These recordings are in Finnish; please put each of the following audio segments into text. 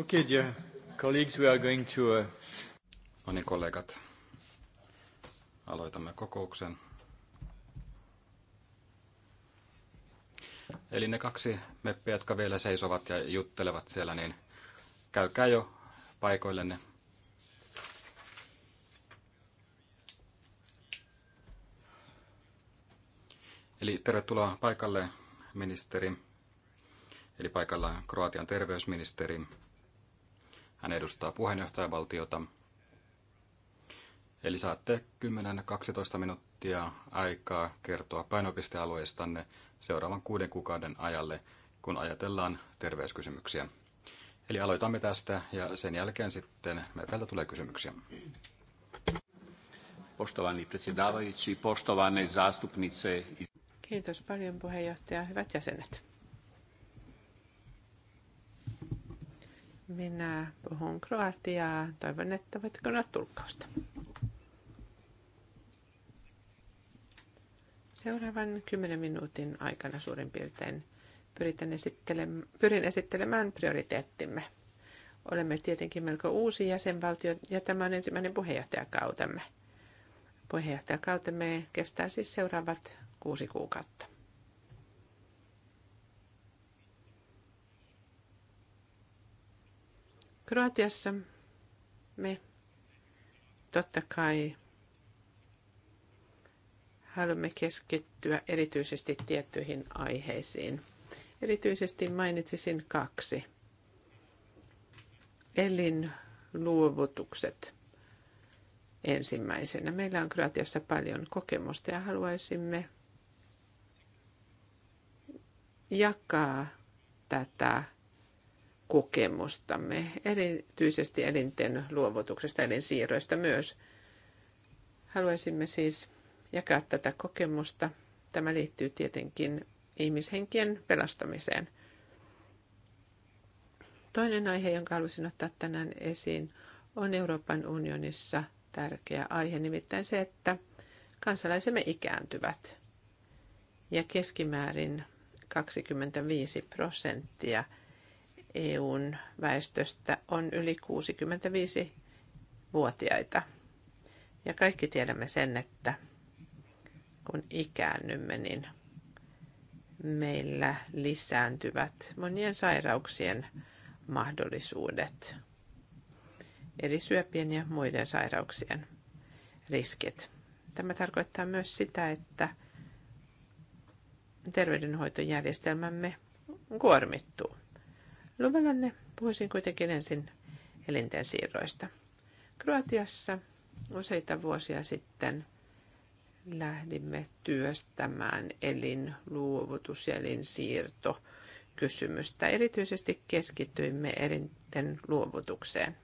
Okay, dear colleagues, we are going to... Uh... No niin, kollegat. Aloitamme kokouksen. Eli ne kaksi meppiä, jotka vielä seisovat ja juttelevat siellä, niin käykää jo paikoillenne. Eli tervetuloa paikalle, ministeri. Eli paikalla Kroatian terveysministeri hän edustaa puheenjohtajavaltiota. Eli saatte 10-12 minuuttia aikaa kertoa painopistealueistanne seuraavan kuuden kuukauden ajalle, kun ajatellaan terveyskysymyksiä. Eli aloitamme tästä ja sen jälkeen sitten meiltä tulee kysymyksiä. Poštovani predsjedavajući, poštovane zastupnice. Kiitos paljon puheenjohtaja, hyvät jäsenet. Minä puhun kroatiaa. Toivon, että voit kuunnella tulkkausta. Seuraavan 10 minuutin aikana suurin piirtein pyritän esittelem- pyrin esittelemään prioriteettimme. Olemme tietenkin melko uusi jäsenvaltio ja tämä on ensimmäinen puheenjohtajakautemme. Puheenjohtajakautemme kestää siis seuraavat kuusi kuukautta. Kroatiassa me totta kai haluamme keskittyä erityisesti tiettyihin aiheisiin. Erityisesti mainitsisin kaksi. Elinluovutukset ensimmäisenä. Meillä on Kroatiassa paljon kokemusta ja haluaisimme jakaa tätä kokemustamme, erityisesti elinten luovutuksesta, elinsiirroista myös. Haluaisimme siis jakaa tätä kokemusta. Tämä liittyy tietenkin ihmishenkien pelastamiseen. Toinen aihe, jonka halusin ottaa tänään esiin, on Euroopan unionissa tärkeä aihe, nimittäin se, että kansalaisemme ikääntyvät ja keskimäärin 25 prosenttia – EUn väestöstä on yli 65-vuotiaita. Ja kaikki tiedämme sen, että kun ikäännymme, niin meillä lisääntyvät monien sairauksien mahdollisuudet, eli syöpien ja muiden sairauksien riskit. Tämä tarkoittaa myös sitä, että terveydenhoitojärjestelmämme kuormittuu. Luvellanne puhuisin kuitenkin ensin elinten siirroista. Kroatiassa useita vuosia sitten lähdimme työstämään elinluovutus- ja elinsiirtokysymystä. kysymystä. Erityisesti keskityimme elinten luovutukseen.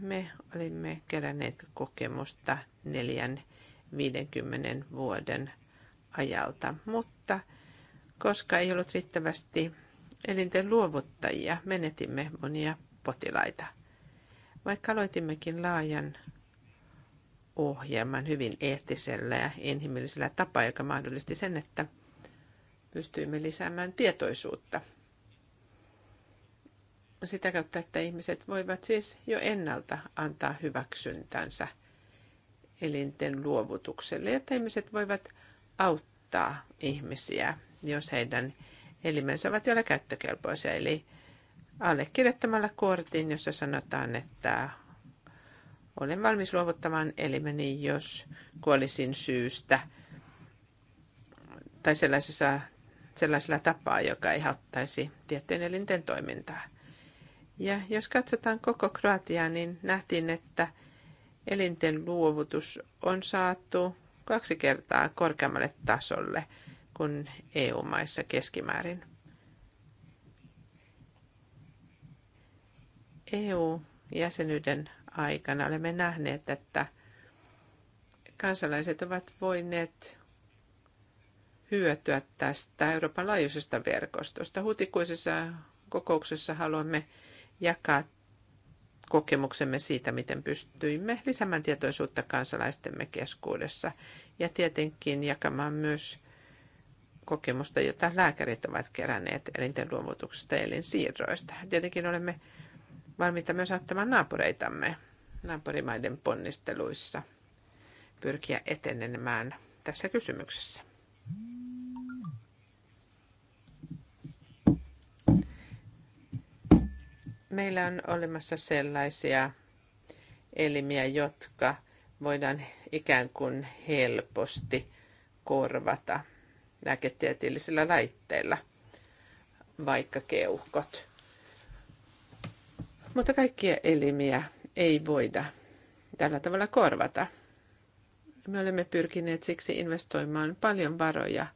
Me olimme keränneet kokemusta neljän 50 vuoden ajalta, mutta koska ei ollut riittävästi elinten luovuttajia, menetimme monia potilaita. Vaikka aloitimmekin laajan ohjelman hyvin eettisellä ja inhimillisellä tapaa, joka mahdollisti sen, että pystyimme lisäämään tietoisuutta. Sitä kautta, että ihmiset voivat siis jo ennalta antaa hyväksyntänsä elinten luovutukselle, että ihmiset voivat auttaa ihmisiä, jos heidän elimensä ovat joilla käyttökelpoisia. Eli allekirjoittamalla kortin, jossa sanotaan, että olen valmis luovuttamaan elimeni, jos kuolisin syystä tai sellaisessa, sellaisella tapaa, joka ei hauttaisi tiettyjen elinten toimintaa. Ja jos katsotaan koko Kroatiaa, niin nähtiin, että elinten luovutus on saatu kaksi kertaa korkeammalle tasolle – kuin EU-maissa keskimäärin. EU-jäsenyyden aikana olemme nähneet, että kansalaiset ovat voineet hyötyä tästä Euroopan laajuisesta verkostosta. Huhtikuisessa kokouksessa haluamme jakaa kokemuksemme siitä, miten pystyimme lisäämään tietoisuutta kansalaistemme keskuudessa ja tietenkin jakamaan myös kokemusta, jota lääkärit ovat keränneet elinten luovutuksesta ja elinsiirroista. Tietenkin olemme valmiita myös auttamaan naapureitamme naapurimaiden ponnisteluissa pyrkiä etenemään tässä kysymyksessä. Meillä on olemassa sellaisia elimiä, jotka voidaan ikään kuin helposti korvata – lääketieteellisillä laitteilla, vaikka keuhkot. Mutta kaikkia elimiä ei voida tällä tavalla korvata. Me olemme pyrkineet siksi investoimaan paljon varoja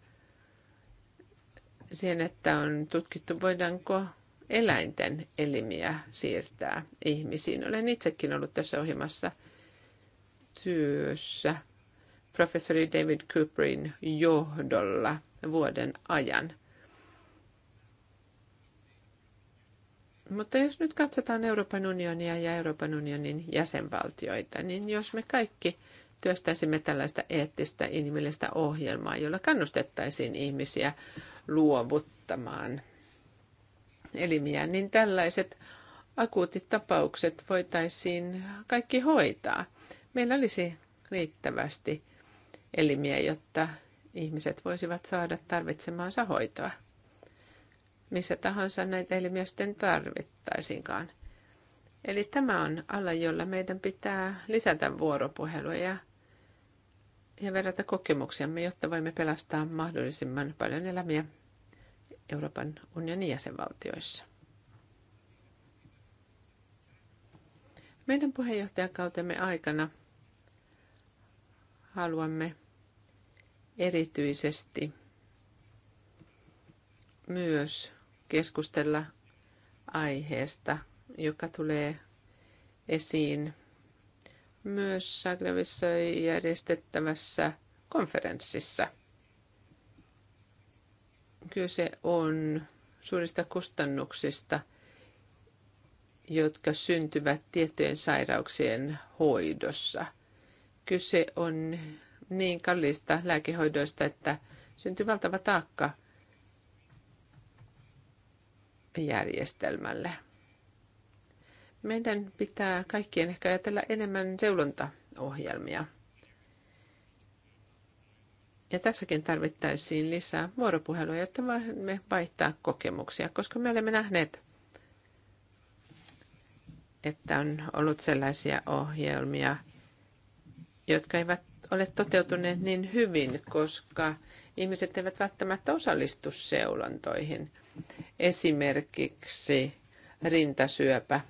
siihen, että on tutkittu, voidaanko eläinten elimiä siirtää ihmisiin. Olen itsekin ollut tässä ohjelmassa työssä – professori David Cooperin johdolla vuoden ajan. Mutta jos nyt katsotaan Euroopan unionia ja Euroopan unionin jäsenvaltioita, niin jos me kaikki työstäisimme tällaista eettistä inhimillistä ohjelmaa, jolla kannustettaisiin ihmisiä luovuttamaan elimiä, niin tällaiset akuutit tapaukset voitaisiin kaikki hoitaa. Meillä olisi riittävästi elimiä, jotta ihmiset voisivat saada tarvitsemaansa hoitoa. Missä tahansa näitä elimiä sitten tarvittaisiinkaan. Eli tämä on ala, jolla meidän pitää lisätä vuoropuhelua ja, ja verrata kokemuksiamme, jotta voimme pelastaa mahdollisimman paljon elämiä Euroopan unionin jäsenvaltioissa. Meidän puheenjohtajakautemme aikana haluamme erityisesti myös keskustella aiheesta, joka tulee esiin myös Zagrebissa järjestettävässä konferenssissa. Kyse on suurista kustannuksista, jotka syntyvät tiettyjen sairauksien hoidossa. Kyse on niin kalliista lääkehoidoista, että syntyy valtava taakka järjestelmälle. Meidän pitää kaikkien ehkä ajatella enemmän seulontaohjelmia. Ja tässäkin tarvittaisiin lisää vuoropuhelua, jotta voimme vaihtaa kokemuksia, koska me olemme nähneet, että on ollut sellaisia ohjelmia, jotka eivät ole toteutuneet niin hyvin, koska ihmiset eivät välttämättä osallistu seulantoihin. Esimerkiksi rintasyöpä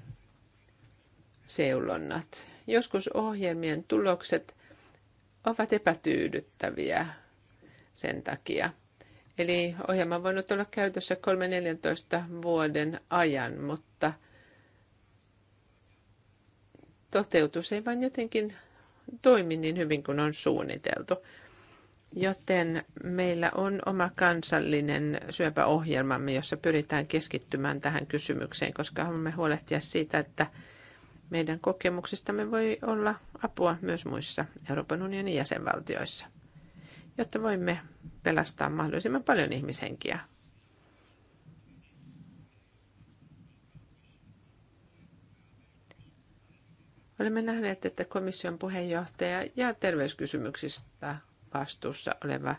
seulonnat. Joskus ohjelmien tulokset ovat epätyydyttäviä sen takia. Eli ohjelma on voinut olla käytössä 3-14 vuoden ajan, mutta toteutus ei vain jotenkin toimi niin hyvin kuin on suunniteltu. Joten meillä on oma kansallinen syöpäohjelmamme, jossa pyritään keskittymään tähän kysymykseen, koska haluamme huolehtia siitä, että meidän kokemuksistamme voi olla apua myös muissa Euroopan unionin jäsenvaltioissa, jotta voimme pelastaa mahdollisimman paljon ihmishenkiä Olemme nähneet, että komission puheenjohtaja ja terveyskysymyksistä vastuussa oleva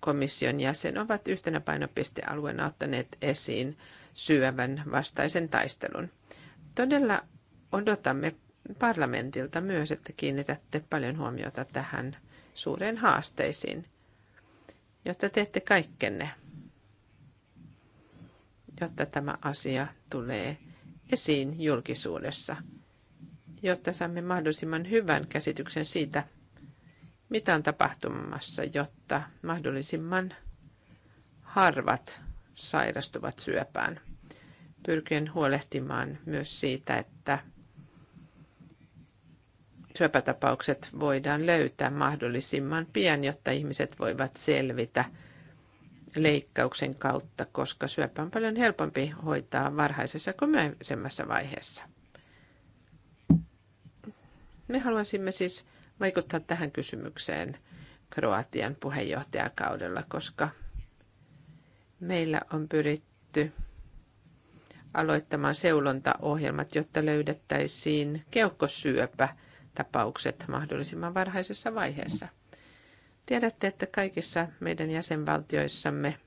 komission jäsen ovat yhtenä painopistealueena ottaneet esiin syövän vastaisen taistelun. Todella odotamme parlamentilta myös, että kiinnitätte paljon huomiota tähän suureen haasteisiin, jotta teette kaikkenne, jotta tämä asia tulee esiin julkisuudessa – jotta saamme mahdollisimman hyvän käsityksen siitä, mitä on tapahtumassa, jotta mahdollisimman harvat sairastuvat syöpään. Pyrkien huolehtimaan myös siitä, että syöpätapaukset voidaan löytää mahdollisimman pian, jotta ihmiset voivat selvitä leikkauksen kautta, koska syöpä on paljon helpompi hoitaa varhaisessa kuin myöhemmässä vaiheessa. Me haluaisimme siis vaikuttaa tähän kysymykseen Kroatian puheenjohtajakaudella, koska meillä on pyritty aloittamaan seulontaohjelmat, jotta löydettäisiin keuhkosyöpätapaukset mahdollisimman varhaisessa vaiheessa. Tiedätte, että kaikissa meidän jäsenvaltioissamme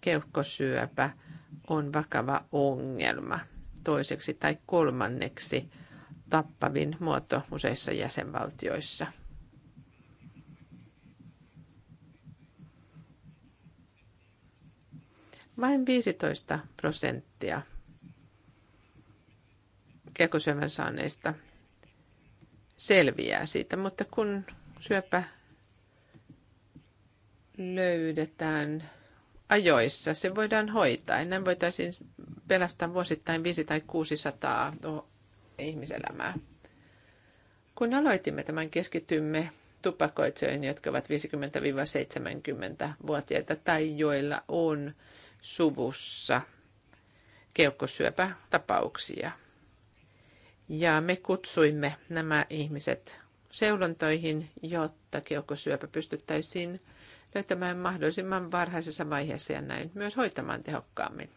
keuhkosyöpä on vakava ongelma toiseksi tai kolmanneksi – tappavin muoto useissa jäsenvaltioissa. Vain 15 prosenttia keuhkosyövän saaneista selviää siitä, mutta kun syöpä löydetään ajoissa, se voidaan hoitaa. Ennen voitaisiin pelastaa vuosittain 5 tai 600 ihmiselämää. Kun aloitimme tämän, keskitymme tupakoitsijoihin, jotka ovat 50-70-vuotiaita tai joilla on suvussa keuhkosyöpätapauksia. Ja me kutsuimme nämä ihmiset seulontoihin, jotta keuhkosyöpä pystyttäisiin löytämään mahdollisimman varhaisessa vaiheessa ja näin myös hoitamaan tehokkaammin.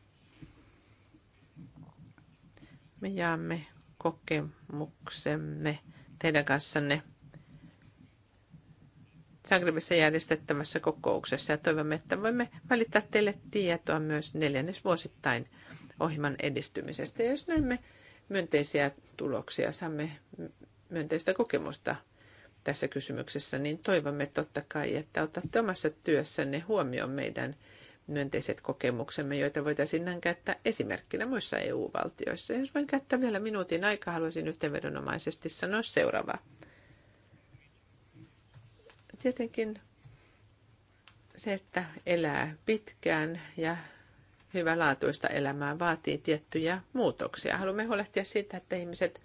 Me jaamme kokemuksemme teidän kanssanne Zagrebissa järjestettävässä kokouksessa ja toivomme, että voimme välittää teille tietoa myös neljännesvuosittain ohjelman edistymisestä. Ja jos näemme myönteisiä tuloksia, saamme myönteistä kokemusta tässä kysymyksessä, niin toivomme totta kai, että otatte omassa työssänne huomioon meidän – myönteiset kokemuksemme, joita voitaisiin näin käyttää esimerkkinä muissa EU-valtioissa. Jos voin käyttää vielä minuutin aikaa, haluaisin yhteenvedonomaisesti sanoa seuraavaa. Tietenkin se, että elää pitkään ja hyvälaatuista elämää vaatii tiettyjä muutoksia. Haluamme huolehtia siitä, että ihmiset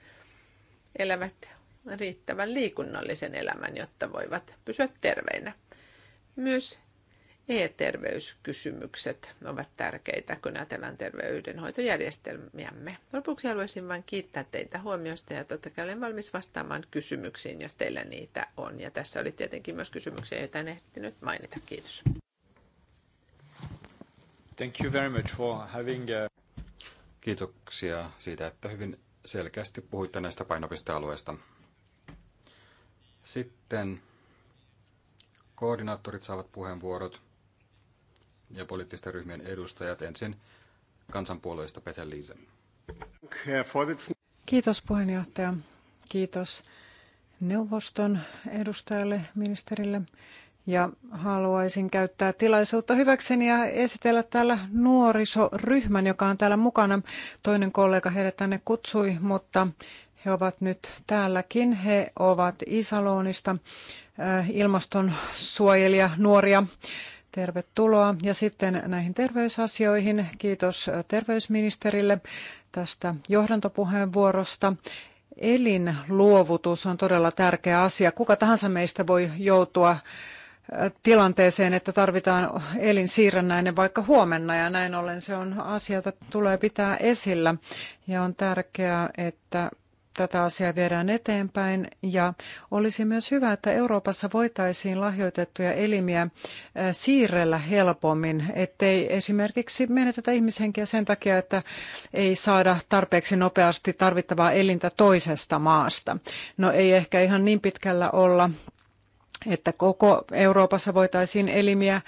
elävät riittävän liikunnallisen elämän, jotta voivat pysyä terveinä. Myös E-terveyskysymykset ovat tärkeitä, kun ajatellaan terveydenhoitojärjestelmiämme. Lopuksi haluaisin vain kiittää teitä huomiosta ja totta kai olen valmis vastaamaan kysymyksiin, jos teillä niitä on. Ja tässä oli tietenkin myös kysymyksiä, joita en ehtinyt mainita. Kiitos. Thank you very much for having a... Uh, Kiitoksia siitä, että hyvin selkeästi puhuitte näistä painopistealueista. Sitten koordinaattorit saavat puheenvuorot ja poliittisten ryhmien edustajat. Ensin kansanpuolueista Peter Liese. Kiitos puheenjohtaja. Kiitos neuvoston edustajalle, ministerille. Ja haluaisin käyttää tilaisuutta hyväkseni ja esitellä täällä nuorisoryhmän, joka on täällä mukana. Toinen kollega heidät tänne kutsui, mutta he ovat nyt täälläkin. He ovat Isaloonista äh, ilmastonsuojelija nuoria Tervetuloa. Ja sitten näihin terveysasioihin. Kiitos terveysministerille tästä johdantopuheenvuorosta. Elinluovutus on todella tärkeä asia. Kuka tahansa meistä voi joutua äh, tilanteeseen, että tarvitaan elinsiirrännäinen vaikka huomenna ja näin ollen se on asia, jota tulee pitää esillä. Ja on tärkeää, että tätä asiaa viedään eteenpäin ja olisi myös hyvä, että Euroopassa voitaisiin lahjoitettuja elimiä äh, siirrellä helpommin, ettei esimerkiksi menetetä ihmishenkiä sen takia, että ei saada tarpeeksi nopeasti tarvittavaa elintä toisesta maasta. No ei ehkä ihan niin pitkällä olla että koko Euroopassa voitaisiin elimiä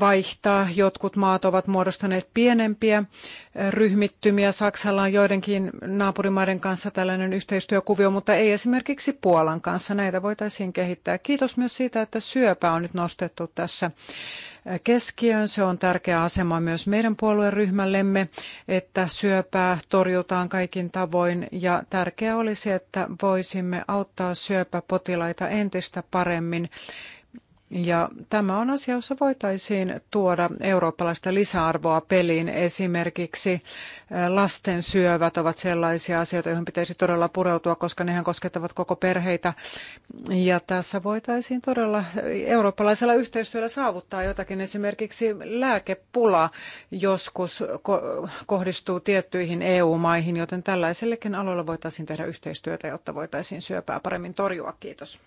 vaihtaa. Jotkut maat ovat muodostaneet pienempiä ryhmittymiä. Saksalla on joidenkin naapurimaiden kanssa tällainen yhteistyökuvio, mutta ei esimerkiksi Puolan kanssa. Näitä voitaisiin kehittää. Kiitos myös siitä, että syöpä on nyt nostettu tässä keskiöön. Se on tärkeä asema myös meidän puolueryhmällemme, että syöpää torjutaan kaikin tavoin ja tärkeää olisi, että voisimme auttaa syöpäpotilaita entistä paremmin ja tämä on asia, jossa voitaisiin tuoda eurooppalaista lisäarvoa peliin. Esimerkiksi äh, lasten syövät ovat sellaisia asioita, joihin pitäisi todella pureutua, koska nehän koskettavat koko perheitä. Ja tässä voitaisiin todella eurooppalaisella yhteistyöllä saavuttaa jotakin. Esimerkiksi lääkepula joskus kohdistuu tiettyihin EU-maihin, joten tällaisellekin alueella voitaisiin tehdä yhteistyötä, jotta voitaisiin syöpää paremmin torjua. Kiitos.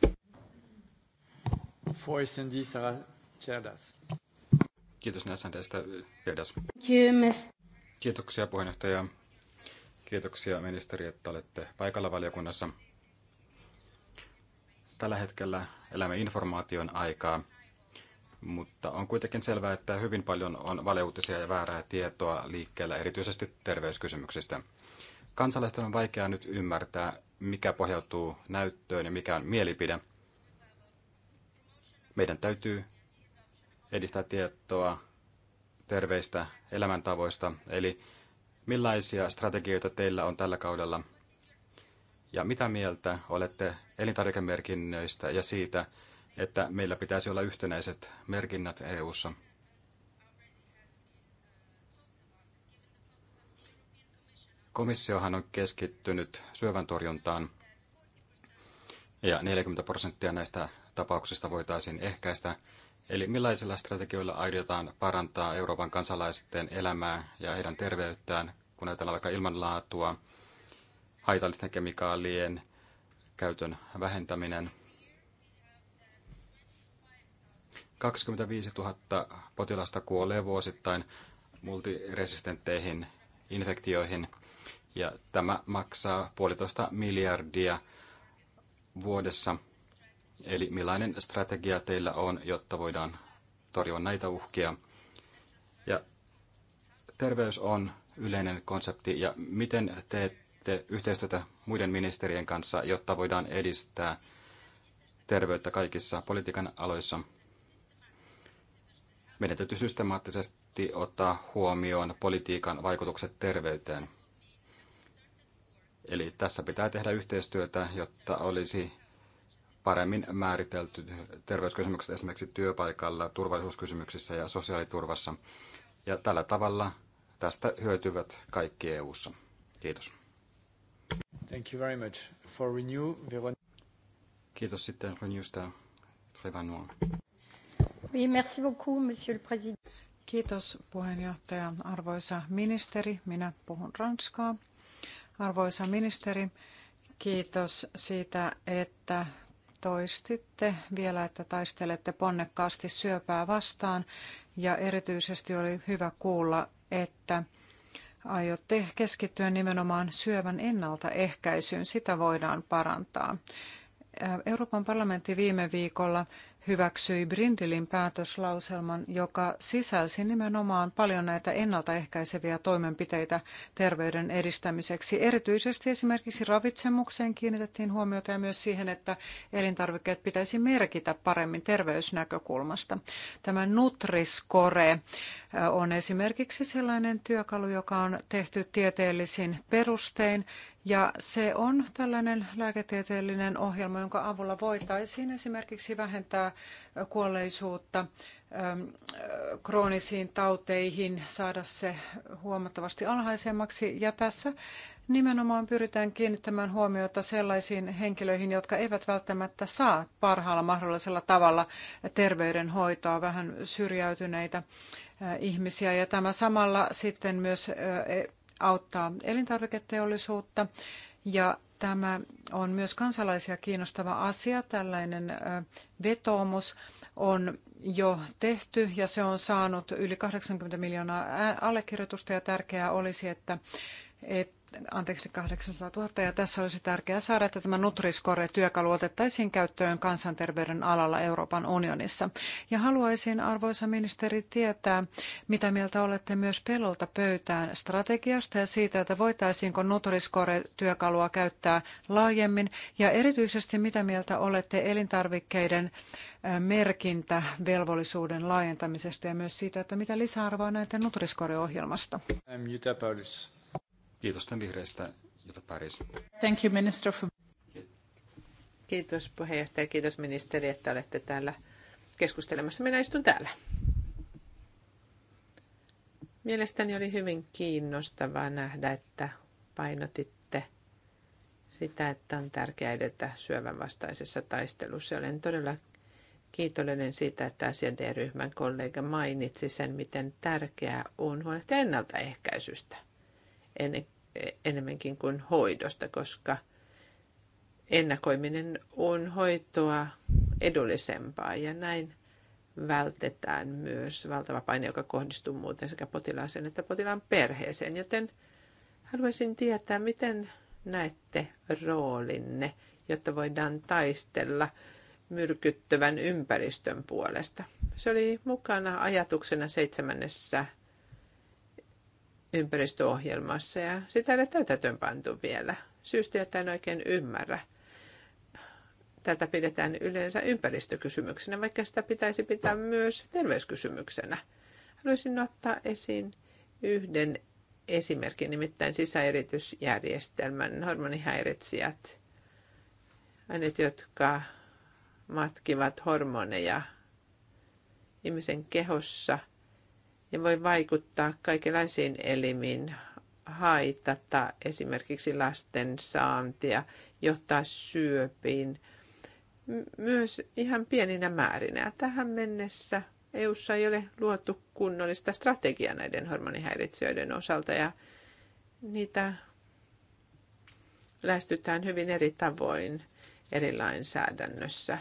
For SND, Sara Cerdas. Kiitos SNDstä, Cerdas. Kiitoksia puheenjohtaja. Kiitoksia ministeri, että olette paikalla valiokunnassa. Tällä hetkellä elämme informaation aikaa, mutta on kuitenkin selvää, että hyvin paljon on valeuutisia ja väärää tietoa liikkeellä, erityisesti terveyskysymyksistä. Kansalaisten on vaikea nyt ymmärtää, mikä pohjautuu näyttöön ja mikä on mielipide – meidän täytyy edistää tietoa terveistä elämäntavoista, eli millaisia strategioita teillä on tällä kaudella ja mitä mieltä olette elintarvikemerkinnöistä ja siitä, että meillä pitäisi olla yhtenäiset merkinnät EU:ssa. Komissiohan on keskittynyt syövän torjuntaan ja 40 prosenttia näistä tapauksista voitaisiin ehkäistä, eli millaisilla strategioilla aiotaan parantaa Euroopan kansalaisten elämää ja heidän terveyttään, kun ajatellaan vaikka ilmanlaatua, haitallisten kemikaalien käytön vähentäminen. 25 000 potilasta kuolee vuosittain multiresistentteihin infektioihin, ja tämä maksaa puolitoista miljardia vuodessa – Eli millainen strategia teillä on, jotta voidaan torjua näitä uhkia? Ja terveys on yleinen konsepti, ja miten teette yhteistyötä muiden ministerien kanssa, jotta voidaan edistää terveyttä kaikissa politiikan aloissa? Meidän täytyy systemaattisesti ottaa huomioon politiikan vaikutukset terveyteen. Eli tässä pitää tehdä yhteistyötä, jotta olisi paremmin määritelty terveyskysymykset esimerkiksi työpaikalla, turvallisuuskysymyksissä ja sosiaaliturvassa. Ja tällä tavalla tästä hyötyvät kaikki EU-ssa. Kiitos. Thank you very much for Renew. Veron... Kiitos sitten Renewsta Trevanoa. Oui, merci beaucoup, monsieur le président. Kiitos puheenjohtaja. Arvoisa ministeri, minä puhun ranskaa. Arvoisa ministeri, kiitos siitä, että toistitte vielä, että taistelette ponnekkaasti syöpää vastaan ja erityisesti oli hyvä kuulla, että aiotte keskittyä nimenomaan syövän ennaltaehkäisyyn. Sitä voidaan parantaa. Euroopan parlamentti viime viikolla hyväksyi Brindelin päätöslauselman, joka sisälsi nimenomaan paljon näitä ennaltaehkäiseviä toimenpiteitä terveyden edistämiseksi. Erityisesti esimerkiksi ravitsemukseen kiinnitettiin huomiota ja myös siihen, että elintarvikkeet pitäisi merkitä paremmin terveysnäkökulmasta. Tämä Nutriscore on esimerkiksi sellainen työkalu, joka on tehty tieteellisin perustein ja se on tällainen lääketieteellinen ohjelma, jonka avulla voitaisiin esimerkiksi vähentää kuolleisuutta kroonisiin tauteihin, saada se huomattavasti alhaisemmaksi. Ja tässä Nimenomaan pyritään kiinnittämään huomiota sellaisiin henkilöihin, jotka eivät välttämättä saa parhaalla mahdollisella tavalla terveydenhoitoa, vähän syrjäytyneitä äh, ihmisiä. Ja tämä samalla sitten myös äh, e, auttaa elintarviketeollisuutta ja tämä on myös kansalaisia kiinnostava asia. Tällainen äh, vetoomus on jo tehty ja se on saanut yli 80 miljoonaa allekirjoitusta ja tärkeää olisi, että, että anteeksi, 800 000. Ja tässä olisi tärkeää saada, että tämä Nutriscore-työkalu otettaisiin käyttöön kansanterveyden alalla Euroopan unionissa. Ja haluaisin, arvoisa ministeri, tietää, mitä mieltä olette myös pelolta pöytään strategiasta ja siitä, että voitaisiinko Nutriscore-työkalua käyttää laajemmin. Ja erityisesti, mitä mieltä olette elintarvikkeiden merkintävelvollisuuden laajentamisesta ja myös siitä, että mitä lisäarvoa näiden Nutriscore-ohjelmasta? I'm Jutta Paulus tämän vihreistä, jota Paris. Thank you, Minister. For... Kiitos puheenjohtaja, kiitos ministeri, että olette täällä keskustelemassa. Minä istun täällä. Mielestäni oli hyvin kiinnostavaa nähdä, että painotitte sitä, että on tärkeää edetä syövän vastaisessa taistelussa. Olen todella kiitollinen siitä, että asian D-ryhmän kollega mainitsi sen, miten tärkeää on huolehtia ennaltaehkäisystä enemmänkin kuin hoidosta, koska ennakoiminen on hoitoa edullisempaa ja näin vältetään myös valtava paine, joka kohdistuu muuten sekä potilaaseen että potilaan perheeseen. Joten haluaisin tietää, miten näette roolinne, jotta voidaan taistella myrkyttävän ympäristön puolesta. Se oli mukana ajatuksena seitsemännessä ympäristöohjelmassa ja sitä ei ole täytäntöön pantu vielä. Syystä, että en oikein ymmärrä. Tätä pidetään yleensä ympäristökysymyksenä, vaikka sitä pitäisi pitää myös terveyskysymyksenä. Haluaisin ottaa esiin yhden esimerkin, nimittäin sisäeritysjärjestelmän hormonihäiritsijät, aineet, jotka matkivat hormoneja ihmisen kehossa – ja voi vaikuttaa kaikenlaisiin elimiin, haitata esimerkiksi lasten saantia, johtaa syöpiin, myös ihan pieninä määrinä. Tähän mennessä EU:ssa ei ole luotu kunnollista strategiaa näiden hormonihäiritsijöiden osalta ja niitä lähestytään hyvin eri tavoin eri lainsäädännössä,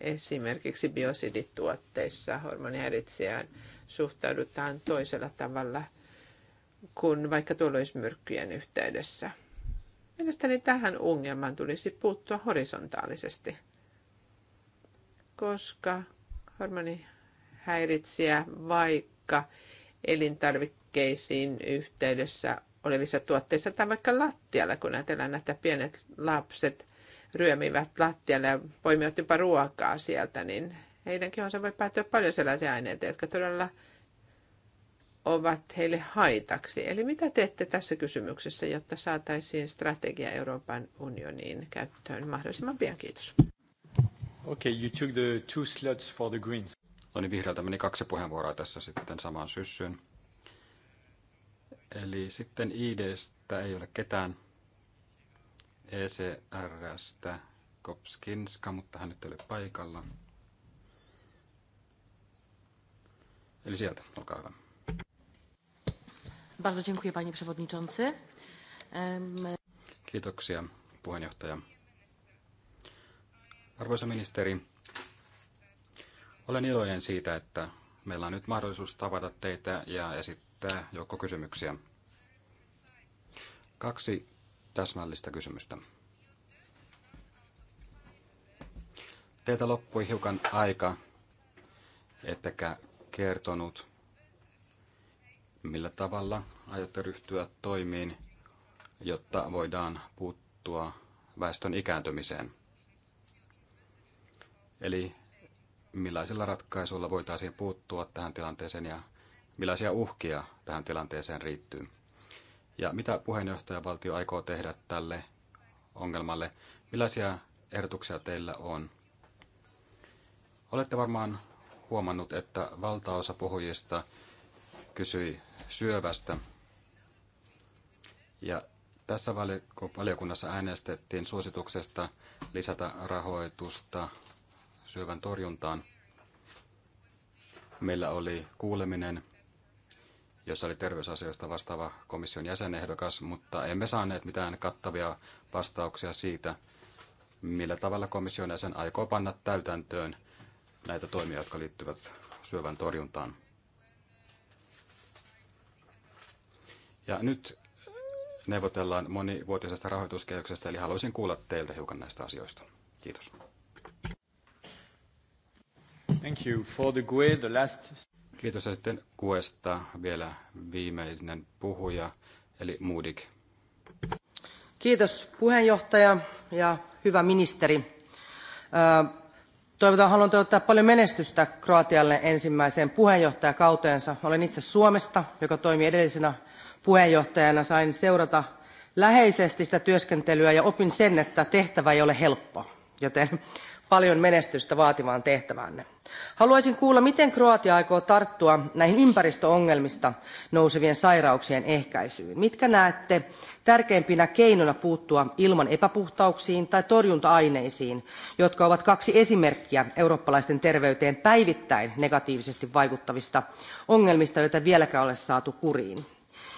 esimerkiksi biosidituotteissa hormonihäiritsijöiden suhtaudutaan toisella tavalla kuin vaikka tuloismyrkkyjen yhteydessä. Mielestäni tähän ongelmaan tulisi puuttua horisontaalisesti, koska häiritsee vaikka elintarvikkeisiin yhteydessä olevissa tuotteissa tai vaikka lattialla, kun ajatellaan, näitä pienet lapset ryömivät lattialle ja poimivat jopa ruokaa sieltä, niin heidän kehonsa voi päättyä paljon sellaisia aineita, jotka todella ovat heille haitaksi. Eli mitä teette tässä kysymyksessä, jotta saataisiin strategia Euroopan unioniin käyttöön mahdollisimman pian? Kiitos. Okay, you took the two slots for the Greens. No niin, vihreältä meni kaksi puheenvuoroa tässä sitten samaan syssyyn. Eli sitten IDstä ei ole ketään. ECRstä Kopskinska, mutta hän nyt ei ole paikalla. Eli sieltä, olkaa hyvä. Bardzo dziękuję, panie przewodniczący. Kiitoksia, puheenjohtaja. Arvoisa ministeri, olen iloinen siitä, että meillä on nyt mahdollisuus tavata teitä ja esittää joukko kysymyksiä. Kaksi täsmällistä kysymystä. Teiltä loppui hiukan aika, ettekä kertonut, millä tavalla aiotte ryhtyä toimiin, jotta voidaan puuttua väestön ikääntymiseen. Eli millaisilla ratkaisuilla voitaisiin puuttua tähän tilanteeseen ja millaisia uhkia tähän tilanteeseen riittyy. Ja mitä puheenjohtajavaltio aikoo tehdä tälle ongelmalle? Millaisia ehdotuksia teillä on? Olette varmaan huomannut, että valtaosa puhujista kysyi syövästä. Ja tässä valiokunnassa äänestettiin suosituksesta lisätä rahoitusta syövän torjuntaan. Meillä oli kuuleminen, jossa oli terveysasioista vastaava komission jäsenehdokas, mutta emme saaneet mitään kattavia vastauksia siitä, millä tavalla komission jäsen aikoo panna täytäntöön näitä toimia, jotka liittyvät syövän torjuntaan. Ja nyt neuvotellaan monivuotisesta rahoituskehyksestä, eli haluaisin kuulla teiltä hiukan näistä asioista. Kiitos. Thank you. For the GUE, the last... Kiitos. Ja sitten Kuesta vielä viimeinen puhuja, eli Moodik. Kiitos puheenjohtaja ja hyvä ministeri haluan toivottaa paljon menestystä kroatialle ensimmäiseen puheenjohtajakauteensa. olen itse suomesta joka toimi edellisenä puheenjohtajana. sain seurata läheisesti sitä työskentelyä ja opin sen että tehtävä ei ole helppo joten paljon menestystä vaativaan tehtäväänne. Haluaisin kuulla, miten Kroatia aikoo tarttua näihin ympäristöongelmista nousevien sairauksien ehkäisyyn. Mitkä näette tärkeimpinä keinoina puuttua ilman epäpuhtauksiin tai torjunta-aineisiin, jotka ovat kaksi esimerkkiä eurooppalaisten terveyteen päivittäin negatiivisesti vaikuttavista ongelmista, joita vieläkään ole saatu kuriin?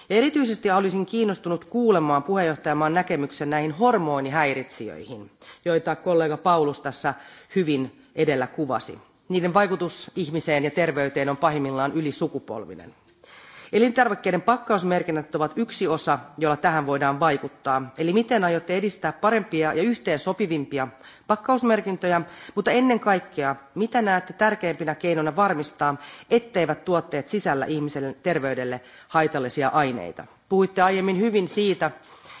erityisesti olisin kiinnostunut kuulemaan puheenjohtajamaan näkemyksen näihin hormonihäiritsijöihin joita kollega paulus tässä hyvin edellä kuvasi. niiden vaikutus ihmiseen ja terveyteen on pahimmillaan ylisukupolvinen. elintarvikkeiden pakkausmerkinnät ovat yksi osa jolla tähän voidaan vaikuttaa eli miten aiotte edistää parempia ja yhteensopivampia pakkausmerkintöjä mutta ennen kaikkea mitä näette tärkeimpinä keinoina varmistaa etteivät tuotteet sisällä ihmisen terveydelle haitallisia aineita? puhuitte aiemmin hyvin siitä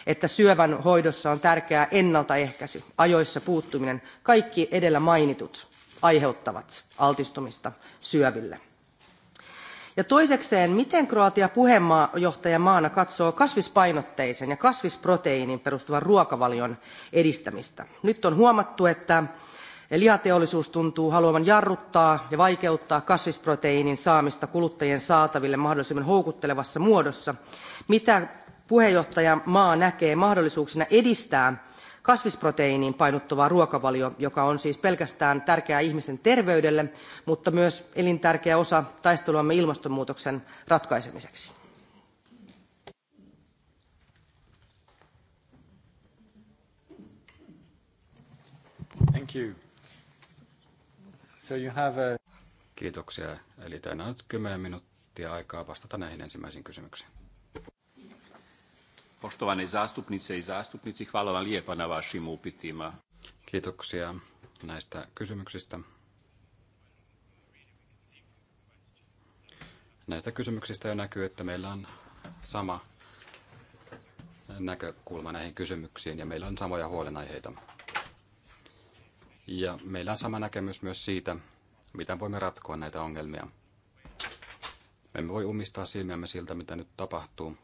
että syövän hoidossa on tärkeää ennaltaehkäisy ajoissa puuttuminen kaikki edellä mainitut aiheuttavat altistumista syöville. Ja toisekseen, miten Kroatia maana katsoo kasvispainotteisen ja kasvisproteiinin perustuvan ruokavalion edistämistä? Nyt on huomattu, että lihateollisuus tuntuu haluavan jarruttaa ja vaikeuttaa kasvisproteiinin saamista kuluttajien saataville mahdollisimman houkuttelevassa muodossa. Mitä puheenjohtajamaa näkee mahdollisuuksina edistää kasvisproteiiniin painottuva ruokavalio joka on siis pelkästään tärkeä ihmisen terveydelle mutta myös elintärkeä osa taisteluamme ilmastonmuutoksen ratkaisemiseksi. Thank you. So you have a... Kiitoksia. Eli teillä on nyt 10 minuuttia aikaa vastata näihin ensimmäisiin kysymyksiin. Poštovane zastupnice i zastupnici, hvala vam lijepa na vašim upitima. Kiitoksia näistä kysymyksistä. Näistä kysymyksistä jo näkyy, että meillä on sama näkökulma näihin kysymyksiin ja meillä on samoja huolenaiheita. Ja meillä on sama näkemys myös siitä, miten voimme ratkoa näitä ongelmia. Me emme voi umistaa silmiämme siltä, mitä nyt tapahtuu.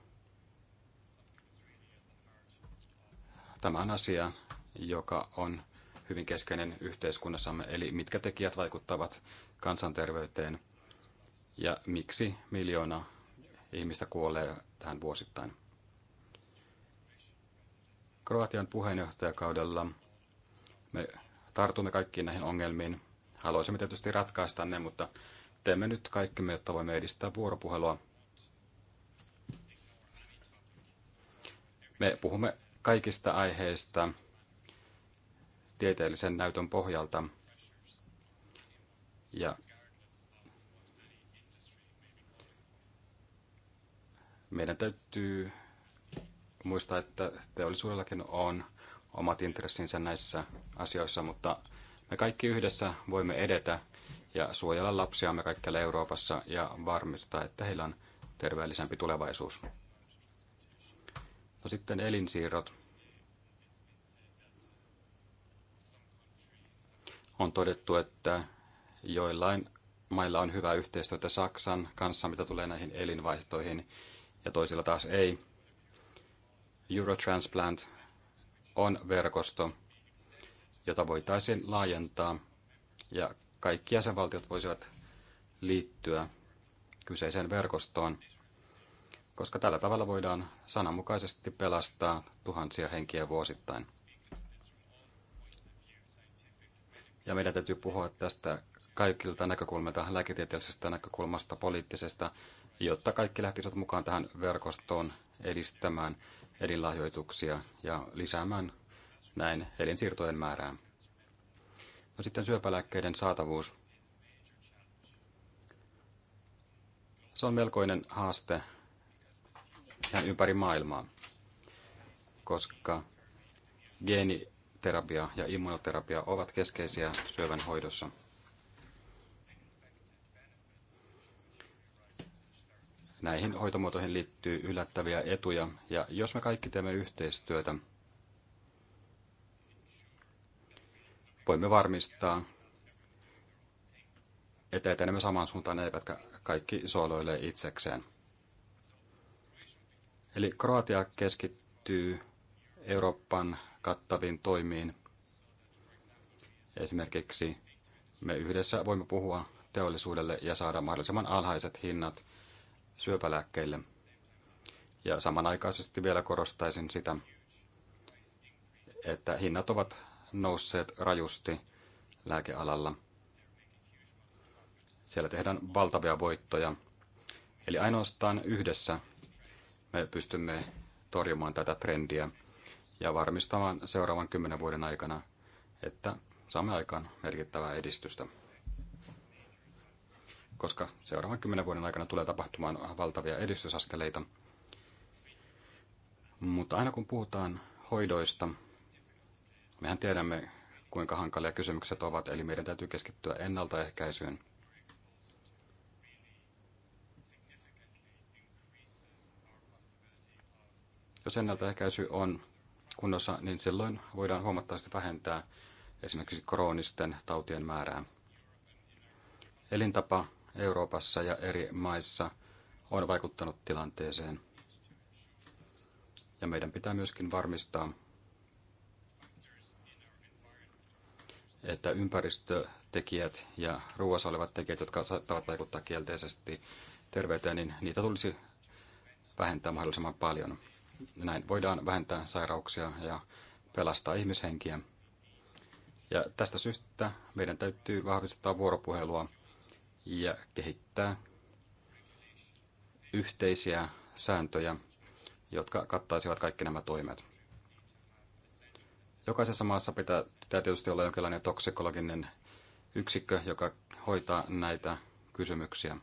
Tämä on asia, joka on hyvin keskeinen yhteiskunnassamme, eli mitkä tekijät vaikuttavat kansanterveyteen ja miksi miljoona ihmistä kuolee tähän vuosittain. Kroatian puheenjohtajakaudella me tartumme kaikkiin näihin ongelmiin. Haluaisimme tietysti ratkaista ne, mutta teemme nyt kaikkemme, jotta voimme edistää vuoropuhelua. Me puhumme kaikista aiheista tieteellisen näytön pohjalta. Ja meidän täytyy muistaa, että teollisuudellakin on omat intressinsä näissä asioissa, mutta me kaikki yhdessä voimme edetä ja suojella lapsiamme kaikkialla Euroopassa ja varmistaa, että heillä on terveellisempi tulevaisuus. No sitten elinsiirrot. On todettu, että joillain mailla on hyvä yhteistyötä Saksan kanssa, mitä tulee näihin elinvaihtoihin, ja toisilla taas ei. Eurotransplant on verkosto, jota voitaisiin laajentaa, ja kaikki jäsenvaltiot voisivat liittyä kyseiseen verkostoon koska tällä tavalla voidaan sananmukaisesti pelastaa tuhansia henkiä vuosittain. Ja meidän täytyy puhua tästä kaikilta näkökulmilta, lääketieteellisestä näkökulmasta, poliittisesta, jotta kaikki lähtisivät mukaan tähän verkostoon edistämään elinlahjoituksia ja lisäämään näin elinsiirtojen määrää. No sitten syöpälääkkeiden saatavuus. Se on melkoinen haaste ihan ympäri maailmaa, koska geeniterapia ja immunoterapia ovat keskeisiä syövän hoidossa. Näihin hoitomuotoihin liittyy yllättäviä etuja, ja jos me kaikki teemme yhteistyötä, voimme varmistaa, että etenemme samaan suuntaan eivätkä kaikki sooloilee itsekseen. Eli Kroatia keskittyy Euroopan kattaviin toimiin. Esimerkiksi me yhdessä voimme puhua teollisuudelle ja saada mahdollisimman alhaiset hinnat syöpälääkkeille. Ja samanaikaisesti vielä korostaisin sitä, että hinnat ovat nousseet rajusti lääkealalla. Siellä tehdään valtavia voittoja. Eli ainoastaan yhdessä me pystymme torjumaan tätä trendiä ja varmistamaan seuraavan kymmenen vuoden aikana, että saamme aikaan merkittävää edistystä. Koska seuraavan kymmenen vuoden aikana tulee tapahtumaan valtavia edistysaskeleita. Mutta aina kun puhutaan hoidoista, mehän tiedämme, kuinka hankalia kysymykset ovat, eli meidän täytyy keskittyä ennaltaehkäisyyn – Jos ennaltaehkäisy on kunnossa, niin silloin voidaan huomattavasti vähentää esimerkiksi kroonisten tautien määrää. Elintapa Euroopassa ja eri maissa on vaikuttanut tilanteeseen. Ja meidän pitää myöskin varmistaa, että ympäristötekijät ja ruoassa olevat tekijät, jotka saattavat vaikuttaa kielteisesti terveyteen, niin niitä tulisi vähentää mahdollisimman paljon. Näin voidaan vähentää sairauksia ja pelastaa ihmishenkiä. Ja tästä syystä meidän täytyy vahvistaa vuoropuhelua ja kehittää yhteisiä sääntöjä, jotka kattaisivat kaikki nämä toimet. Jokaisessa maassa pitää, pitää tietysti olla jonkinlainen toksikologinen yksikkö, joka hoitaa näitä kysymyksiä.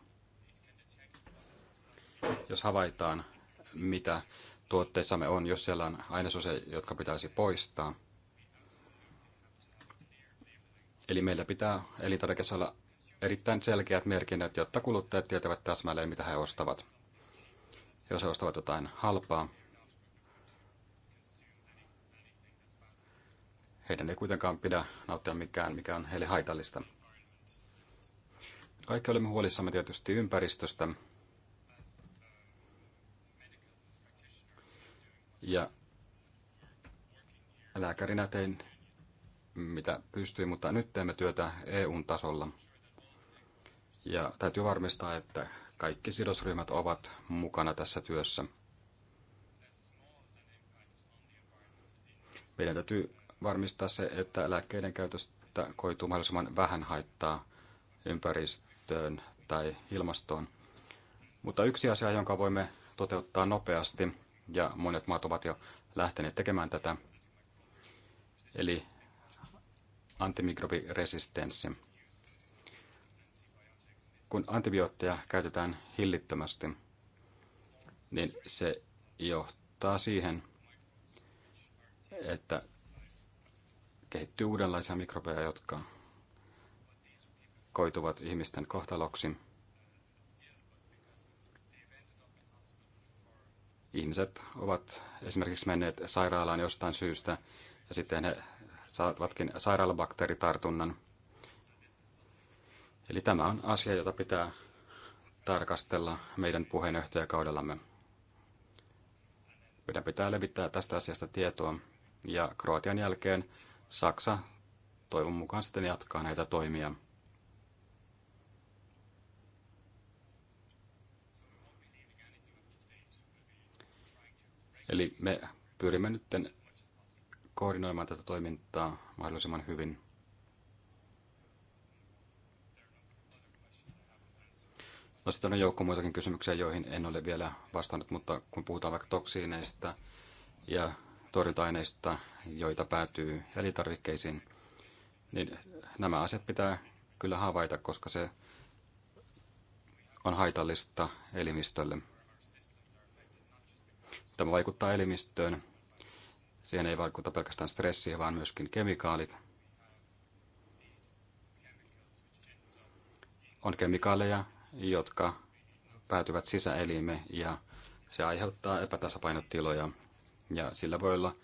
Jos havaitaan, mitä tuotteissamme on, jos siellä on ainesosia, jotka pitäisi poistaa. Eli meillä pitää elintarvikkeessa olla erittäin selkeät merkinnät, jotta kuluttajat tietävät täsmälleen, mitä he ostavat. Jos he ostavat jotain halpaa, heidän ei kuitenkaan pidä nauttia mikään, mikä on heille haitallista. Kaikki olemme huolissamme tietysti ympäristöstä, lääkärinä tein mitä pystyin, mutta nyt teemme työtä EUn tasolla. Ja täytyy varmistaa, että kaikki sidosryhmät ovat mukana tässä työssä. Meidän täytyy varmistaa se, että lääkkeiden käytöstä koituu mahdollisimman vähän haittaa ympäristöön tai ilmastoon. Mutta yksi asia, jonka voimme toteuttaa nopeasti, ja monet maat ovat jo lähteneet tekemään tätä, eli antimikrobiresistenssi. Kun antibiootteja käytetään hillittömästi, niin se johtaa siihen, että kehittyy uudenlaisia mikrobeja, jotka koituvat ihmisten kohtaloksi. Ihmiset ovat esimerkiksi menneet sairaalaan jostain syystä ja sitten he saavatkin sairaalabakteeritartunnan. Eli tämä on asia, jota pitää tarkastella meidän puheenjohtajakaudellamme. Meidän pitää levittää tästä asiasta tietoa ja Kroatian jälkeen Saksa toivon mukaan sitten jatkaa näitä toimia. Eli me pyrimme nyt koordinoimaan tätä toimintaa mahdollisimman hyvin. No sitten on joukko muitakin kysymyksiä, joihin en ole vielä vastannut, mutta kun puhutaan vaikka toksiineista ja torjunta-aineista, joita päätyy elintarvikkeisiin, niin nämä asiat pitää kyllä havaita, koska se on haitallista elimistölle. Tämä vaikuttaa elimistöön Siihen ei vaikuta pelkästään stressiä, vaan myöskin kemikaalit. On kemikaaleja, jotka päätyvät sisäelimme ja se aiheuttaa epätasapainotiloja ja sillä voi olla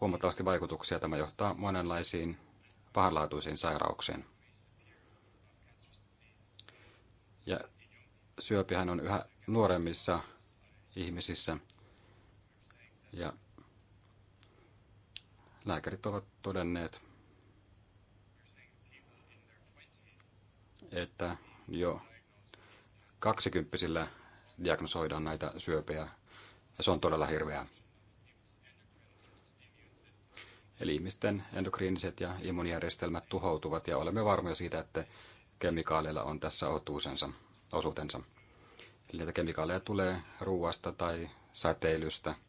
huomattavasti vaikutuksia. Tämä johtaa monenlaisiin pahanlaatuisiin sairauksiin. Ja syöpihän on yhä nuoremmissa ihmisissä. Ja lääkärit ovat todenneet, että jo kaksikymppisillä diagnosoidaan näitä syöpejä, ja se on todella hirveää. Eli ihmisten endokriiniset ja immunijärjestelmät tuhoutuvat, ja olemme varmoja siitä, että kemikaaleilla on tässä otuusensa, osuutensa. Eli näitä kemikaaleja tulee ruuasta tai säteilystä –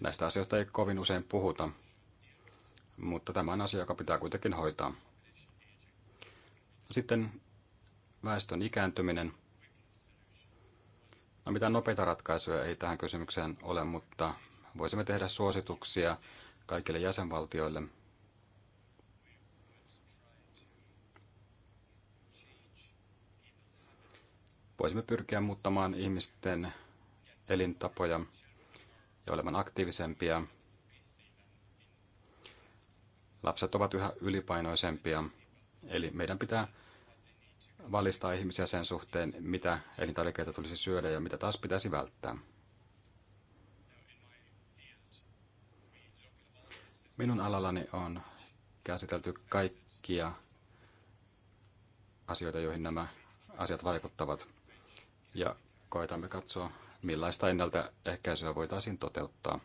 Näistä asioista ei kovin usein puhuta, mutta tämä on asia, joka pitää kuitenkin hoitaa. No sitten väestön ikääntyminen. No, mitään nopeita ratkaisuja ei tähän kysymykseen ole, mutta voisimme tehdä suosituksia kaikille jäsenvaltioille. Voisimme pyrkiä muuttamaan ihmisten elintapoja ja olemaan aktiivisempia. Lapset ovat yhä ylipainoisempia, eli meidän pitää valistaa ihmisiä sen suhteen, mitä elintarvikkeita tulisi syödä ja mitä taas pitäisi välttää. Minun alallani on käsitelty kaikkia asioita, joihin nämä asiat vaikuttavat. Ja koetamme katsoa millaista ennaltaehkäisyä voitaisiin toteuttaa.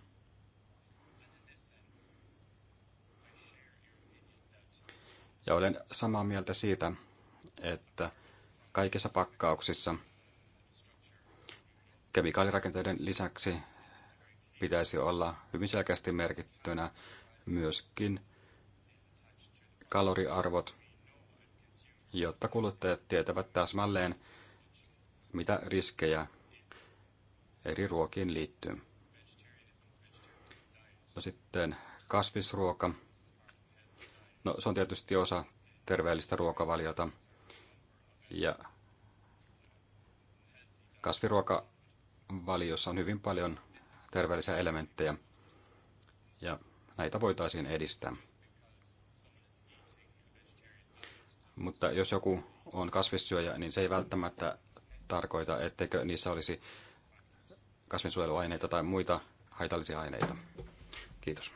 Ja olen samaa mieltä siitä, että kaikissa pakkauksissa kemikaalirakenteiden lisäksi pitäisi olla hyvin selkeästi merkittynä myöskin kaloriarvot, jotta kuluttajat tietävät täsmälleen, mitä riskejä eri ruokiin liittyy. No sitten kasvisruoka. No se on tietysti osa terveellistä ruokavaliota. Ja kasviruokavaliossa on hyvin paljon terveellisiä elementtejä. Ja näitä voitaisiin edistää. Mutta jos joku on kasvissyöjä, niin se ei välttämättä tarkoita, etteikö niissä olisi kasvinsuojeluaineita tai muita haitallisia aineita. Kiitos.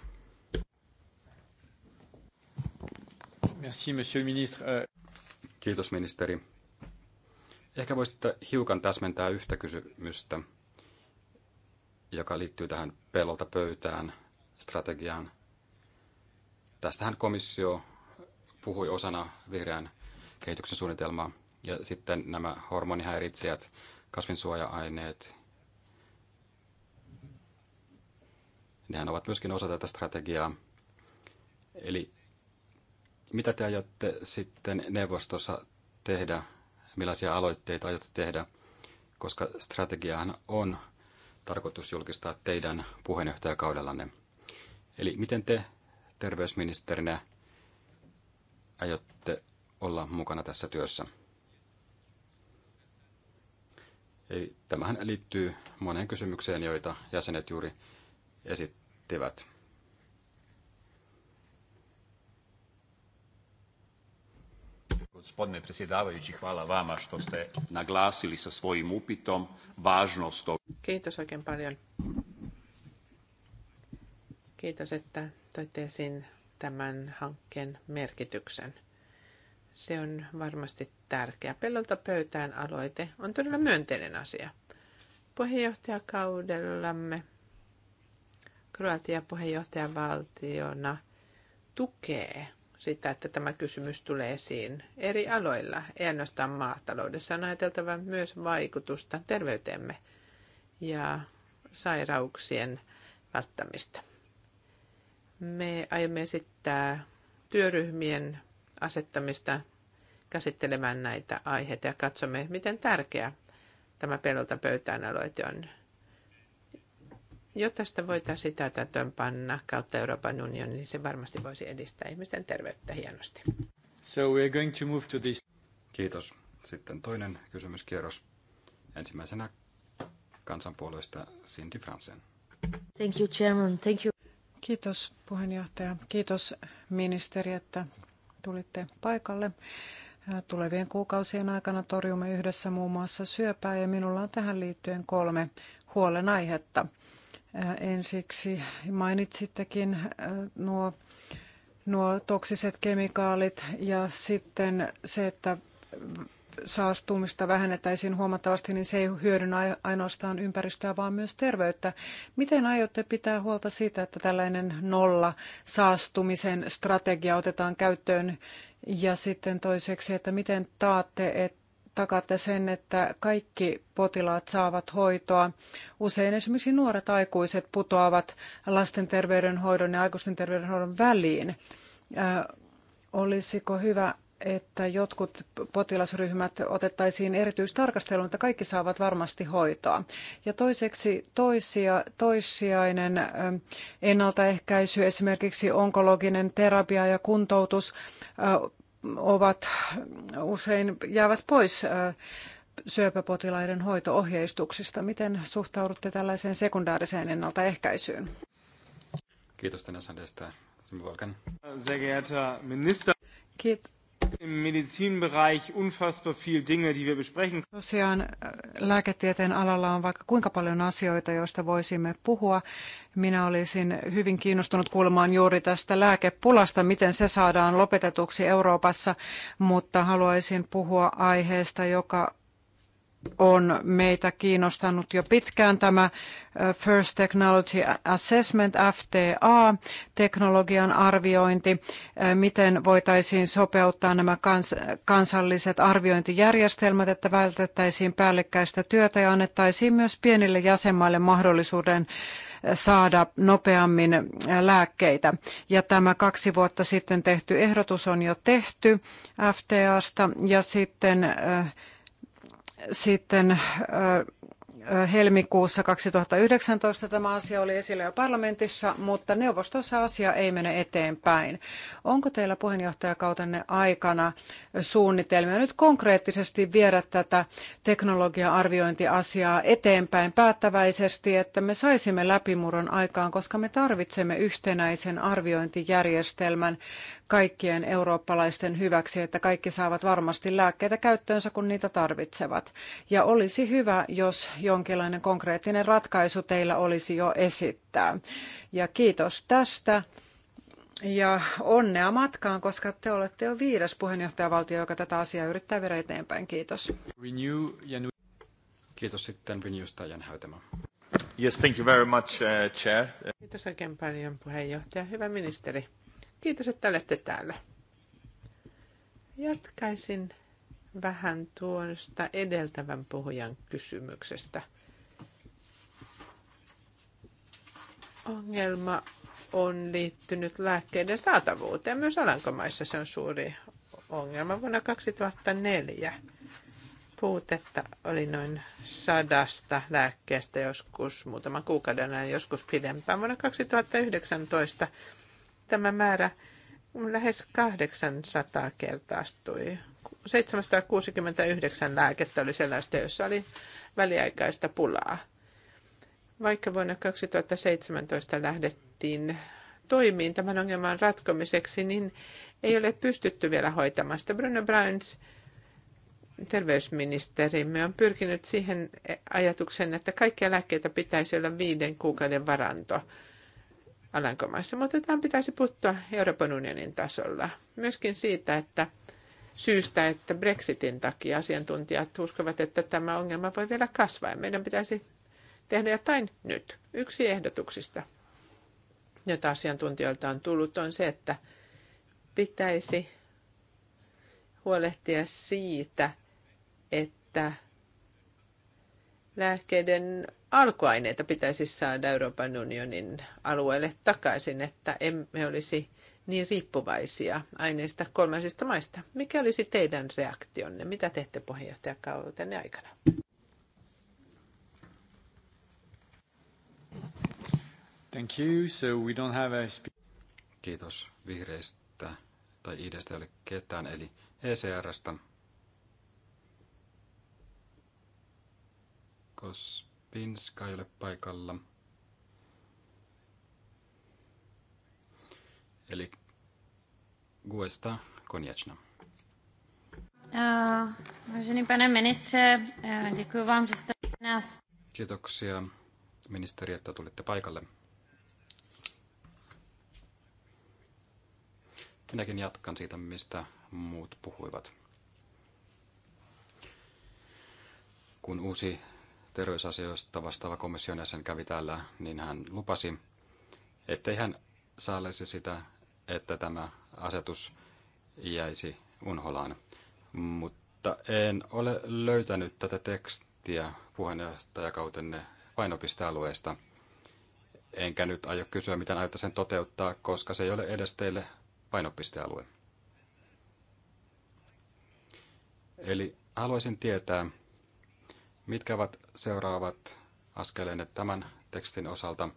Merci, monsieur le ministre. Euh, Kiitos ministeri. Ehkä voisitte hiukan täsmentää yhtä kysymystä, joka liittyy tähän pelolta pöytään strategiaan. Tästähän komissio puhui osana vihreän kehityksen suunnitelmaa ja sitten nämä hormonihäiritsijät, kasvinsuoja-aineet Nehän ovat myöskin osa tätä strategiaa. Eli mitä te aiotte sitten neuvostossa tehdä? Millaisia aloitteita aiotte tehdä? Koska strategiahan on tarkoitus julkistaa teidän puheenjohtajakaudellanne. Eli miten te terveysministerinä aiotte olla mukana tässä työssä? Eli tämähän liittyy moneen kysymykseen, joita jäsenet juuri esittivät. Gospodine predsjedavajući, hvala vama što ste naglasili sa svojim upitom važnost ovog. Kiitos oikein paljon. Kiitos, että toitte esiin tämän hankkeen merkityksen. Se on varmasti tärkeä. Pellolta pöytään aloite on todella myönteinen asia. Puheenjohtajakaudellamme Kroatia puheenjohtajavaltiona tukee sitä, että tämä kysymys tulee esiin eri aloilla, ei ainoastaan maataloudessa, on ajateltava myös vaikutusta terveyteemme ja sairauksien välttämistä. Me aiomme esittää työryhmien asettamista käsittelemään näitä aiheita ja katsomme, miten tärkeä tämä pelolta pöytään aloite on jo tästä voitaisiin tätön panna kautta Euroopan unionin, niin se varmasti voisi edistää ihmisten terveyttä hienosti. So we are going to move to this. Kiitos. Sitten toinen kysymyskierros. Ensimmäisenä kansanpuolueesta Cindy Fransen. Thank you, Chairman. Thank you. Kiitos puheenjohtaja. Kiitos ministeri, että tulitte paikalle. Tulevien kuukausien aikana torjumme yhdessä muun muassa syöpää ja minulla on tähän liittyen kolme huolenaihetta. Ensiksi mainitsittekin nuo, nuo toksiset kemikaalit ja sitten se, että saastumista vähennettäisiin huomattavasti, niin se ei hyödynnä ainoastaan ympäristöä, vaan myös terveyttä. Miten aiotte pitää huolta siitä, että tällainen nolla saastumisen strategia otetaan käyttöön? Ja sitten toiseksi, että miten taatte, että takaatte sen, että kaikki potilaat saavat hoitoa. Usein esimerkiksi nuoret aikuiset putoavat lasten terveydenhoidon ja aikuisten terveydenhoidon väliin. Olisiko hyvä, että jotkut potilasryhmät otettaisiin erityistarkasteluun, että kaikki saavat varmasti hoitoa. Ja toiseksi toisia, toissijainen ennaltaehkäisy, esimerkiksi onkologinen terapia ja kuntoutus ovat usein jäävät pois syöpäpotilaiden hoitoohjeistuksista. Miten suhtaudutte tällaiseen sekundaariseen ennaltaehkäisyyn? Kiitos tänä Sandesta. Kiit- Tosiaan äh, lääketieteen alalla on vaikka kuinka paljon asioita, joista voisimme puhua. Minä olisin hyvin kiinnostunut kuulemaan juuri tästä lääkepulasta, miten se saadaan lopetetuksi Euroopassa, mutta haluaisin puhua aiheesta, joka on meitä kiinnostanut jo pitkään tämä äh, First Technology Assessment, FTA, teknologian arviointi, äh, miten voitaisiin sopeuttaa nämä kansalliset arviointijärjestelmät, että vältettäisiin päällekkäistä työtä ja annettaisiin myös pienille jäsenmaille mahdollisuuden äh, saada nopeammin lääkkeitä. Ja tämä kaksi vuotta sitten tehty ehdotus on jo tehty FTAsta ja sitten sitten helmikuussa 2019 tämä asia oli esillä jo parlamentissa, mutta neuvostossa asia ei mene eteenpäin. Onko teillä puheenjohtajakautenne aikana suunnitelmia nyt konkreettisesti viedä tätä teknologia-arviointiasiaa eteenpäin päättäväisesti, että me saisimme läpimurron aikaan, koska me tarvitsemme yhtenäisen arviointijärjestelmän kaikkien eurooppalaisten hyväksi, että kaikki saavat varmasti lääkkeitä käyttöönsä, kun niitä tarvitsevat. Ja olisi hyvä, jos jonkinlainen konkreettinen ratkaisu teillä olisi jo esittää. Ja kiitos tästä. Ja onnea matkaan, koska te olette jo viides puheenjohtajavaltio, joka tätä asiaa yrittää viedä eteenpäin. Kiitos. Renew, Kiitos sitten Renewsta Jan Häytämä. Yes, thank you very much, uh, Chair. Kiitos oikein paljon puheenjohtaja. Hyvä ministeri. Kiitos, että olette täällä. Jatkaisin vähän tuosta edeltävän puhujan kysymyksestä. Ongelma on liittynyt lääkkeiden saatavuuteen. Myös Alankomaissa se on suuri ongelma. Vuonna 2004 puutetta oli noin sadasta lääkkeestä joskus muutaman kuukauden ajan, joskus pidempään. Vuonna 2019 tämä määrä lähes 800 kertaistui. 769 lääkettä oli sellaista, jossa oli väliaikaista pulaa. Vaikka vuonna 2017 lähdettiin toimiin tämän ongelman ratkomiseksi, niin ei ole pystytty vielä hoitamaan sitä. Bruno Browns terveysministerimme on pyrkinyt siihen ajatukseen, että kaikkia lääkkeitä pitäisi olla viiden kuukauden varanto Alankomaissa, mutta tämä pitäisi puuttua Euroopan unionin tasolla. Myöskin siitä, että syystä, että Brexitin takia asiantuntijat uskovat, että tämä ongelma voi vielä kasvaa ja meidän pitäisi tehdä jotain nyt. Yksi ehdotuksista, jota asiantuntijoilta on tullut, on se, että pitäisi huolehtia siitä, että lääkkeiden alkuaineita pitäisi saada Euroopan unionin alueelle takaisin, että emme olisi niin riippuvaisia aineista kolmansista maista. Mikä olisi teidän reaktionne? Mitä teette puheenjohtajakautenne aikana? Thank you. So we don't have a Kiitos vihreistä tai idestä ei ole ketään, eli ECRstä. Kos Pinska ei ole paikalla. Eli Guesta Konječna. Eh, vážený pane ministře, eh, děkuji vám, že jste nás. Kiitoksia ministeri, että tulitte paikalle. Minäkin jatkan siitä, mistä muut puhuivat. Kun uusi terveysasioista vastaava komission jäsen kävi täällä, niin hän lupasi, ettei hän sallisi sitä, että tämä asetus jäisi unholaan. Mutta en ole löytänyt tätä tekstiä puheenjohtajakautenne painopistealueesta. Enkä nyt aio kysyä, miten aiotte sen toteuttaa, koska se ei ole edes teille painopistealue. Eli haluaisin tietää, Mitkä ovat seuraavat askeleenne tämän tekstin osalta?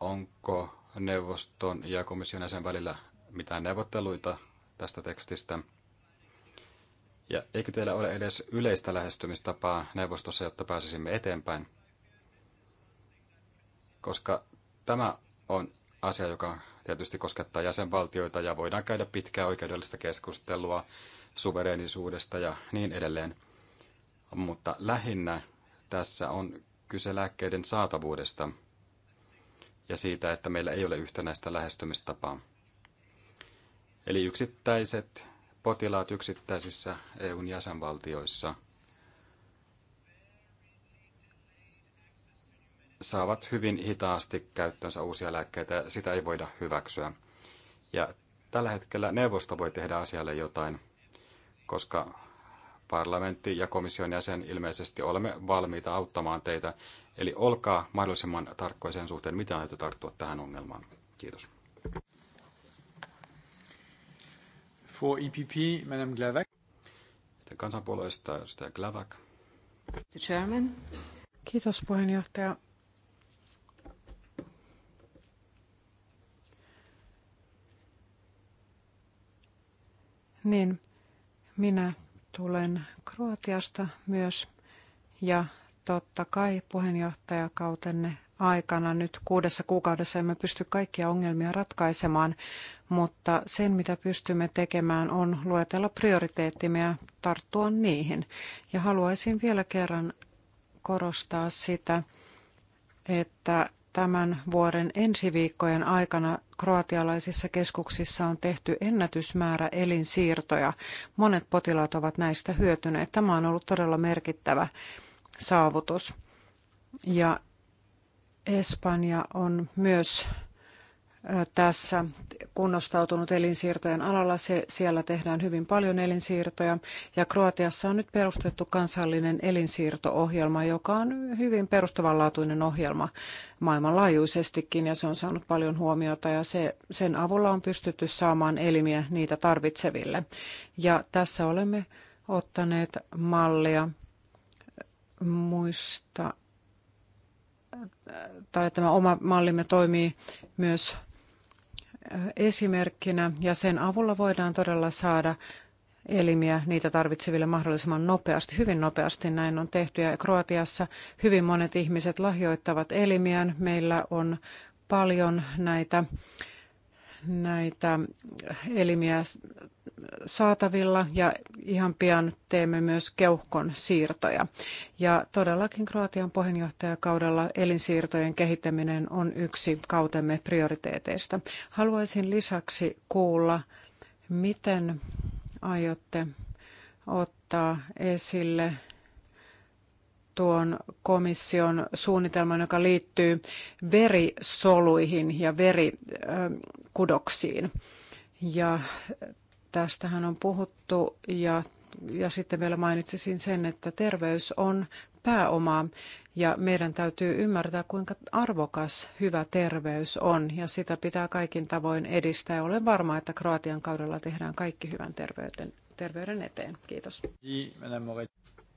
Onko neuvoston ja komission jäsen välillä mitään neuvotteluita tästä tekstistä? Ja eikö teillä ole edes yleistä lähestymistapaa neuvostossa, jotta pääsisimme eteenpäin? Koska tämä on asia, joka tietysti koskettaa jäsenvaltioita ja voidaan käydä pitkää oikeudellista keskustelua suvereenisuudesta ja niin edelleen. Mutta lähinnä tässä on kyse lääkkeiden saatavuudesta ja siitä, että meillä ei ole yhtenäistä lähestymistapaa. Eli yksittäiset potilaat yksittäisissä EUn jäsenvaltioissa – saavat hyvin hitaasti käyttöönsä uusia lääkkeitä ja sitä ei voida hyväksyä. Ja tällä hetkellä neuvosto voi tehdä asialle jotain, koska parlamentti ja komission jäsen ilmeisesti olemme valmiita auttamaan teitä. Eli olkaa mahdollisimman tarkkoja sen suhteen, mitä aiotte tarttua tähän ongelmaan. Kiitos. For EPP, Madame Glavak. Sitten kansanpuolueesta edustaja Glavak. The chairman. Kiitos puheenjohtaja. niin minä tulen Kroatiasta myös ja totta kai puheenjohtajakautenne aikana nyt kuudessa kuukaudessa emme pysty kaikkia ongelmia ratkaisemaan, mutta sen mitä pystymme tekemään on luetella prioriteettimme ja tarttua niihin. Ja haluaisin vielä kerran korostaa sitä, että tämän vuoden viikkojen aikana kroatialaisissa keskuksissa on tehty ennätysmäärä elinsiirtoja. Monet potilaat ovat näistä hyötyneet. Tämä on ollut todella merkittävä saavutus. Ja Espanja on myös tässä kunnostautunut elinsiirtojen alalla. Se, siellä tehdään hyvin paljon elinsiirtoja ja Kroatiassa on nyt perustettu kansallinen elinsiirto-ohjelma, joka on hyvin perustavanlaatuinen ohjelma maailmanlaajuisestikin ja se on saanut paljon huomiota ja se, sen avulla on pystytty saamaan elimiä niitä tarvitseville. Ja tässä olemme ottaneet mallia muista tai tämä oma mallimme toimii myös esimerkkinä ja sen avulla voidaan todella saada elimiä niitä tarvitseville mahdollisimman nopeasti, hyvin nopeasti näin on tehty. Ja Kroatiassa hyvin monet ihmiset lahjoittavat elimiään. Meillä on paljon näitä näitä elimiä saatavilla ja ihan pian teemme myös keuhkon siirtoja. Ja todellakin Kroatian puheenjohtajakaudella elinsiirtojen kehittäminen on yksi kautemme prioriteeteista. Haluaisin lisäksi kuulla, miten aiotte ottaa esille tuon komission suunnitelman, joka liittyy verisoluihin ja verikudoksiin. Ja tästähän on puhuttu ja, ja sitten vielä mainitsisin sen, että terveys on pääomaa ja meidän täytyy ymmärtää, kuinka arvokas hyvä terveys on ja sitä pitää kaikin tavoin edistää. Olen varma, että Kroatian kaudella tehdään kaikki hyvän terveyden, terveyden eteen. Kiitos.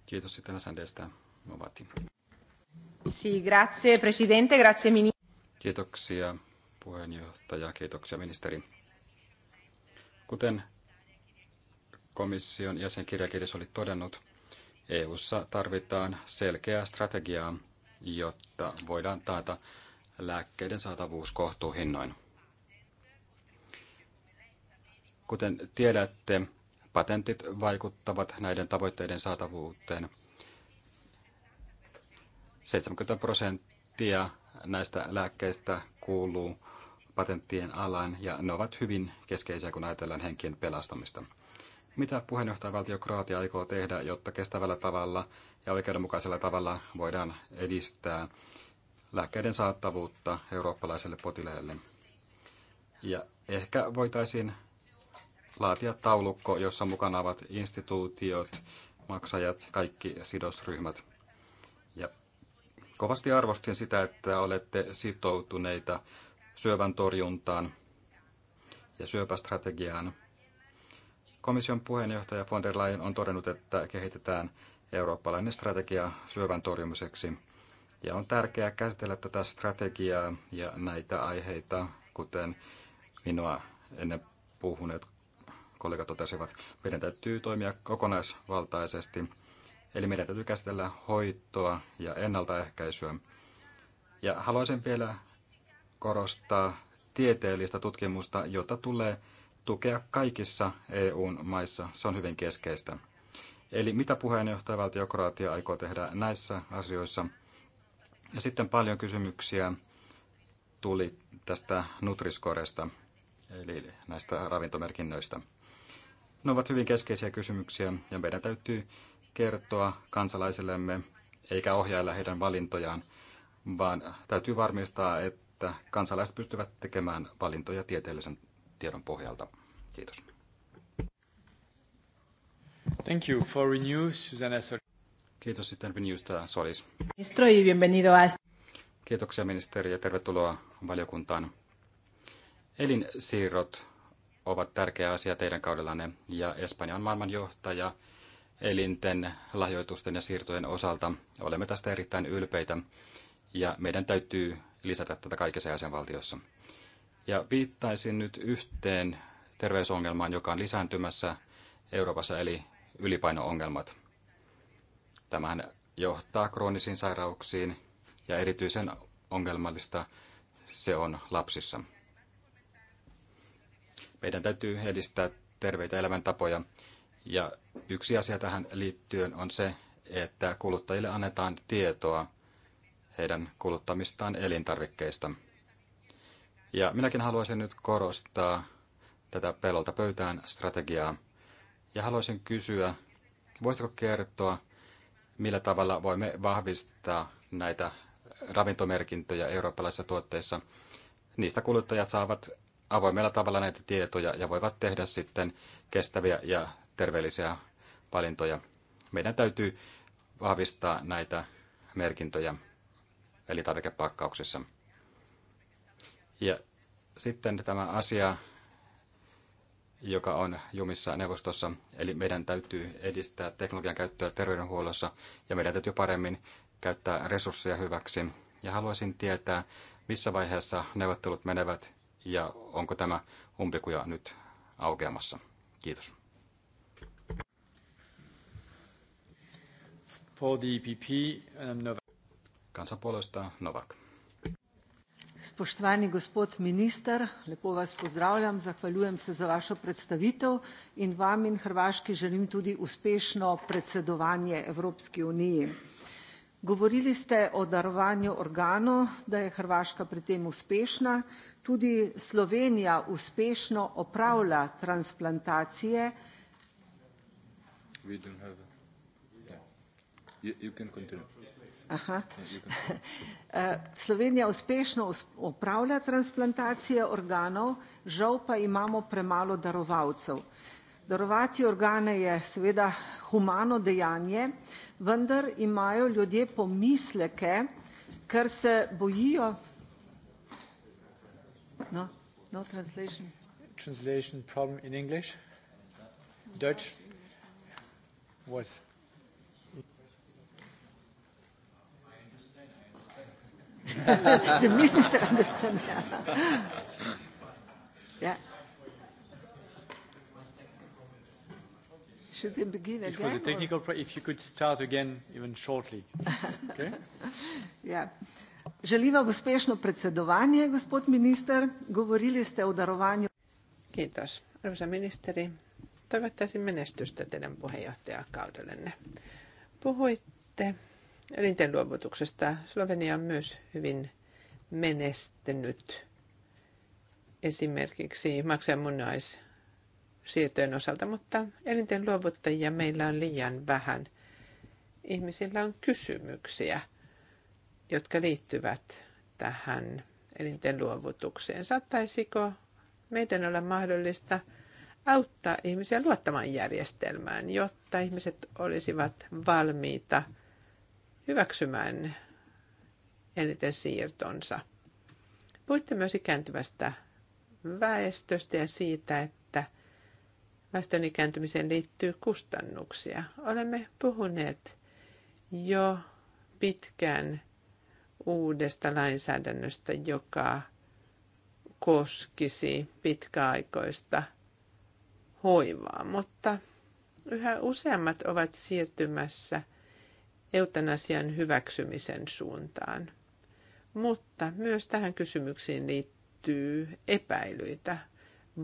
Kiitos sitten Sandestä. Novati. Sì, grazie presidente, grazie ministeri. Kiitoksia puheenjohtaja, kiitoksia ministeri. Kuten komission jäsenkirjakirjassa oli todennut, EU:ssa tarvitaan selkeää strategiaa, jotta voidaan taata lääkkeiden saatavuus kohtuuhinnoin. Kuten tiedätte, patentit vaikuttavat näiden tavoitteiden saatavuuteen – 70 prosenttia näistä lääkkeistä kuuluu patenttien alaan ja ne ovat hyvin keskeisiä, kun ajatellaan henkien pelastamista. Mitä puheenjohtajavaltio Kroatia aikoo tehdä, jotta kestävällä tavalla ja oikeudenmukaisella tavalla voidaan edistää lääkkeiden saattavuutta eurooppalaiselle potilaille? Ja ehkä voitaisiin laatia taulukko, jossa mukana ovat instituutiot, maksajat, kaikki sidosryhmät. Kovasti arvostin sitä, että olette sitoutuneita syövän torjuntaan ja syöpästrategiaan. Komission puheenjohtaja von der Leyen on todennut, että kehitetään eurooppalainen strategia syövän torjumiseksi. Ja on tärkeää käsitellä tätä strategiaa ja näitä aiheita, kuten minua ennen puhuneet kollegat totesivat. Meidän täytyy toimia kokonaisvaltaisesti Eli meidän täytyy käsitellä hoitoa ja ennaltaehkäisyä. Ja haluaisin vielä korostaa tieteellistä tutkimusta, jota tulee tukea kaikissa eu maissa. Se on hyvin keskeistä. Eli mitä puheenjohtajavaltio Kroatia aikoo tehdä näissä asioissa? Ja sitten paljon kysymyksiä tuli tästä Nutriskoresta, eli näistä ravintomerkinnöistä. Ne ovat hyvin keskeisiä kysymyksiä ja meidän täytyy kertoa kansalaisillemme eikä ohjailla heidän valintojaan, vaan täytyy varmistaa, että kansalaiset pystyvät tekemään valintoja tieteellisen tiedon pohjalta. Kiitos. Thank you for Renews, Susanna Solis. Kiitos sitten Renewsta Solis. Kiitoksia ministeri ja tervetuloa valiokuntaan. Elinsiirrot ovat tärkeä asia teidän kaudellanne ja Espanja on maailmanjohtaja johtaja elinten, lahjoitusten ja siirtojen osalta. Olemme tästä erittäin ylpeitä ja meidän täytyy lisätä tätä kaikessa jäsenvaltiossa. Ja viittaisin nyt yhteen terveysongelmaan, joka on lisääntymässä Euroopassa, eli ylipaino-ongelmat. Tämähän johtaa kroonisiin sairauksiin ja erityisen ongelmallista se on lapsissa. Meidän täytyy edistää terveitä elämäntapoja ja yksi asia tähän liittyen on se, että kuluttajille annetaan tietoa heidän kuluttamistaan elintarvikkeista. Ja minäkin haluaisin nyt korostaa tätä pelolta pöytään strategiaa. Ja haluaisin kysyä, voisitko kertoa, millä tavalla voimme vahvistaa näitä ravintomerkintöjä eurooppalaisissa tuotteissa. Niistä kuluttajat saavat avoimella tavalla näitä tietoja ja voivat tehdä sitten kestäviä ja terveellisiä valintoja. Meidän täytyy vahvistaa näitä merkintöjä elintarvikepakkauksissa. Ja sitten tämä asia, joka on jumissa neuvostossa, eli meidän täytyy edistää teknologian käyttöä terveydenhuollossa ja meidän täytyy paremmin käyttää resursseja hyväksi. Ja haluaisin tietää, missä vaiheessa neuvottelut menevät ja onko tämä umpikuja nyt aukeamassa. Kiitos. For the e um, Novak. Spoštovani gospod minister, lepo vas pozdravljam, zahvaljujem se za vašo predstavitev in vam in Hrvaški želim tudi uspešno predsedovanje Evropski uniji. Govorili ste o darovanju organov, da je Hrvaška pri tem uspešna. Tudi Slovenija uspešno opravlja transplantacije. We don't have Slovenija uspešno opravlja transplantacije organov, žal pa imamo premalo darovalcev. Darovati organe je seveda humano dejanje, vendar imajo ljudje pomisleke, ker se bojijo. No, no translation. Translation problem in English? Dutch? Was. Wir müssen the minister understand. Ja. Should we begin again? It was a technical. problem. If you could start again, even shortly. Okay. yeah. Želim vam uspešno predsedovanje, gospod minister. Govorili ste o darovanju. Kiitos, arvoisa ministeri. Toivottaisin menestystä teidän puheenjohtajakaudellenne. Puhuitte elinten luovutuksesta. Slovenia on myös hyvin menestynyt esimerkiksi maksajamunaissiirtojen osalta, mutta elinten luovuttajia meillä on liian vähän. Ihmisillä on kysymyksiä, jotka liittyvät tähän elinten luovutukseen. Saattaisiko meidän olla mahdollista auttaa ihmisiä luottamaan järjestelmään, jotta ihmiset olisivat valmiita – hyväksymään eniten siirtonsa. Puhuitte myös ikääntyvästä väestöstä ja siitä, että väestön ikääntymiseen liittyy kustannuksia. Olemme puhuneet jo pitkään uudesta lainsäädännöstä, joka koskisi pitkäaikoista hoivaa, mutta yhä useammat ovat siirtymässä eutanasian hyväksymisen suuntaan. Mutta myös tähän kysymyksiin liittyy epäilyitä.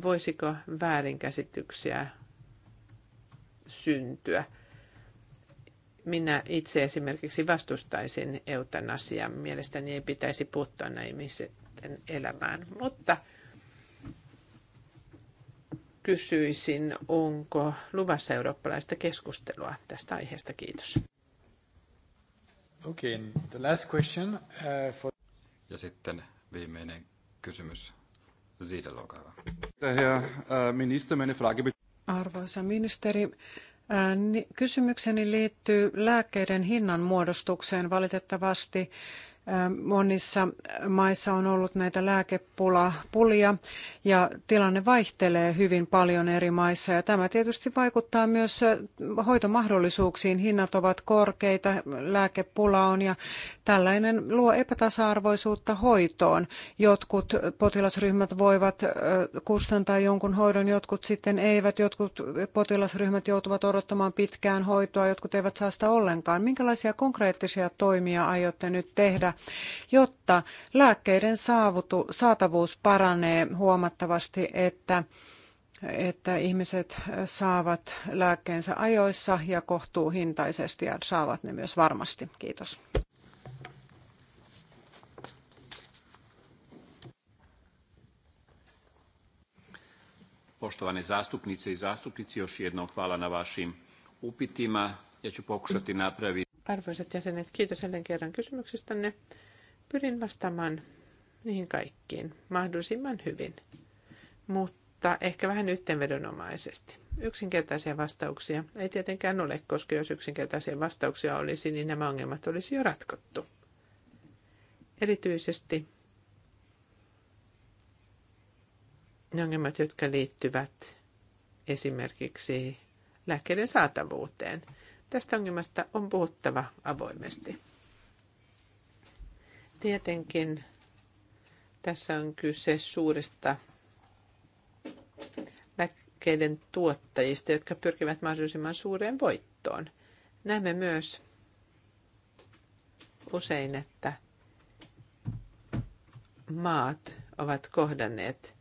Voisiko väärinkäsityksiä syntyä? Minä itse esimerkiksi vastustaisin eutanasian. Mielestäni ei pitäisi puuttua näihin ihmisten elämään. Mutta kysyisin, onko luvassa eurooppalaista keskustelua tästä aiheesta. Kiitos. Okay, the last question uh, for... Ja sitten viimeinen kysymys. Siitä olkaa äh, Frage... Arvoisa ministeri, äh, Kysymykseni liittyy lääkkeiden hinnan muodostukseen. Valitettavasti Monissa maissa on ollut näitä lääkepulia ja tilanne vaihtelee hyvin paljon eri maissa ja tämä tietysti vaikuttaa myös hoitomahdollisuuksiin. Hinnat ovat korkeita, lääkepula on ja tällainen luo epätasa-arvoisuutta hoitoon. Jotkut potilasryhmät voivat kustantaa jonkun hoidon, jotkut sitten eivät, jotkut potilasryhmät joutuvat odottamaan pitkään hoitoa, jotkut eivät saa sitä ollenkaan. Minkälaisia konkreettisia toimia aiotte nyt tehdä? jotta lääkkeiden saavutu, saatavuus paranee huomattavasti, että että ihmiset saavat lääkkeensä ajoissa ja kohtuuhintaisesti ja saavat ne myös varmasti. Kiitos. Poštovane zastupnice i zastupnici, još jednom hvala na vašim upitima. Ja ću pokušati napraviti Arvoisat jäsenet, kiitos jälleen kerran kysymyksistänne. Pyrin vastaamaan niihin kaikkiin mahdollisimman hyvin, mutta ehkä vähän yhteenvedonomaisesti. Yksinkertaisia vastauksia ei tietenkään ole, koska jos yksinkertaisia vastauksia olisi, niin nämä ongelmat olisi jo ratkottu. Erityisesti ne ongelmat, jotka liittyvät esimerkiksi lääkkeiden saatavuuteen – Tästä ongelmasta on puhuttava avoimesti. Tietenkin tässä on kyse suurista lääkkeiden tuottajista, jotka pyrkivät mahdollisimman suureen voittoon. Näemme myös usein, että maat ovat kohdanneet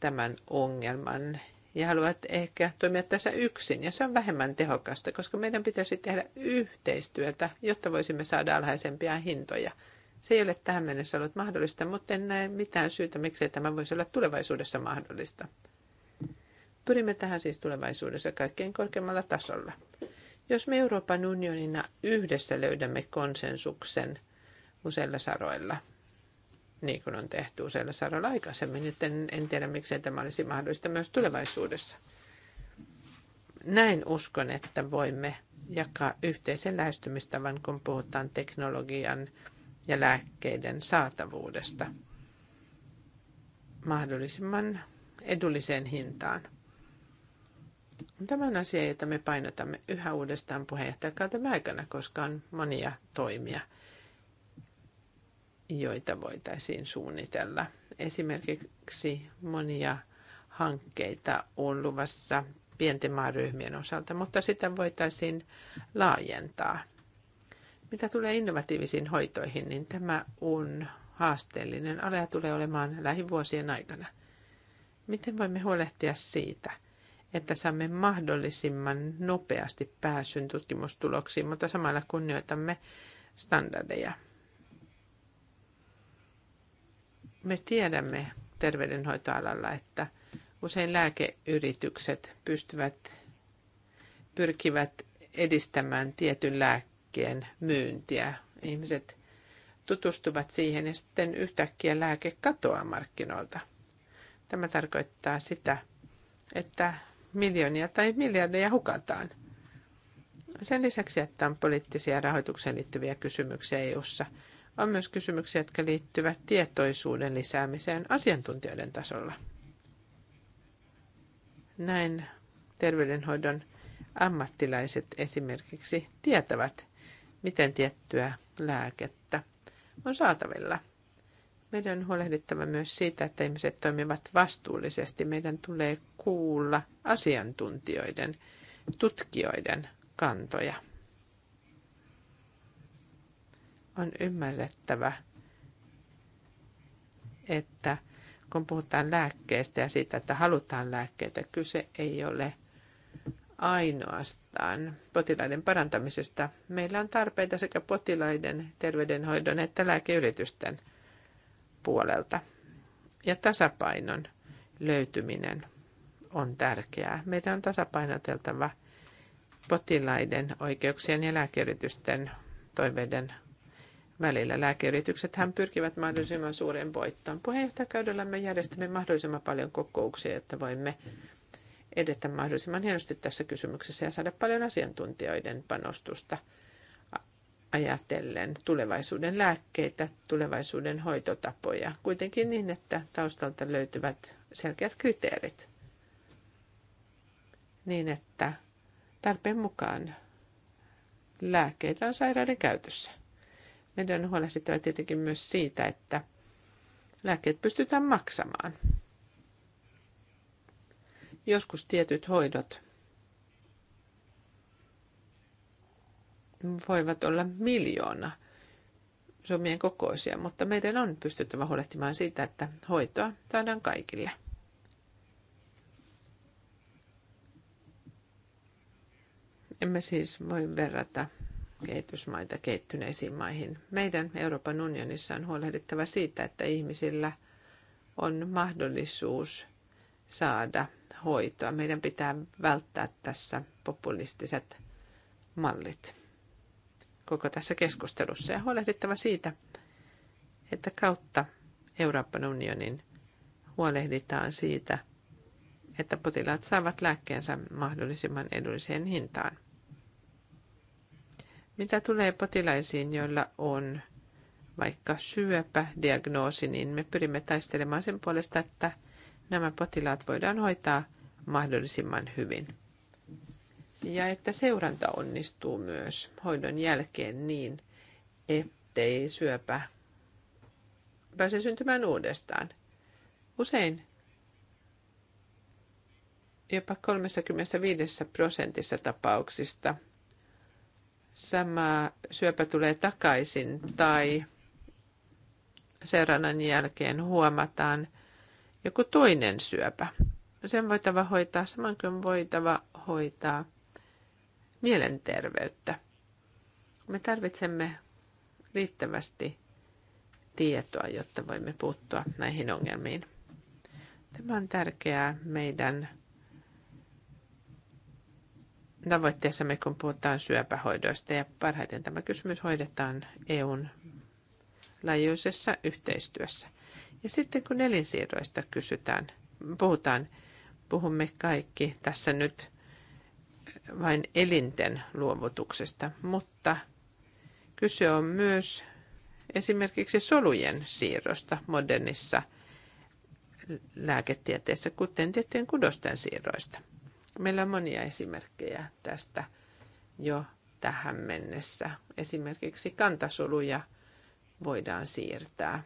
tämän ongelman ja haluavat ehkä toimia tässä yksin, ja se on vähemmän tehokasta, koska meidän pitäisi tehdä yhteistyötä, jotta voisimme saada alhaisempia hintoja. Se ei ole tähän mennessä ollut mahdollista, mutta en näe mitään syytä, miksei tämä voisi olla tulevaisuudessa mahdollista. Pyrimme tähän siis tulevaisuudessa kaikkein korkeammalla tasolla. Jos me Euroopan unionina yhdessä löydämme konsensuksen useilla saroilla, niin kuin on tehty useilla saroilla aikaisemmin, joten en tiedä miksei tämä olisi mahdollista myös tulevaisuudessa. Näin uskon, että voimme jakaa yhteisen lähestymistavan, kun puhutaan teknologian ja lääkkeiden saatavuudesta mahdollisimman edulliseen hintaan. Tämä on asia, jota me painotamme yhä uudestaan puheenjohtajakautemme aikana, koska on monia toimia – joita voitaisiin suunnitella. Esimerkiksi monia hankkeita on luvassa pienten maaryhmien osalta, mutta sitä voitaisiin laajentaa. Mitä tulee innovatiivisiin hoitoihin, niin tämä on haasteellinen ala ja tulee olemaan lähivuosien aikana. Miten voimme huolehtia siitä, että saamme mahdollisimman nopeasti pääsyn tutkimustuloksiin, mutta samalla kunnioitamme standardeja? Me tiedämme terveydenhoitoalalla, että usein lääkeyritykset pystyvät, pyrkivät edistämään tietyn lääkkeen myyntiä. Ihmiset tutustuvat siihen ja sitten yhtäkkiä lääke katoaa markkinoilta. Tämä tarkoittaa sitä, että miljoonia tai miljardeja hukataan. Sen lisäksi, että on poliittisia rahoitukseen liittyviä kysymyksiä eu ssa on myös kysymyksiä, jotka liittyvät tietoisuuden lisäämiseen asiantuntijoiden tasolla. Näin terveydenhoidon ammattilaiset esimerkiksi tietävät, miten tiettyä lääkettä on saatavilla. Meidän on huolehdittava myös siitä, että ihmiset toimivat vastuullisesti. Meidän tulee kuulla asiantuntijoiden, tutkijoiden kantoja on ymmärrettävä, että kun puhutaan lääkkeestä ja siitä, että halutaan lääkkeitä, kyse ei ole ainoastaan potilaiden parantamisesta. Meillä on tarpeita sekä potilaiden terveydenhoidon että lääkeyritysten puolelta. Ja tasapainon löytyminen on tärkeää. Meidän on tasapainoteltava potilaiden oikeuksien ja lääkeyritysten toiveiden välillä. hän pyrkivät mahdollisimman suureen voittoon. Puheenjohtajakaudella me järjestämme mahdollisimman paljon kokouksia, että voimme edetä mahdollisimman hienosti tässä kysymyksessä ja saada paljon asiantuntijoiden panostusta ajatellen tulevaisuuden lääkkeitä, tulevaisuuden hoitotapoja, kuitenkin niin, että taustalta löytyvät selkeät kriteerit, niin että tarpeen mukaan lääkkeitä on sairauden käytössä. Meidän on huolehdittava tietenkin myös siitä, että lääkkeet pystytään maksamaan. Joskus tietyt hoidot voivat olla miljoona summien kokoisia, mutta meidän on pystyttävä huolehtimaan siitä, että hoitoa saadaan kaikille. Emme siis voi verrata kehitysmaita kehittyneisiin maihin. Meidän Euroopan unionissa on huolehdittava siitä, että ihmisillä on mahdollisuus saada hoitoa. Meidän pitää välttää tässä populistiset mallit koko tässä keskustelussa ja huolehdittava siitä, että kautta Euroopan unionin huolehditaan siitä, että potilaat saavat lääkkeensä mahdollisimman edulliseen hintaan. Mitä tulee potilaisiin, joilla on vaikka syöpädiagnoosi, niin me pyrimme taistelemaan sen puolesta, että nämä potilaat voidaan hoitaa mahdollisimman hyvin. Ja että seuranta onnistuu myös hoidon jälkeen niin, ettei syöpä pääse syntymään uudestaan. Usein jopa 35 prosentissa tapauksista sama syöpä tulee takaisin tai seurannan jälkeen huomataan joku toinen syöpä. Sen voitava hoitaa saman kuin voitava hoitaa mielenterveyttä. Me tarvitsemme riittävästi tietoa, jotta voimme puuttua näihin ongelmiin. Tämä on tärkeää meidän me, kun puhutaan syöpähoidoista. Ja parhaiten tämä kysymys hoidetaan EUn laajuisessa yhteistyössä. Ja sitten kun elinsiirroista kysytään, puhutaan, puhumme kaikki tässä nyt vain elinten luovutuksesta, mutta kyse on myös esimerkiksi solujen siirrosta modernissa lääketieteessä, kuten tiettyjen kudosten siirroista – Meillä on monia esimerkkejä tästä jo tähän mennessä. Esimerkiksi kantasoluja voidaan siirtää.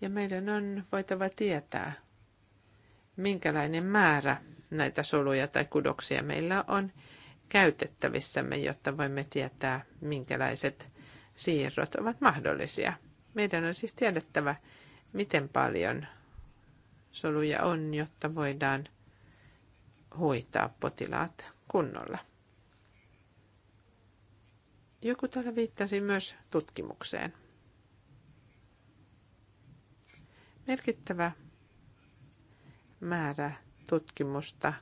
Ja meidän on voitava tietää, minkälainen määrä näitä soluja tai kudoksia meillä on käytettävissämme, jotta voimme tietää, minkälaiset siirrot ovat mahdollisia. Meidän on siis tiedettävä, miten paljon soluja on, jotta voidaan hoitaa potilaat kunnolla. Joku täällä viittasi myös tutkimukseen. Merkittävä määrä tutkimusta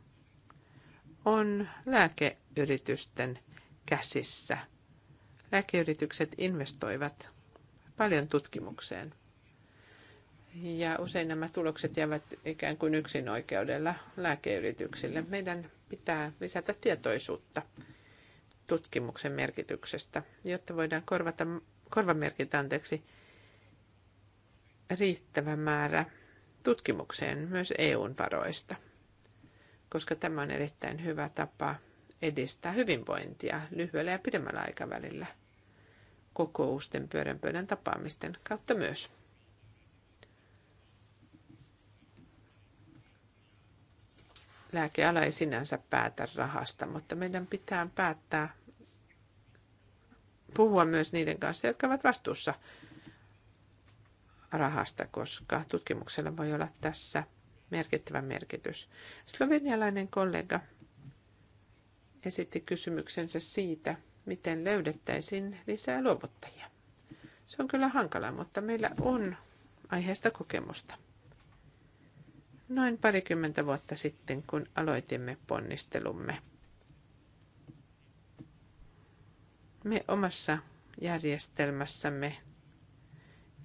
on lääkeyritysten käsissä. Lääkeyritykset investoivat paljon tutkimukseen. Ja usein nämä tulokset jäävät ikään kuin yksin oikeudella lääkeyrityksille. Meidän pitää lisätä tietoisuutta tutkimuksen merkityksestä, jotta voidaan korvata, korvamerkitä anteeksi, riittävä määrä tutkimukseen myös EUn varoista, koska tämä on erittäin hyvä tapa edistää hyvinvointia lyhyellä ja pidemmällä aikavälillä kokousten, pyöränpöydän tapaamisten kautta myös. lääkeala ei sinänsä päätä rahasta, mutta meidän pitää päättää puhua myös niiden kanssa, jotka ovat vastuussa rahasta, koska tutkimuksella voi olla tässä merkittävä merkitys. Slovenialainen kollega esitti kysymyksensä siitä, miten löydettäisiin lisää luovuttajia. Se on kyllä hankala, mutta meillä on aiheesta kokemusta noin parikymmentä vuotta sitten, kun aloitimme ponnistelumme. Me omassa järjestelmässämme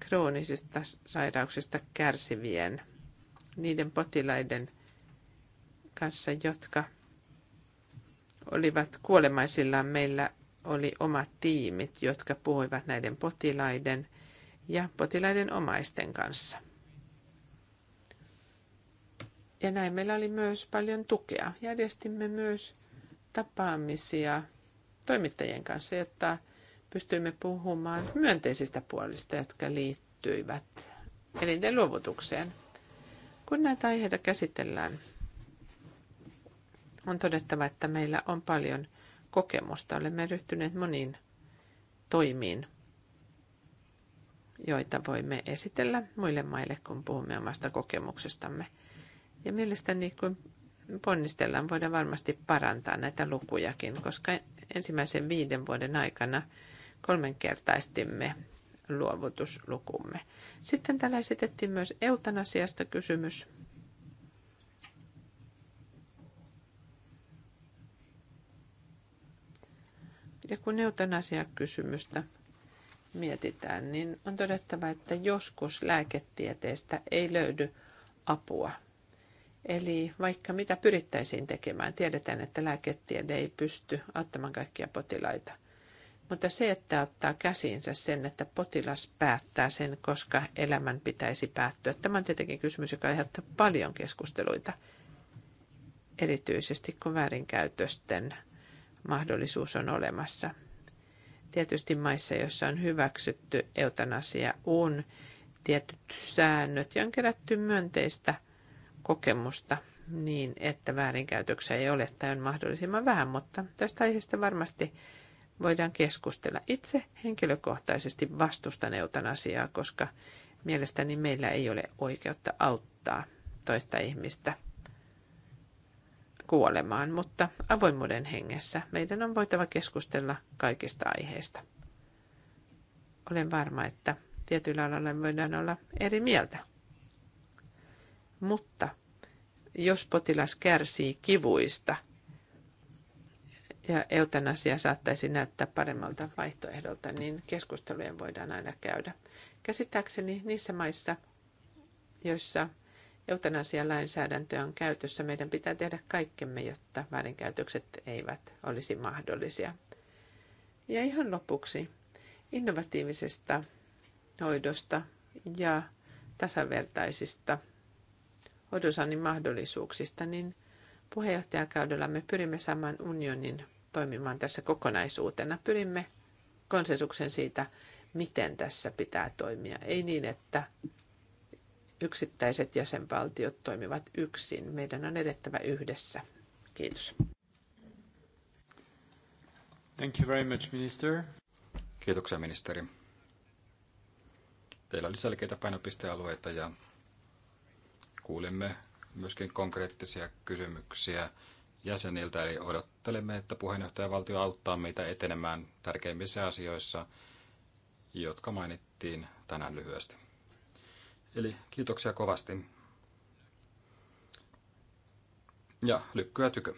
kroonisista sairauksista kärsivien, niiden potilaiden kanssa, jotka olivat kuolemaisillaan, meillä oli omat tiimit, jotka puhuivat näiden potilaiden ja potilaiden omaisten kanssa – ja näin meillä oli myös paljon tukea. Järjestimme myös tapaamisia toimittajien kanssa, jotta pystyimme puhumaan myönteisistä puolista, jotka liittyivät elinten luovutukseen. Kun näitä aiheita käsitellään, on todettava, että meillä on paljon kokemusta. Olemme ryhtyneet moniin toimiin, joita voimme esitellä muille maille, kun puhumme omasta kokemuksestamme – ja mielestäni kun ponnistellaan, voidaan varmasti parantaa näitä lukujakin, koska ensimmäisen viiden vuoden aikana kolmenkertaistimme luovutuslukumme. Sitten täällä esitettiin myös eutanasiasta kysymys. Ja kun kysymystä mietitään, niin on todettava, että joskus lääketieteestä ei löydy apua – Eli vaikka mitä pyrittäisiin tekemään, tiedetään, että lääketiede ei pysty auttamaan kaikkia potilaita. Mutta se, että ottaa käsiinsä sen, että potilas päättää sen, koska elämän pitäisi päättyä, tämä on tietenkin kysymys, joka aiheuttaa paljon keskusteluita, erityisesti kun väärinkäytösten mahdollisuus on olemassa. Tietysti maissa, joissa on hyväksytty eutanasia, on tietyt säännöt ja on kerätty myönteistä – kokemusta niin, että väärinkäytöksiä ei ole tai on mahdollisimman vähän, mutta tästä aiheesta varmasti voidaan keskustella. Itse henkilökohtaisesti vastustan eutanasiaa, koska mielestäni meillä ei ole oikeutta auttaa toista ihmistä kuolemaan, mutta avoimuuden hengessä meidän on voitava keskustella kaikista aiheista. Olen varma, että tietyllä alalla voidaan olla eri mieltä, mutta jos potilas kärsii kivuista ja eutanasia saattaisi näyttää paremmalta vaihtoehdolta, niin keskustelujen voidaan aina käydä. Käsittääkseni niissä maissa, joissa eutanasialainsäädäntö on käytössä, meidän pitää tehdä kaikkemme, jotta väärinkäytökset eivät olisi mahdollisia. Ja ihan lopuksi innovatiivisesta hoidosta ja tasavertaisista odonsaannin mahdollisuuksista, niin puheenjohtajakaudella me pyrimme saamaan unionin toimimaan tässä kokonaisuutena. Pyrimme konsensuksen siitä, miten tässä pitää toimia. Ei niin, että yksittäiset jäsenvaltiot toimivat yksin. Meidän on edettävä yhdessä. Kiitos. Thank you very much, minister. Kiitoksia, ministeri. Teillä oli selkeitä painopistealueita ja Kuulimme myöskin konkreettisia kysymyksiä jäseniltä, eli odottelemme, että puheenjohtajavaltio auttaa meitä etenemään tärkeimmissä asioissa, jotka mainittiin tänään lyhyesti. Eli kiitoksia kovasti. Ja lykkyä tykö.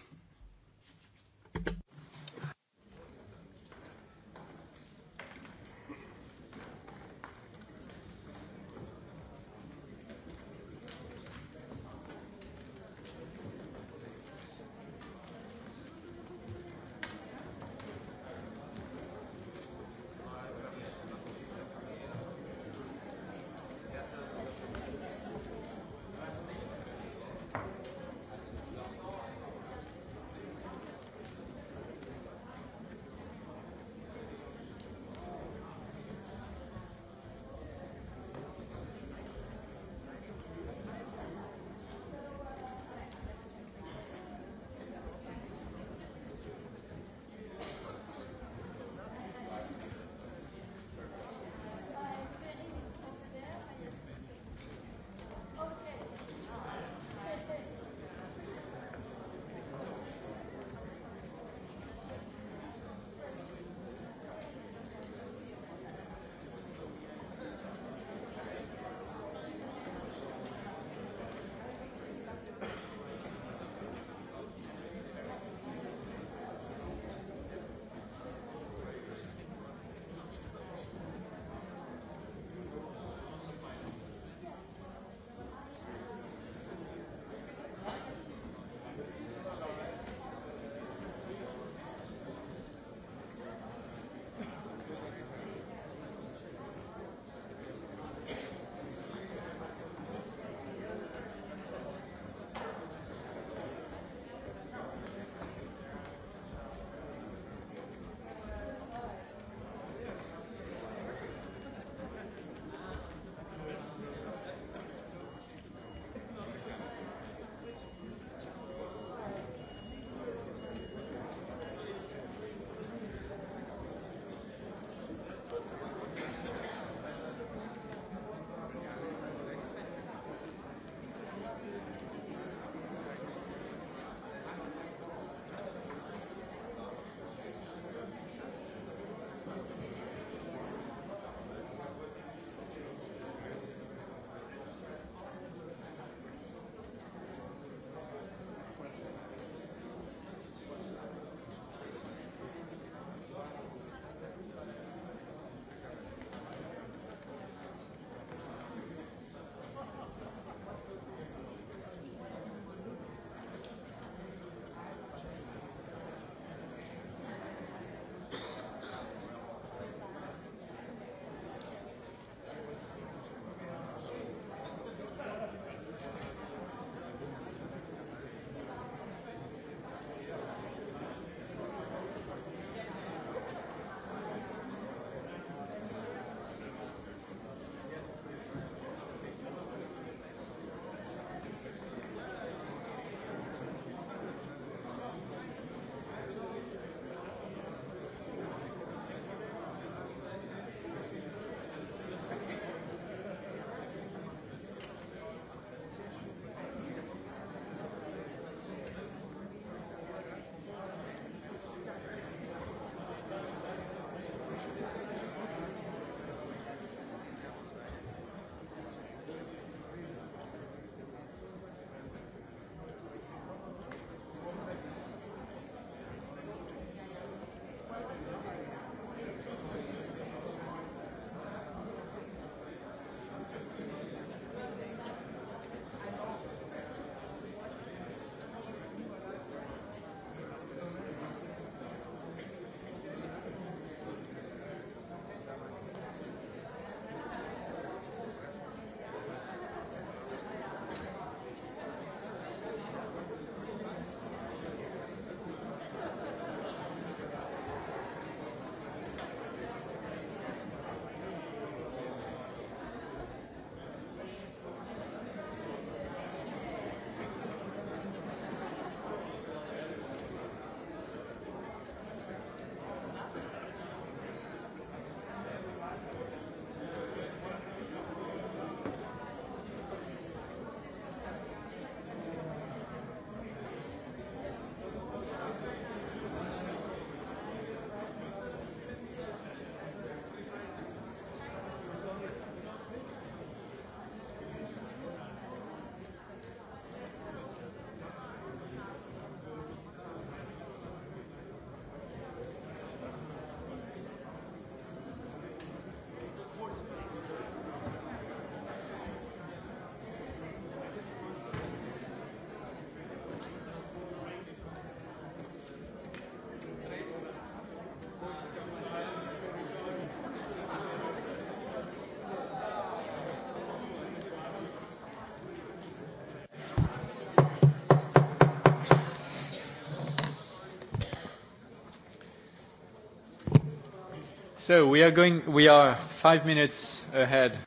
So we are going, we are five minutes ahead.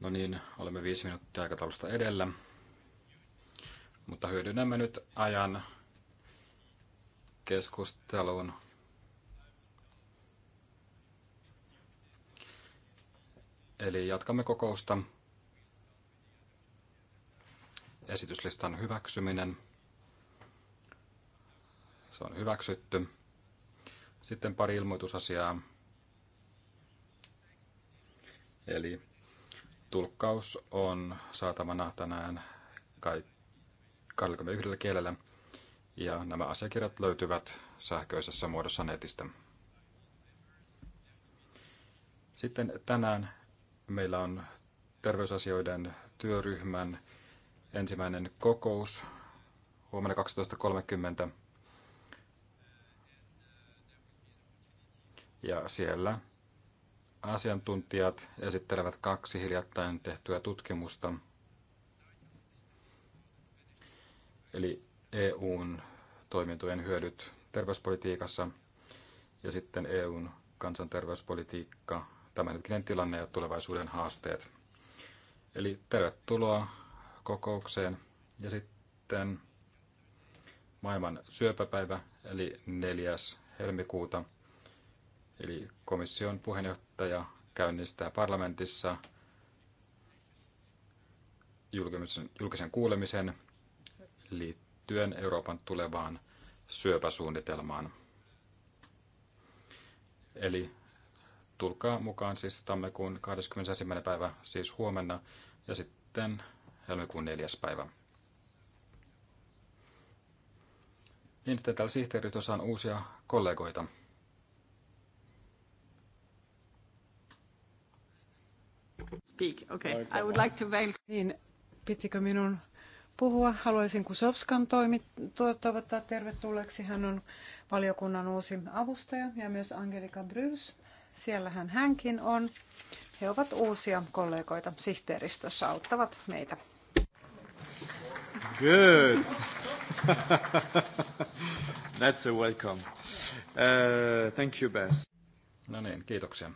No niin, olemme viisi minuuttia aikataulusta edellä. Mutta hyödynnämme nyt ajan keskusteluun. Eli jatkamme kokousta. Esityslistan hyväksyminen. Se on hyväksytty. Sitten pari ilmoitusasiaa. Eli tulkkaus on saatavana tänään 21 kielellä ja nämä asiakirjat löytyvät sähköisessä muodossa netistä. Sitten tänään meillä on terveysasioiden työryhmän ensimmäinen kokous huomenna 12.30 Ja siellä asiantuntijat esittelevät kaksi hiljattain tehtyä tutkimusta. Eli EUn toimintojen hyödyt terveyspolitiikassa ja sitten EUn kansanterveyspolitiikka, tämänhetkinen tilanne ja tulevaisuuden haasteet. Eli tervetuloa kokoukseen ja sitten maailman syöpäpäivä eli 4. helmikuuta – Eli komission puheenjohtaja käynnistää parlamentissa julkisen kuulemisen liittyen Euroopan tulevaan syöpäsuunnitelmaan. Eli tulkaa mukaan siis tammikuun 21. päivä, siis huomenna, ja sitten helmikuun 4. päivä. Niin sitten täällä sihteeristössä on uusia kollegoita. Speak, okay. I would like to veil... Niin, pitikö minun puhua? Haluaisin Kusovskan toimi, toivottaa tervetulleeksi. Hän on valiokunnan uusi avustaja ja myös Angelika Bryls. Siellähän hänkin on. He ovat uusia kollegoita sihteeristössä, auttavat meitä. Good. That's a welcome. Uh, thank you, Bess. No niin, kiitoksia.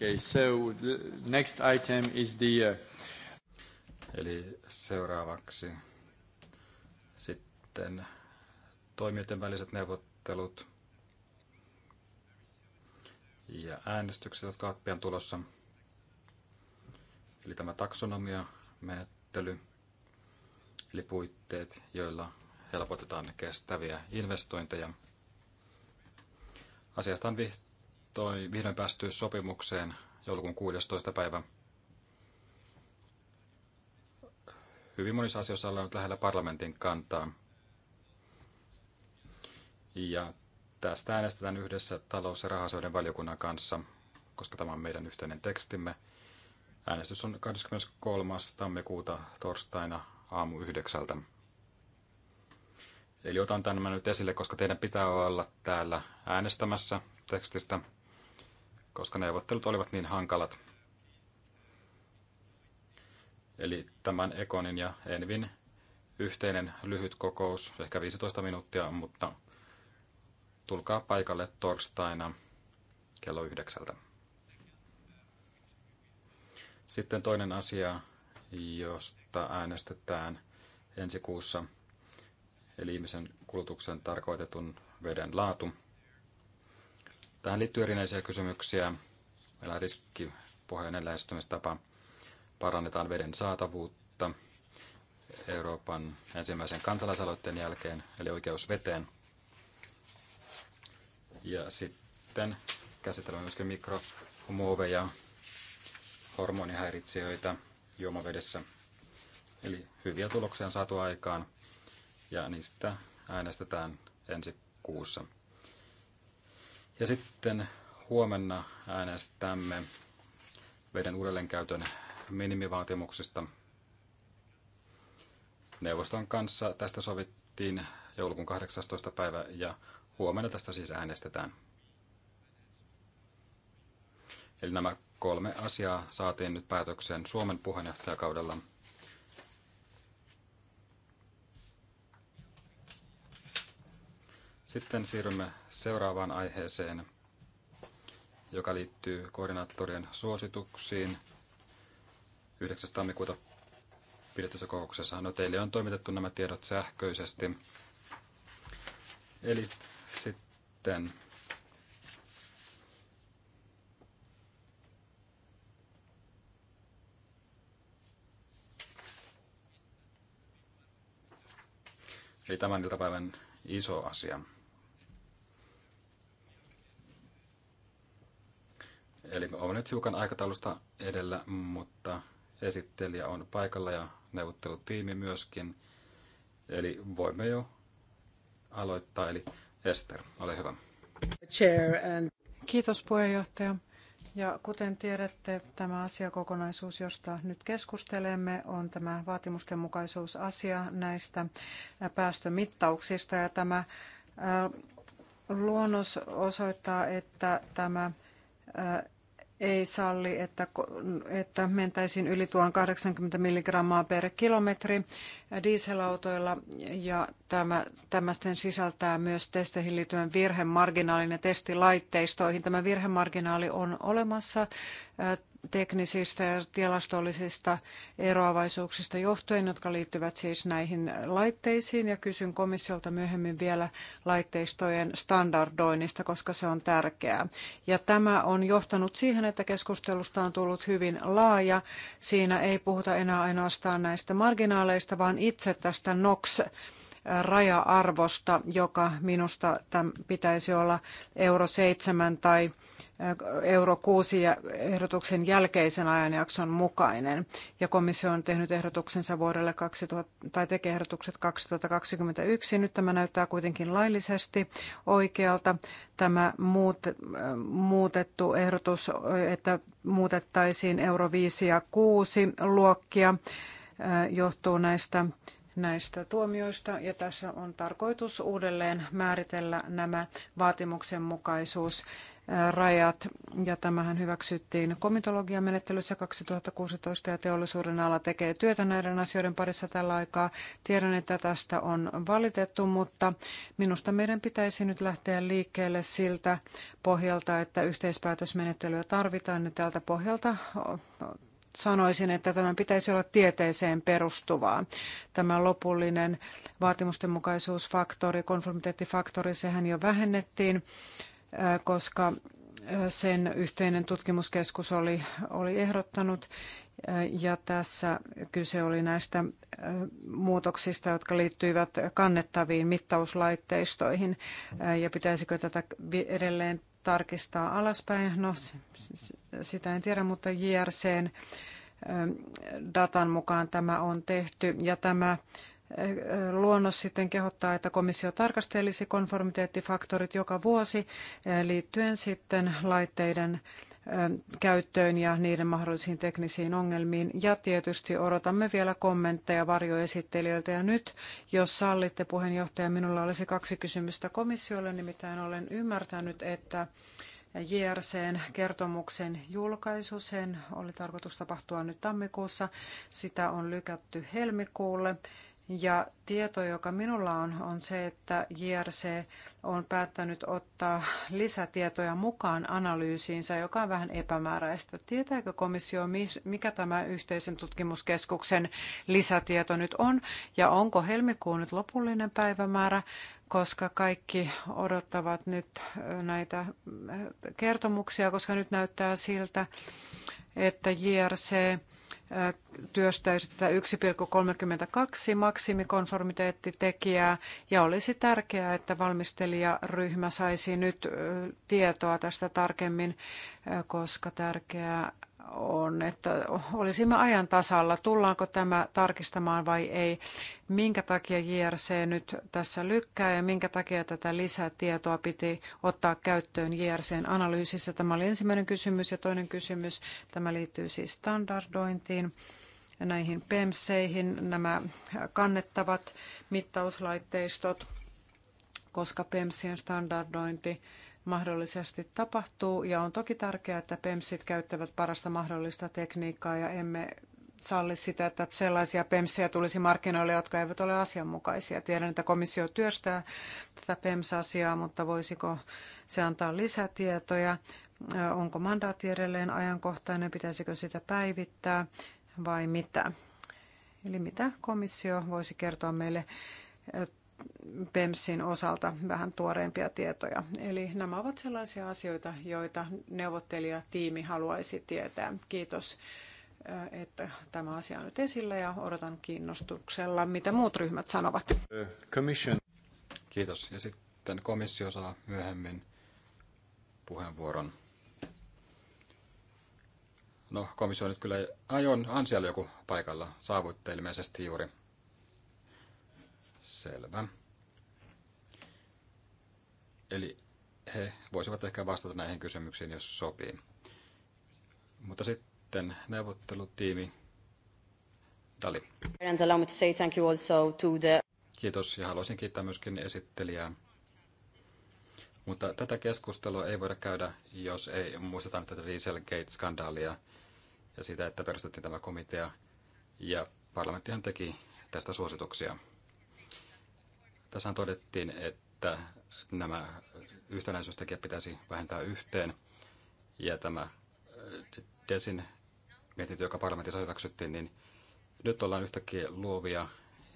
Okay, so the next item is the... Uh, eli seuraavaksi sitten toimijoiden väliset neuvottelut ja äänestykset, jotka ovat pian tulossa. Eli tämä taksonomia, menettely, eli puitteet, joilla helpotetaan kestäviä investointeja. Asiasta on Toi vihdoin päästyä sopimukseen joulukuun 16. päivä. Hyvin monissa asioissa ollaan nyt lähellä parlamentin kantaa. Ja tästä äänestetään yhdessä talous- ja rahasoiden valiokunnan kanssa, koska tämä on meidän yhteinen tekstimme. Äänestys on 23. tammikuuta torstaina aamu yhdeksältä. Eli otan tämän nyt esille, koska teidän pitää olla täällä äänestämässä tekstistä koska neuvottelut olivat niin hankalat. Eli tämän Ekonin ja Envin yhteinen lyhyt kokous, ehkä 15 minuuttia, mutta tulkaa paikalle torstaina kello yhdeksältä. Sitten toinen asia, josta äänestetään ensi kuussa, eli ihmisen kulutuksen tarkoitetun veden laatu. Tähän liittyy erinäisiä kysymyksiä. Meillä on riskipohjainen lähestymistapa. Parannetaan veden saatavuutta Euroopan ensimmäisen kansalaisaloitteen jälkeen, eli oikeus veteen. Ja sitten käsitellään myöskin mikromuoveja, hormonihäiritsijöitä juomavedessä. Eli hyviä tuloksia on saatu aikaan ja niistä äänestetään ensi kuussa. Ja sitten huomenna äänestämme veden uudelleenkäytön minimivaatimuksista. Neuvoston kanssa tästä sovittiin joulukuun 18. päivä ja huomenna tästä siis äänestetään. Eli nämä kolme asiaa saatiin nyt päätökseen Suomen puheenjohtajakaudella – Sitten siirrymme seuraavaan aiheeseen, joka liittyy koordinaattorien suosituksiin 9. tammikuuta pidetyssä kokouksessa. No teille on toimitettu nämä tiedot sähköisesti. Eli sitten Eli tämän iltapäivän iso asia. Eli me olemme nyt hiukan aikataulusta edellä, mutta esittelijä on paikalla ja neuvottelutiimi myöskin. Eli voimme jo aloittaa. Eli Ester, ole hyvä. Kiitos puheenjohtaja. Ja kuten tiedätte, tämä asiakokonaisuus, josta nyt keskustelemme, on tämä vaatimustenmukaisuusasia näistä päästömittauksista. Ja tämä äh, luonnos osoittaa, että tämä äh, ei salli, että, että mentäisiin yli tuon 80 milligrammaa per kilometri dieselautoilla. Ja tämä, tämä sisältää myös testeihin liittyen virhemarginaalin ja testilaitteistoihin. Tämä virhemarginaali on olemassa teknisistä ja tilastollisista eroavaisuuksista johtuen, jotka liittyvät siis näihin laitteisiin. Ja kysyn komissiolta myöhemmin vielä laitteistojen standardoinnista, koska se on tärkeää. Ja tämä on johtanut siihen, että keskustelusta on tullut hyvin laaja. Siinä ei puhuta enää ainoastaan näistä marginaaleista, vaan itse tästä NOX raja-arvosta, joka minusta tämän pitäisi olla euro 7 tai eh, euro 6 ehdotuksen jälkeisen ajanjakson mukainen. Ja komissio on tehnyt ehdotuksensa vuodelle 2000, tai tekee ehdotukset 2021. Nyt tämä näyttää kuitenkin laillisesti oikealta. Tämä muut, eh, muutettu ehdotus, että muutettaisiin euro 5 ja 6 luokkia, eh, johtuu näistä näistä tuomioista ja tässä on tarkoitus uudelleen määritellä nämä rajat ja tämähän hyväksyttiin menettelyssä 2016 ja teollisuuden ala tekee työtä näiden asioiden parissa tällä aikaa. Tiedän, että tästä on valitettu, mutta minusta meidän pitäisi nyt lähteä liikkeelle siltä pohjalta, että yhteispäätösmenettelyä tarvitaan ja tältä pohjalta sanoisin, että tämän pitäisi olla tieteeseen perustuvaa. Tämä lopullinen vaatimustenmukaisuusfaktori, konformiteettifaktori, sehän jo vähennettiin, koska sen yhteinen tutkimuskeskus oli, oli ehdottanut. Ja tässä kyse oli näistä muutoksista, jotka liittyivät kannettaviin mittauslaitteistoihin. Ja pitäisikö tätä edelleen tarkistaa alaspäin. No, sitä en tiedä, mutta JRCn datan mukaan tämä on tehty. Ja tämä luonnos sitten kehottaa, että komissio tarkastelisi konformiteettifaktorit joka vuosi liittyen sitten laitteiden käyttöön ja niiden mahdollisiin teknisiin ongelmiin. Ja tietysti odotamme vielä kommentteja varjoesittelijöiltä. Ja nyt, jos sallitte puheenjohtaja, minulla olisi kaksi kysymystä komissiolle. Nimittäin olen ymmärtänyt, että JRCn kertomuksen julkaisu, sen oli tarkoitus tapahtua nyt tammikuussa. Sitä on lykätty helmikuulle. Ja tieto, joka minulla on, on se, että JRC on päättänyt ottaa lisätietoja mukaan analyysiinsä, joka on vähän epämääräistä. Tietääkö komissio, mikä tämä yhteisen tutkimuskeskuksen lisätieto nyt on, ja onko helmikuun nyt lopullinen päivämäärä, koska kaikki odottavat nyt äh, näitä äh, kertomuksia, koska nyt näyttää siltä, että JRC työstäisi tätä 1,32 maksimikonformiteettitekijää ja olisi tärkeää, että valmistelijaryhmä saisi nyt tietoa tästä tarkemmin, koska tärkeää on, että olisimme ajan tasalla, tullaanko tämä tarkistamaan vai ei, minkä takia JRC nyt tässä lykkää ja minkä takia tätä lisätietoa piti ottaa käyttöön JRCn analyysissä. Tämä oli ensimmäinen kysymys ja toinen kysymys, tämä liittyy siis standardointiin näihin PEMSeihin, nämä kannettavat mittauslaitteistot, koska PEMSien standardointi mahdollisesti tapahtuu. Ja on toki tärkeää, että PEMSit käyttävät parasta mahdollista tekniikkaa ja emme salli sitä, että sellaisia PEMSejä tulisi markkinoille, jotka eivät ole asianmukaisia. Tiedän, että komissio työstää tätä PEMS-asiaa, mutta voisiko se antaa lisätietoja? Onko mandaatti edelleen ajankohtainen? Pitäisikö sitä päivittää vai mitä? Eli mitä komissio voisi kertoa meille PEMSin osalta vähän tuoreempia tietoja. Eli nämä ovat sellaisia asioita, joita neuvottelijatiimi haluaisi tietää. Kiitos, äh, että tämä asia on nyt esillä ja odotan kiinnostuksella, mitä muut ryhmät sanovat. Commission. Kiitos. Ja sitten komissio saa myöhemmin puheenvuoron. No, komissio nyt kyllä ajon ansialla joku paikalla. Saavuitte ilmeisesti juuri. Selvä. Eli he voisivat ehkä vastata näihin kysymyksiin, jos sopii. Mutta sitten neuvottelutiimi. Dali. Kiitos ja haluaisin kiittää myöskin esittelijää. Mutta tätä keskustelua ei voida käydä, jos ei muisteta tätä Dieselgate-skandaalia ja sitä, että perustettiin tämä komitea. Ja parlamenttihan teki tästä suosituksia. Tässä todettiin, että nämä yhtenäisyystekijät pitäisi vähentää yhteen. Ja tämä äh, DESin mietintö, joka parlamentissa hyväksyttiin, niin nyt ollaan yhtäkkiä luovia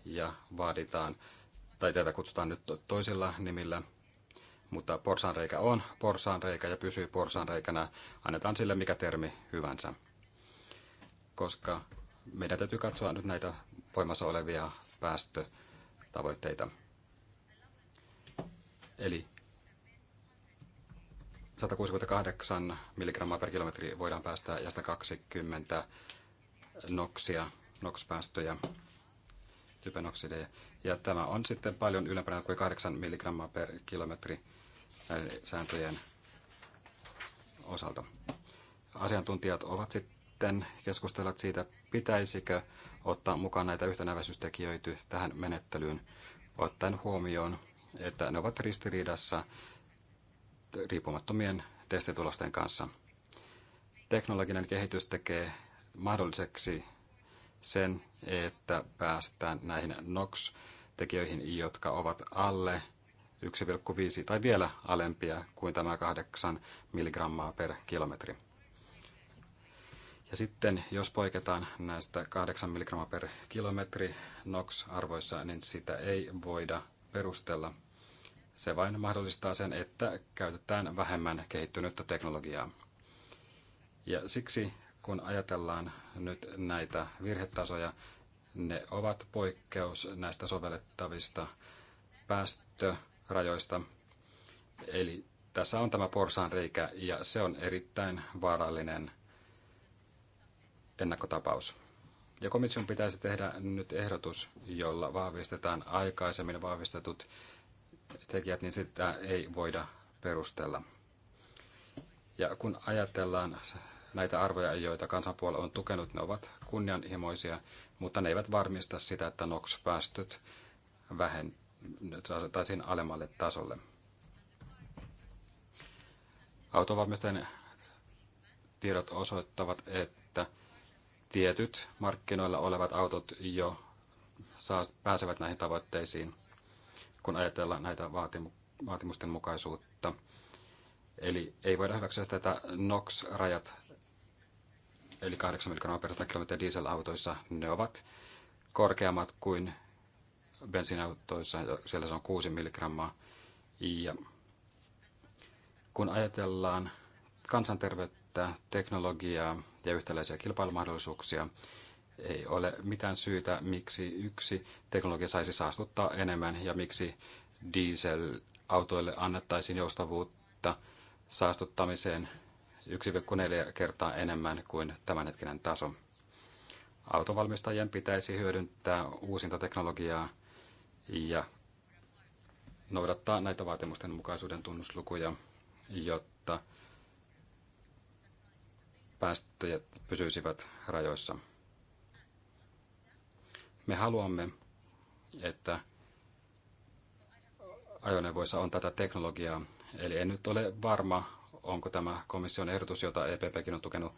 ja vaaditaan, tai tätä kutsutaan nyt toisilla nimillä, mutta porsaanreikä on porsaanreikä ja pysyy porsaanreikänä. Annetaan sille mikä termi hyvänsä. Koska meidän täytyy katsoa nyt näitä voimassa olevia päästötavoitteita. Eli 168 milligrammaa per kilometri voidaan päästä ja 120 noksia, nokspäästöjä, typenoksideja. Ja tämä on sitten paljon ylempänä kuin 8 milligrammaa per kilometri näiden sääntöjen osalta. Asiantuntijat ovat sitten keskustelleet siitä, pitäisikö ottaa mukaan näitä yhtenäväisyystekijöitä tähän menettelyyn, ottaen huomioon että ne ovat ristiriidassa riippumattomien testitulosten kanssa. Teknologinen kehitys tekee mahdolliseksi sen, että päästään näihin NOx-tekijöihin, jotka ovat alle 1,5 tai vielä alempia kuin tämä 8 mg per kilometri. Ja sitten jos poiketaan näistä 8 mg per kilometri NOx-arvoissa, niin sitä ei voida perustella. Se vain mahdollistaa sen, että käytetään vähemmän kehittynyttä teknologiaa. Ja siksi, kun ajatellaan nyt näitä virhetasoja, ne ovat poikkeus näistä sovellettavista päästörajoista. Eli tässä on tämä porsaan reikä ja se on erittäin vaarallinen ennakkotapaus. Ja komission pitäisi tehdä nyt ehdotus, jolla vahvistetaan aikaisemmin vahvistetut tekijät, niin sitä ei voida perustella. Ja kun ajatellaan näitä arvoja, joita kansanpuolue on tukenut, ne ovat kunnianhimoisia, mutta ne eivät varmista sitä, että NOx-päästöt vähennettäisiin alemmalle tasolle. Autovalmistajien tiedot osoittavat, että tietyt markkinoilla olevat autot jo saa, pääsevät näihin tavoitteisiin, kun ajatellaan näitä vaatimu, vaatimusten mukaisuutta. Eli ei voida hyväksyä tätä NOx-rajat, eli 8 miljoonaa per 100 km dieselautoissa. Ne ovat korkeammat kuin bensiiniautoissa, siellä se on 6 mg. Ja kun ajatellaan kansanterveyttä, että teknologiaa ja yhtäläisiä kilpailumahdollisuuksia ei ole mitään syytä, miksi yksi teknologia saisi saastuttaa enemmän ja miksi dieselautoille annettaisiin joustavuutta saastuttamiseen 1,4 kertaa enemmän kuin tämänhetkinen taso. Autovalmistajien pitäisi hyödyntää uusinta teknologiaa ja noudattaa näitä vaatimusten mukaisuuden tunnuslukuja, jotta päästöjät pysyisivät rajoissa. Me haluamme, että ajoneuvoissa on tätä teknologiaa, eli en nyt ole varma, onko tämä komission ehdotus, jota EPPkin on tukenut,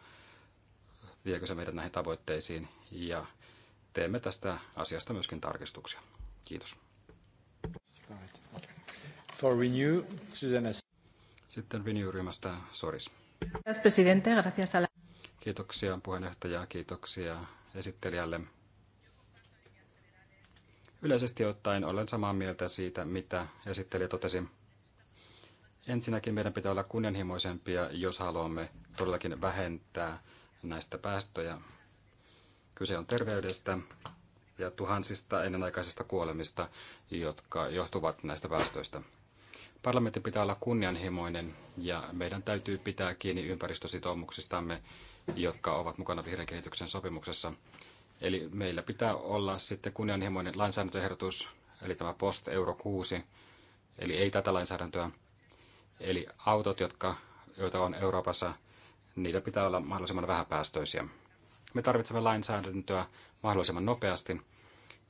viekö se meidät näihin tavoitteisiin, ja teemme tästä asiasta myöskin tarkistuksia. Kiitos. For Renew, Sitten Renew-ryhmästä Soris. Gracias, presidente. Gracias a Kiitoksia puheenjohtajaa, kiitoksia esittelijälle. Yleisesti ottaen olen samaa mieltä siitä, mitä esittelijä totesi. Ensinnäkin meidän pitää olla kunnianhimoisempia, jos haluamme todellakin vähentää näistä päästöjä. Kyse on terveydestä ja tuhansista ennenaikaisista kuolemista, jotka johtuvat näistä päästöistä. Parlamentti pitää olla kunnianhimoinen ja meidän täytyy pitää kiinni ympäristösitoumuksistamme, jotka ovat mukana vihreän kehityksen sopimuksessa. Eli meillä pitää olla sitten kunnianhimoinen lainsäädäntöehdotus, eli tämä Post Euro 6, eli ei tätä lainsäädäntöä. Eli autot, jotka, joita on Euroopassa, niitä pitää olla mahdollisimman vähäpäästöisiä. Me tarvitsemme lainsäädäntöä mahdollisimman nopeasti,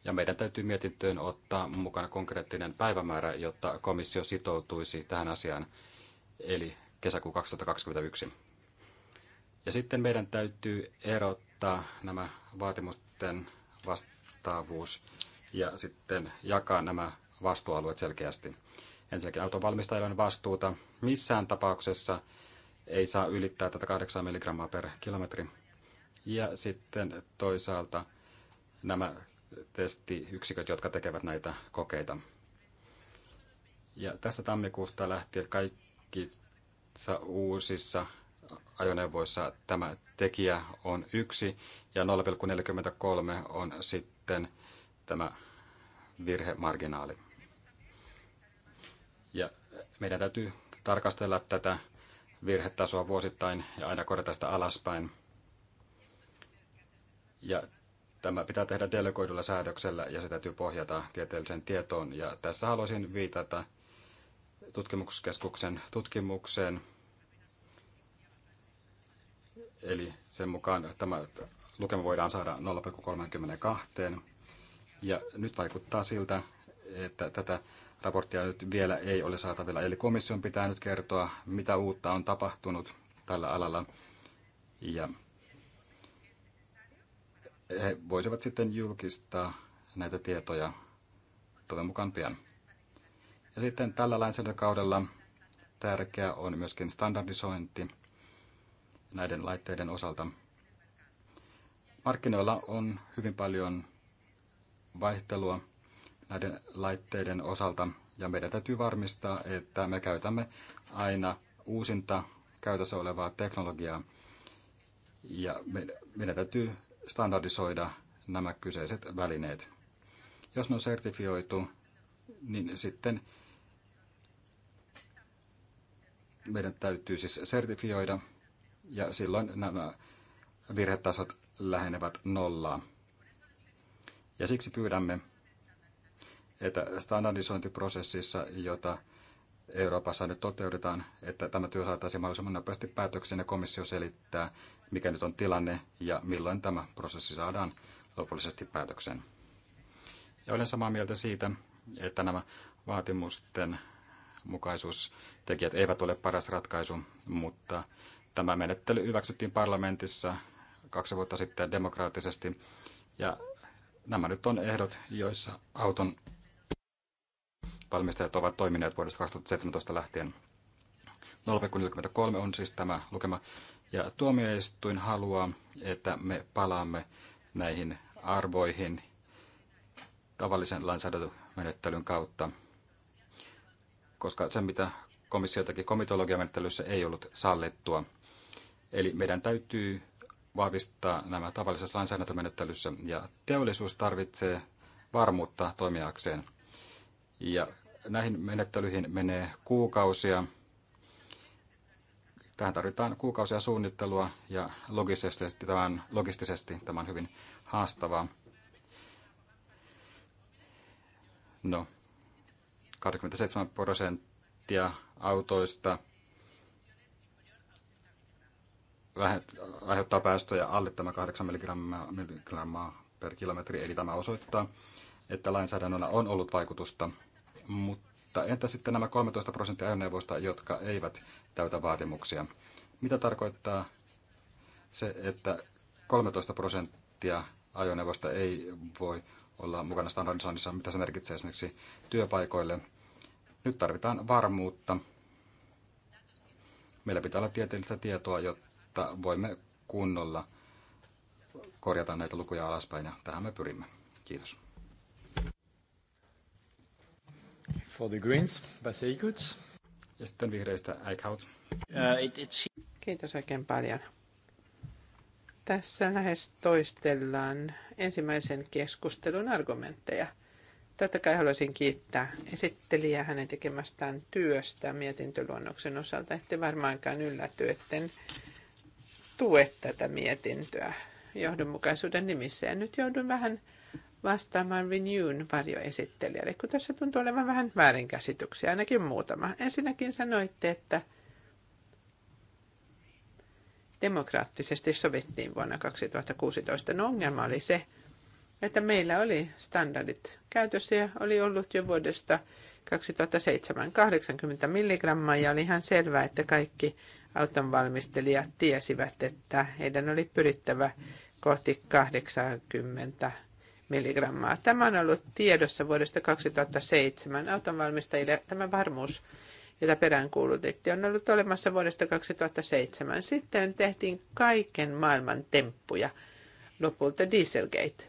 ja meidän täytyy mietintöön ottaa mukana konkreettinen päivämäärä, jotta komissio sitoutuisi tähän asiaan eli kesäkuu 2021. Ja sitten meidän täytyy erottaa nämä vaatimusten vastaavuus ja sitten jakaa nämä vastuualueet selkeästi. Ensinnäkin auton valmistajan vastuuta missään tapauksessa ei saa ylittää tätä 8 mg per kilometri. Ja sitten toisaalta nämä testiyksiköt, jotka tekevät näitä kokeita. Ja tästä tammikuusta lähtien kaikki kaikissa uusissa ajoneuvoissa tämä tekijä on yksi ja 0,43 on sitten tämä virhemarginaali. Ja meidän täytyy tarkastella tätä virhetasoa vuosittain ja aina korjata sitä alaspäin. Ja tämä pitää tehdä delegoidulla säädöksellä ja se täytyy pohjata tieteelliseen tietoon. Ja tässä haluaisin viitata tutkimuskeskuksen tutkimukseen. Eli sen mukaan tämä lukema voidaan saada 0,32. Ja nyt vaikuttaa siltä, että tätä raporttia nyt vielä ei ole saatavilla. Eli komission pitää nyt kertoa, mitä uutta on tapahtunut tällä alalla. Ja he voisivat sitten julkistaa näitä tietoja toivon mukaan pian. Ja sitten tällä lainsäädäntökaudella tärkeä on myöskin standardisointi näiden laitteiden osalta. Markkinoilla on hyvin paljon vaihtelua näiden laitteiden osalta ja meidän täytyy varmistaa, että me käytämme aina uusinta käytössä olevaa teknologiaa ja meidän täytyy standardisoida nämä kyseiset välineet. Jos ne on sertifioitu, niin sitten meidän täytyy siis sertifioida ja silloin nämä virhetasot lähenevät nollaa. Ja siksi pyydämme, että standardisointiprosessissa, jota Euroopassa nyt toteutetaan, että tämä työ saataisiin mahdollisimman nopeasti päätöksen ja komissio selittää, mikä nyt on tilanne ja milloin tämä prosessi saadaan lopullisesti päätökseen. Ja olen samaa mieltä siitä, että nämä vaatimusten mukaisuustekijät eivät ole paras ratkaisu, mutta tämä menettely hyväksyttiin parlamentissa kaksi vuotta sitten demokraattisesti. Ja nämä nyt on ehdot, joissa auton valmistajat ovat toimineet vuodesta 2017 lähtien. 0,43 on siis tämä lukema. Ja tuomioistuin haluaa, että me palaamme näihin arvoihin tavallisen lainsäädäntömenettelyn kautta koska se mitä komissio teki komitologiamenettelyssä ei ollut sallittua. Eli meidän täytyy vahvistaa nämä tavallisessa lainsäädäntömenettelyssä ja teollisuus tarvitsee varmuutta toimijakseen. Ja näihin menettelyihin menee kuukausia. Tähän tarvitaan kuukausia suunnittelua ja logistisesti, tämän, logistisesti tämä on hyvin haastavaa. No, 27 prosenttia autoista aiheuttaa päästöjä alle tämä 8 milligrammaa, milligrammaa per kilometri, eli tämä osoittaa, että lainsäädännöllä on ollut vaikutusta, mutta entä sitten nämä 13 prosenttia ajoneuvoista, jotka eivät täytä vaatimuksia? Mitä tarkoittaa se, että 13 prosenttia ajoneuvoista ei voi olla mukana standardisoinnissa, mitä se merkitsee esimerkiksi työpaikoille. Nyt tarvitaan varmuutta. Meillä pitää olla tieteellistä tietoa, jotta voimme kunnolla korjata näitä lukuja alaspäin ja tähän me pyrimme. Kiitos. For the Greens, Basei Ja sitten vihreistä Eichhout. Uh, it, it's... Kiitos oikein paljon. Tässä lähes toistellaan ensimmäisen keskustelun argumentteja. Totta kai haluaisin kiittää esittelijää hänen tekemästään työstä mietintöluonnoksen osalta. Ette varmaankaan ylläty, etten tue tätä mietintöä johdonmukaisuuden nimissä. Ja nyt joudun vähän vastaamaan Renewn varjoesittelijälle, kun tässä tuntuu olevan vähän väärinkäsityksiä, ainakin muutama. Ensinnäkin sanoitte, että – demokraattisesti sovittiin vuonna 2016. No ongelma oli se, että meillä oli standardit käytössä ja oli ollut jo vuodesta 2007 80 milligrammaa ja oli ihan selvää, että kaikki autonvalmistelijat tiesivät, että heidän oli pyrittävä kohti 80 milligrammaa. Tämä on ollut tiedossa vuodesta 2007 autonvalmistajille. Tämä varmuus jota peräänkuulutettiin, on ollut olemassa vuodesta 2007. Sitten tehtiin kaiken maailman temppuja, lopulta Dieselgate.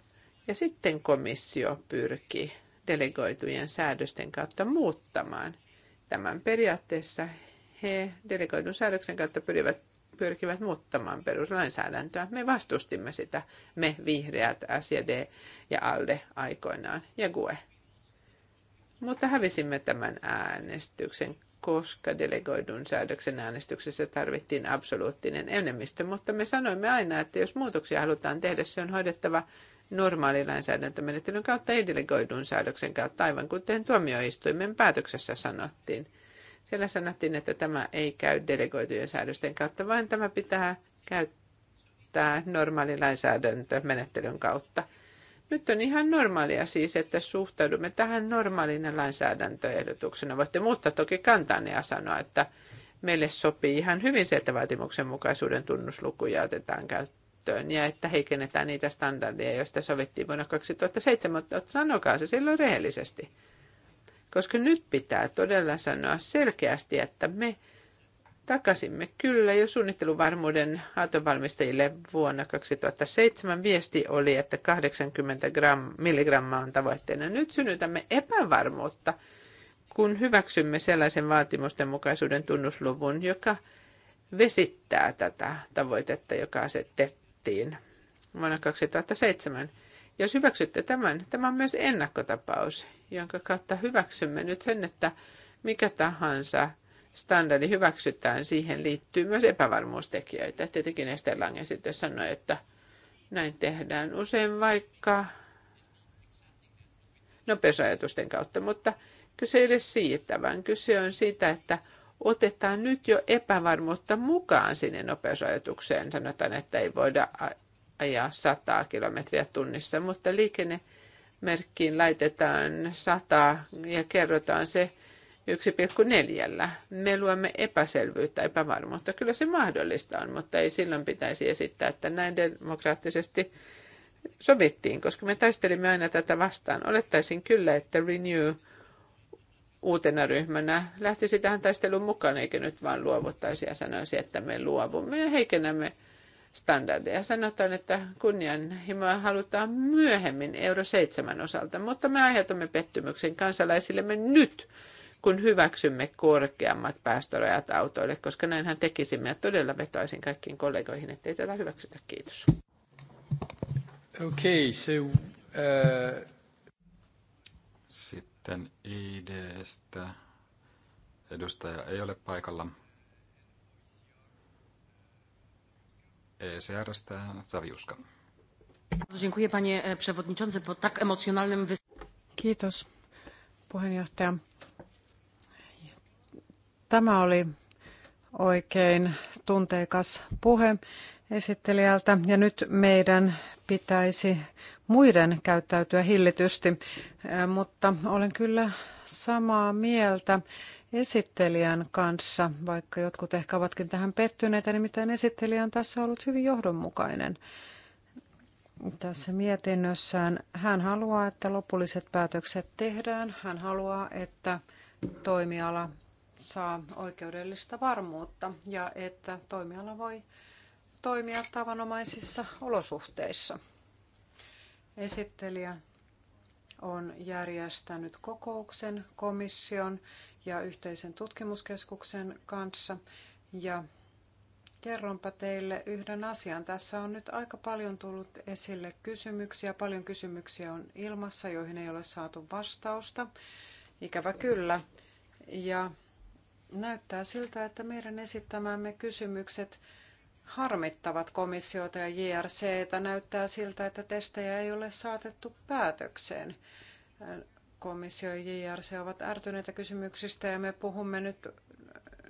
Ja sitten komissio pyrki delegoitujen säädösten kautta muuttamaan tämän. Periaatteessa he delegoidun säädöksen kautta pyrivät, pyrkivät muuttamaan peruslainsäädäntöä. Me vastustimme sitä, me vihreät, SJD ja ALDE aikoinaan ja GUE. Mutta hävisimme tämän äänestyksen koska delegoidun säädöksen äänestyksessä tarvittiin absoluuttinen enemmistö, mutta me sanoimme aina, että jos muutoksia halutaan tehdä, se on hoidettava normaali lainsäädäntömenettelyn kautta ei delegoidun säädöksen kautta, aivan kuten tuomioistuimen päätöksessä sanottiin. Siellä sanottiin, että tämä ei käy delegoitujen säädösten kautta, vaan tämä pitää käyttää normaali lainsäädäntömenettelyn kautta. Nyt on ihan normaalia siis, että suhtaudumme tähän normaalina lainsäädäntöehdotuksena. Voitte muuttaa toki kantanne ja sanoa, että meille sopii ihan hyvin se, että mukaisuuden tunnuslukuja otetaan käyttöön ja että heikennetään niitä standardeja, joista sovittiin vuonna 2007, mutta sanokaa se silloin rehellisesti. Koska nyt pitää todella sanoa selkeästi, että me takasimme kyllä jo suunnitteluvarmuuden autonvalmistajille vuonna 2007. Viesti oli, että 80 gram, milligrammaa on tavoitteena. Nyt synnytämme epävarmuutta, kun hyväksymme sellaisen vaatimusten mukaisuuden tunnusluvun, joka vesittää tätä tavoitetta, joka asetettiin vuonna 2007. Jos hyväksytte tämän, tämä on myös ennakkotapaus, jonka kautta hyväksymme nyt sen, että mikä tahansa standardi hyväksytään, siihen liittyy myös epävarmuustekijöitä. Tietenkin Estelange sitten sanoi, että näin tehdään usein vaikka nopeusrajoitusten kautta, mutta kyse ei ole siitä, vaan kyse on siitä, että otetaan nyt jo epävarmuutta mukaan sinne nopeusrajoitukseen. Sanotaan, että ei voida ajaa 100 kilometriä tunnissa, mutta liikennemerkkiin laitetaan 100 ja kerrotaan se, 1,4. Me luomme epäselvyyttä, epävarmuutta. Kyllä se mahdollista on, mutta ei silloin pitäisi esittää, että näin demokraattisesti sovittiin, koska me taistelimme aina tätä vastaan. Olettaisin kyllä, että Renew uutena ryhmänä lähtisi tähän taistelun mukaan, eikä nyt vaan luovuttaisi ja sanoisi, että me luovumme ja heikennämme standardeja. Sanotaan, että kunnianhimoa halutaan myöhemmin euro 7 osalta, mutta me aiheutamme pettymyksen kansalaisillemme nyt kun hyväksymme korkeammat päästörajat autoille, koska näinhän tekisimme ja todella vetoisin kaikkiin kollegoihin, ettei tätä hyväksytä. Kiitos. Okay, so, uh... Sitten IDstä edustaja ei ole paikalla. ECRstä Saviuska. Dziękuję panie przewodniczący po tak emocjonalnym Kiitos puheenjohtaja. Tämä oli oikein tunteikas puhe esittelijältä ja nyt meidän pitäisi muiden käyttäytyä hillitysti, mutta olen kyllä samaa mieltä esittelijän kanssa, vaikka jotkut ehkä ovatkin tähän pettyneitä, nimittäin esittelijä on tässä ollut hyvin johdonmukainen. Tässä mietinnössään hän haluaa, että lopulliset päätökset tehdään. Hän haluaa, että toimiala saa oikeudellista varmuutta ja että toimiala voi toimia tavanomaisissa olosuhteissa. Esittelijä on järjestänyt kokouksen komission ja yhteisen tutkimuskeskuksen kanssa ja kerronpa teille yhden asian. Tässä on nyt aika paljon tullut esille kysymyksiä. Paljon kysymyksiä on ilmassa, joihin ei ole saatu vastausta. Ikävä kyllä. Ja Näyttää siltä, että meidän esittämämme kysymykset harmittavat komissiota ja JRCtä. Näyttää siltä, että testejä ei ole saatettu päätökseen. Komissio ja JRC ovat ärtyneitä kysymyksistä ja me puhumme nyt,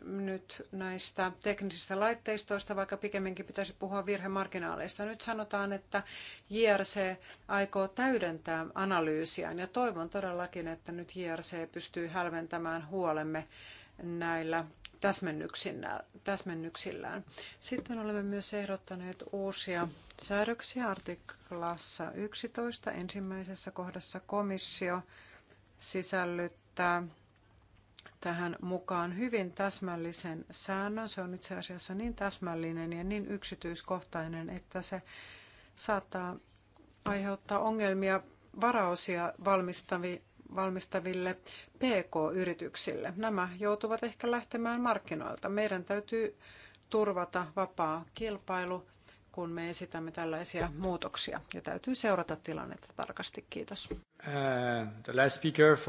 nyt näistä teknisistä laitteistoista, vaikka pikemminkin pitäisi puhua virhemarginaaleista. Nyt sanotaan, että JRC aikoo täydentää analyysiään ja toivon todellakin, että nyt JRC pystyy hälventämään huolemme näillä täsmennyksillään. Sitten olemme myös ehdottaneet uusia säädöksiä artiklassa 11. Ensimmäisessä kohdassa komissio sisällyttää tähän mukaan hyvin täsmällisen säännön. Se on itse asiassa niin täsmällinen ja niin yksityiskohtainen, että se saattaa aiheuttaa ongelmia varaosia valmistavi, valmistaville PK-yrityksille. Nämä joutuvat ehkä lähtemään markkinoilta. Meidän täytyy turvata vapaa kilpailu, kun me esitämme tällaisia muutoksia. Ja täytyy seurata tilannetta tarkasti. Kiitos. Uh, for...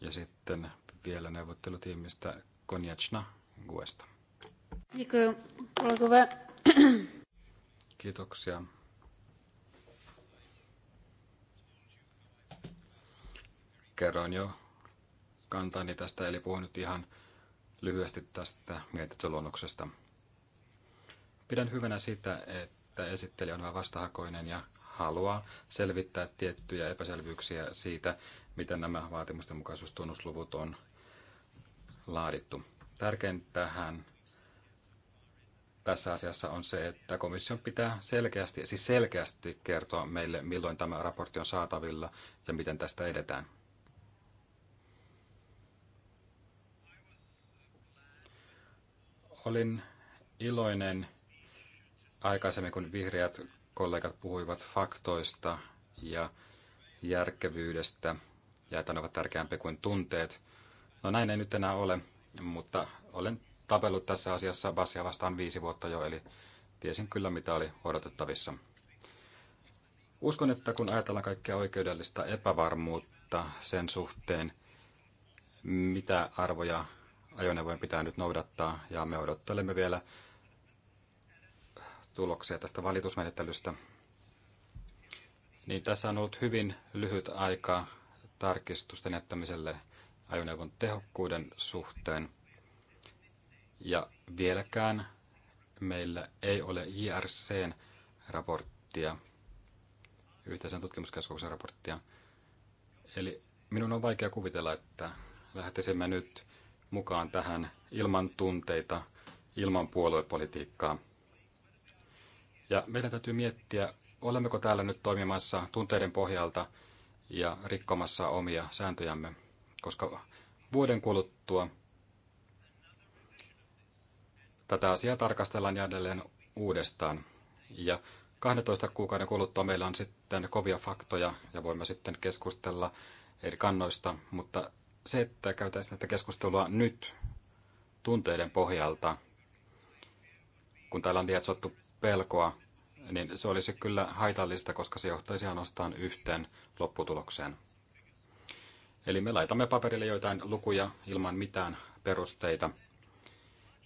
Ja sitten vielä neuvottelutiimistä Konjachna Guesta. Kiitoksia kerroin jo kantani tästä, eli puhun nyt ihan lyhyesti tästä mietintöluonnoksesta. Pidän hyvänä sitä, että esittelijä on vähän vastahakoinen ja haluaa selvittää tiettyjä epäselvyyksiä siitä, miten nämä vaatimusten mukaisuustunnusluvut on laadittu. tähän tässä asiassa on se, että komission pitää selkeästi, siis selkeästi kertoa meille, milloin tämä raportti on saatavilla ja miten tästä edetään. Olin iloinen aikaisemmin, kun vihreät kollegat puhuivat faktoista ja järkevyydestä ja että ne ovat tärkeämpiä kuin tunteet. No näin ei nyt enää ole, mutta olen tapellut tässä asiassa Bassia vastaan viisi vuotta jo, eli tiesin kyllä mitä oli odotettavissa. Uskon, että kun ajatellaan kaikkea oikeudellista epävarmuutta sen suhteen, mitä arvoja ajoneuvojen pitää nyt noudattaa ja me odottelemme vielä tuloksia tästä valitusmenettelystä. Niin tässä on ollut hyvin lyhyt aika tarkistusten jättämiselle ajoneuvon tehokkuuden suhteen. Ja vieläkään meillä ei ole JRCn raporttia, yhteisen tutkimuskeskuksen raporttia. Eli minun on vaikea kuvitella, että lähtisimme nyt mukaan tähän ilman tunteita, ilman puoluepolitiikkaa. Ja meidän täytyy miettiä, olemmeko täällä nyt toimimassa tunteiden pohjalta ja rikkomassa omia sääntöjämme, koska vuoden kuluttua tätä asiaa tarkastellaan jälleen uudestaan. Ja 12 kuukauden kuluttua meillä on sitten kovia faktoja ja voimme sitten keskustella eri kannoista, mutta se, että käytäisiin tätä keskustelua nyt tunteiden pohjalta, kun täällä on lietsottu pelkoa, niin se olisi kyllä haitallista, koska se johtaisi ainoastaan yhteen lopputulokseen. Eli me laitamme paperille joitain lukuja ilman mitään perusteita,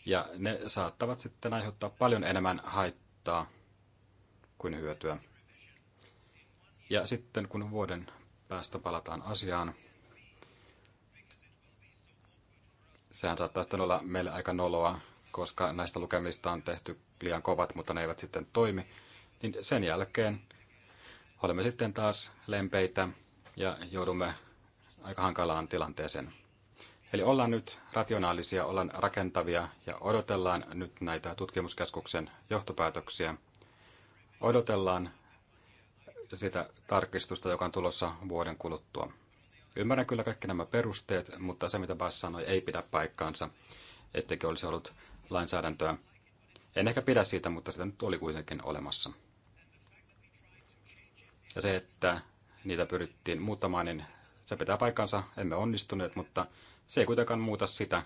ja ne saattavat sitten aiheuttaa paljon enemmän haittaa kuin hyötyä. Ja sitten kun vuoden päästä palataan asiaan, sehän saattaa sitten olla meille aika noloa, koska näistä lukemista on tehty liian kovat, mutta ne eivät sitten toimi. Niin sen jälkeen olemme sitten taas lempeitä ja joudumme aika hankalaan tilanteeseen. Eli ollaan nyt rationaalisia, ollaan rakentavia ja odotellaan nyt näitä tutkimuskeskuksen johtopäätöksiä. Odotellaan sitä tarkistusta, joka on tulossa vuoden kuluttua. Ymmärrän kyllä kaikki nämä perusteet, mutta se mitä Bass sanoi ei pidä paikkaansa, etteikö olisi ollut lainsäädäntöä. En ehkä pidä siitä, mutta sitä nyt oli kuitenkin olemassa. Ja se, että niitä pyrittiin muuttamaan, niin se pitää paikkansa. Emme onnistuneet, mutta se ei kuitenkaan muuta sitä,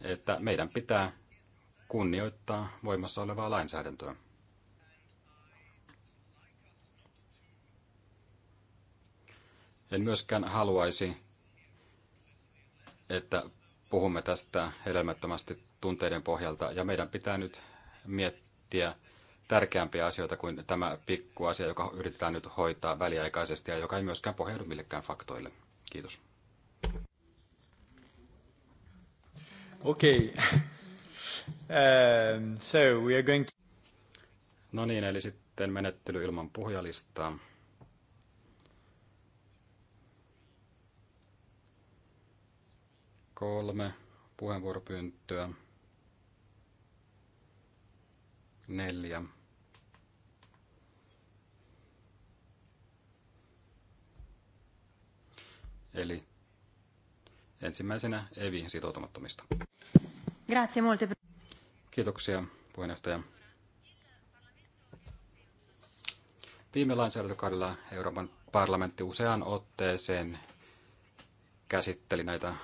että meidän pitää kunnioittaa voimassa olevaa lainsäädäntöä. En myöskään haluaisi, että puhumme tästä hedelmättömästi tunteiden pohjalta, ja meidän pitää nyt miettiä tärkeämpiä asioita kuin tämä pikku asia, joka yritetään nyt hoitaa väliaikaisesti ja joka ei myöskään pohjaudu millekään faktoille. Kiitos. Okei. Okay. Um, ähm, so we are going to... No niin, eli sitten menettely ilman puhujalistaa. Kolme puheenvuoropyyntöä. Neljä. Eli ensimmäisenä Evi sitoutumattomista. Grazie molte. Kiitoksia puheenjohtaja. Viime lainsäädäntökaudella Euroopan parlamentti useaan otteeseen käsitteli näitä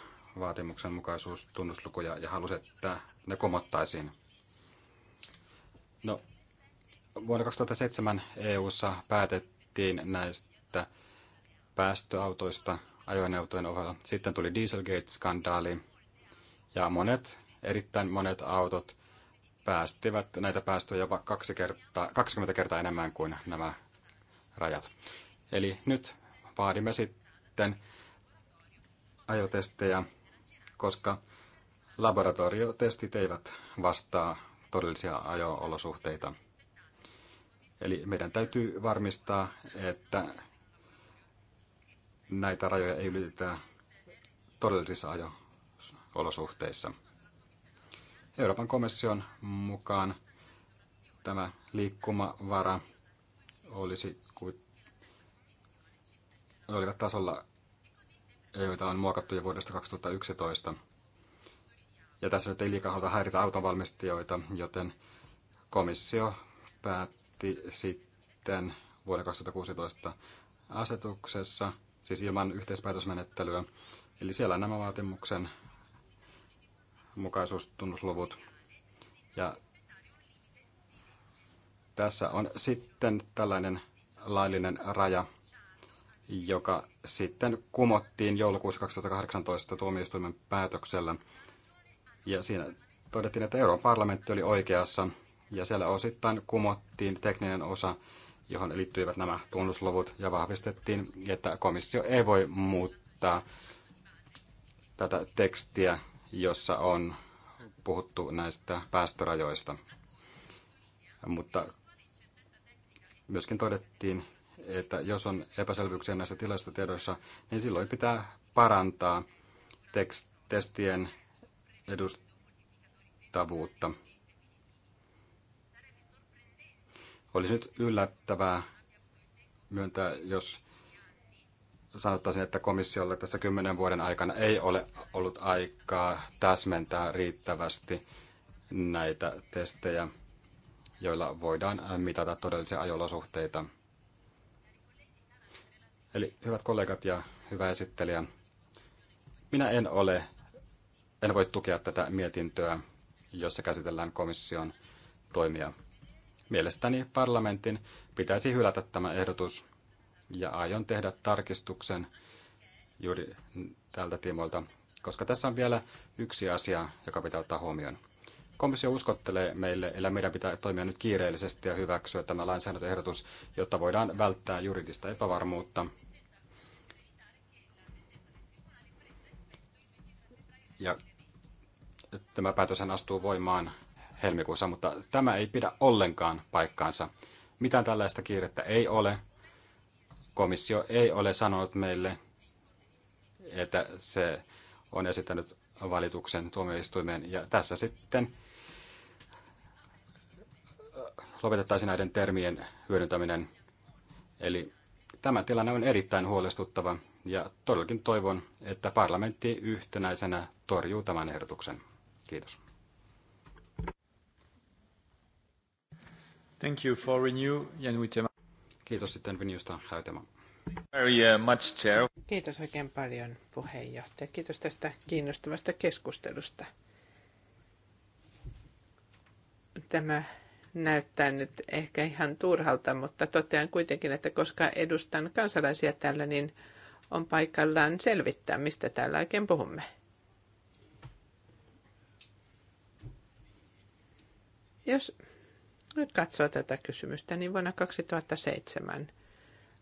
tunnuslukuja ja halusi, että ne komottaisiin. No, vuonna 2007 EU:ssa päätettiin näistä päästöautoista ajoneuvojen ohella. Sitten tuli Dieselgate-skandaali ja monet, erittäin monet autot päästivät näitä päästöjä jopa kaksi kertaa, 20 kertaa enemmän kuin nämä rajat. Eli nyt vaadimme sitten ajotestejä koska laboratoriotestit eivät vastaa todellisia ajo-olosuhteita. Eli meidän täytyy varmistaa, että näitä rajoja ei ylitetä todellisissa ajo-olosuhteissa. Euroopan komission mukaan tämä liikkumavara olisi, olivat tasolla joita on muokattu jo vuodesta 2011. Ja tässä nyt ei liikaa haluta häiritä autonvalmistajoita, joten komissio päätti sitten vuoden 2016 asetuksessa, siis ilman yhteispäätösmenettelyä. Eli siellä nämä vaatimuksen mukaisuustunnusluvut. Ja tässä on sitten tällainen laillinen raja joka sitten kumottiin joulukuussa 2018 tuomioistuimen päätöksellä. Ja siinä todettiin, että Euroopan parlamentti oli oikeassa, ja siellä osittain kumottiin tekninen osa, johon liittyivät nämä tunnusluvut, ja vahvistettiin, että komissio ei voi muuttaa tätä tekstiä, jossa on puhuttu näistä päästörajoista. Mutta myöskin todettiin, että jos on epäselvyyksiä näissä tilastotiedoissa, niin silloin pitää parantaa tekst- testien edustavuutta. Olisi nyt yllättävää myöntää, jos sanottaisiin, että komissiolle tässä kymmenen vuoden aikana ei ole ollut aikaa täsmentää riittävästi näitä testejä, joilla voidaan mitata todellisia ajolosuhteita. Eli hyvät kollegat ja hyvä esittelijä, minä en ole, en voi tukea tätä mietintöä, jossa käsitellään komission toimia. Mielestäni parlamentin pitäisi hylätä tämä ehdotus ja aion tehdä tarkistuksen juuri tältä tiimoilta, koska tässä on vielä yksi asia, joka pitää ottaa huomioon. Komissio uskottelee meille, että meidän pitää toimia nyt kiireellisesti ja hyväksyä tämä lainsäädäntöehdotus, jotta voidaan välttää juridista epävarmuutta Ja tämä päätöshän astuu voimaan helmikuussa, mutta tämä ei pidä ollenkaan paikkaansa. Mitään tällaista kiirettä ei ole. Komissio ei ole sanonut meille, että se on esittänyt valituksen tuomioistuimeen. Ja tässä sitten äh, lopetettaisiin näiden termien hyödyntäminen. Eli tämä tilanne on erittäin huolestuttava ja todellakin toivon, että parlamentti yhtenäisenä torjuu tämän ehdotuksen. Kiitos. Thank you for renew, Jan Uitema. Kiitos sitten Vinjusta Häytemä. Very uh, much, chair. Kiitos oikein paljon puheenjohtaja. Kiitos tästä kiinnostavasta keskustelusta. Tämä näyttää nyt ehkä ihan turhalta, mutta totean kuitenkin, että koska edustan kansalaisia täällä, niin on paikallaan selvittää, mistä täällä oikein puhumme. Jos nyt katsoo tätä kysymystä, niin vuonna 2007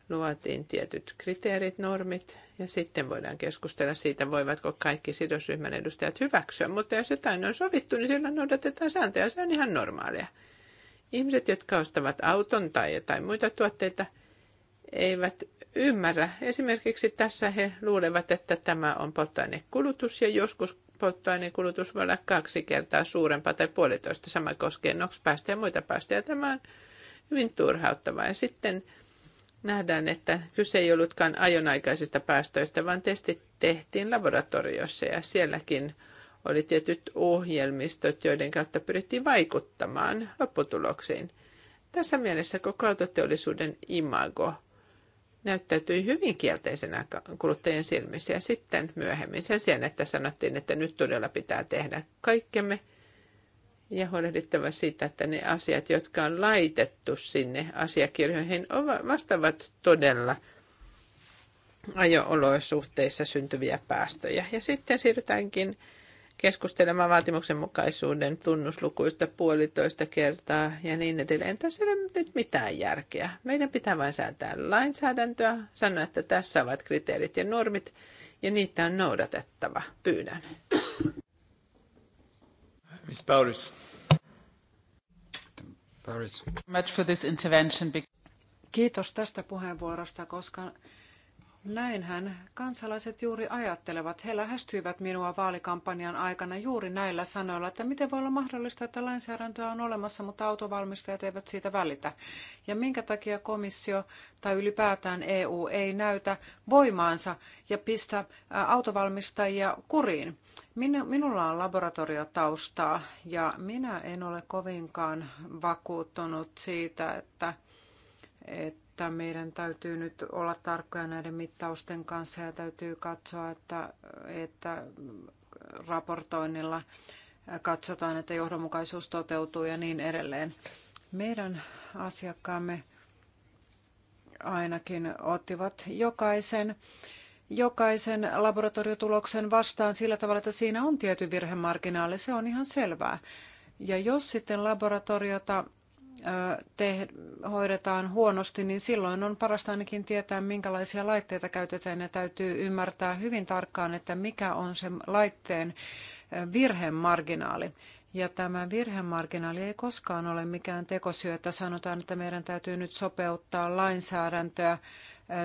luotiin tietyt kriteerit, normit, ja sitten voidaan keskustella siitä, voivatko kaikki sidosryhmän edustajat hyväksyä. Mutta jos jotain on sovittu, niin silloin noudatetaan sääntöjä, se on ihan normaalia. Ihmiset, jotka ostavat auton tai jotain muita tuotteita, eivät ymmärrä. Esimerkiksi tässä he luulevat, että tämä on polttoainekulutus ja joskus polttoainekulutus voi olla kaksi kertaa suurempaa tai puolitoista. Sama koskee NOx-päästöjä ja muita päästöjä. Tämä on hyvin turhauttavaa. Ja sitten nähdään, että kyse ei ollutkaan ajonaikaisista päästöistä, vaan testit tehtiin laboratoriossa ja sielläkin oli tietyt ohjelmistot, joiden kautta pyrittiin vaikuttamaan lopputuloksiin. Tässä mielessä koko autoteollisuuden imago näyttäytyi hyvin kielteisenä kuluttajien silmissä. Ja sitten myöhemmin sen sijaan, että sanottiin, että nyt todella pitää tehdä kaikkemme ja huolehdittava siitä, että ne asiat, jotka on laitettu sinne asiakirjoihin, vastaavat todella ajo-olosuhteissa syntyviä päästöjä. Ja sitten siirrytäänkin keskustelemaan vaatimuksenmukaisuuden tunnuslukuista puolitoista kertaa ja niin edelleen. Tässä ei ole nyt mitään järkeä. Meidän pitää vain säätää lainsäädäntöä, sanoa, että tässä ovat kriteerit ja normit, ja niitä on noudatettava. Pyydän. Miss Paris. Paris. Much for this intervention. Kiitos tästä puheenvuorosta, koska Näinhän kansalaiset juuri ajattelevat. He lähestyivät minua vaalikampanjan aikana juuri näillä sanoilla, että miten voi olla mahdollista, että lainsäädäntöä on olemassa, mutta autovalmistajat eivät siitä välitä. Ja minkä takia komissio tai ylipäätään EU ei näytä voimaansa ja pistä autovalmistajia kuriin. Minulla on laboratoriotaustaa ja minä en ole kovinkaan vakuuttunut siitä, että, että että meidän täytyy nyt olla tarkkoja näiden mittausten kanssa ja täytyy katsoa, että, että raportoinnilla katsotaan, että johdonmukaisuus toteutuu ja niin edelleen. Meidän asiakkaamme ainakin ottivat jokaisen jokaisen laboratoriotuloksen vastaan sillä tavalla, että siinä on tietty virhemarginaali, se on ihan selvää. Ja jos sitten laboratoriota te, hoidetaan huonosti, niin silloin on parasta ainakin tietää, minkälaisia laitteita käytetään ja täytyy ymmärtää hyvin tarkkaan, että mikä on se laitteen virhemarginaali. Ja tämä virhemarginaali ei koskaan ole mikään tekosyö, että sanotaan, että meidän täytyy nyt sopeuttaa lainsäädäntöä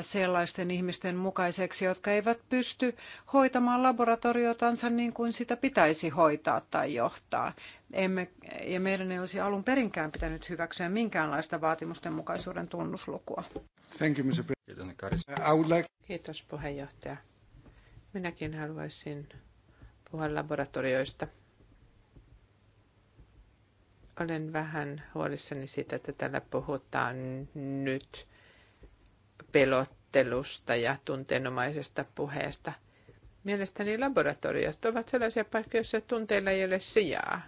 sellaisten ihmisten mukaiseksi, jotka eivät pysty hoitamaan laboratoriotansa niin kuin sitä pitäisi hoitaa tai johtaa. Emme, ja meidän ei olisi alun perinkään pitänyt hyväksyä minkäänlaista vaatimusten mukaisuuden tunnuslukua. Thank you, Mr. Uh, Kiitos puheenjohtaja. Minäkin haluaisin puhua laboratorioista olen vähän huolissani siitä, että täällä puhutaan nyt pelottelusta ja tunteenomaisesta puheesta. Mielestäni laboratoriot ovat sellaisia paikkoja, joissa tunteilla ei ole sijaa,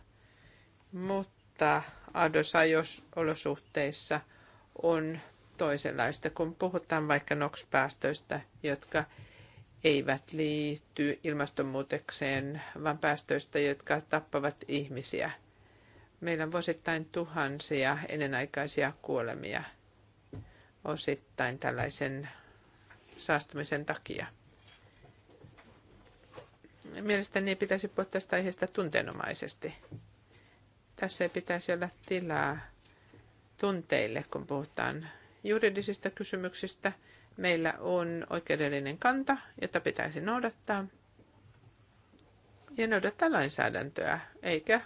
mutta adosajosolosuhteissa on toisenlaista, kun puhutaan vaikka NOx-päästöistä, jotka eivät liity ilmastonmuutokseen, vaan päästöistä, jotka tappavat ihmisiä. Meillä on vuosittain tuhansia ennenaikaisia kuolemia – osittain tällaisen saastumisen takia. Mielestäni ei pitäisi puhua tästä aiheesta tunteenomaisesti. Tässä ei pitäisi olla tilaa tunteille, kun puhutaan juridisista kysymyksistä. Meillä on oikeudellinen kanta, jota pitäisi noudattaa. Ja noudattaa lainsäädäntöä, eikä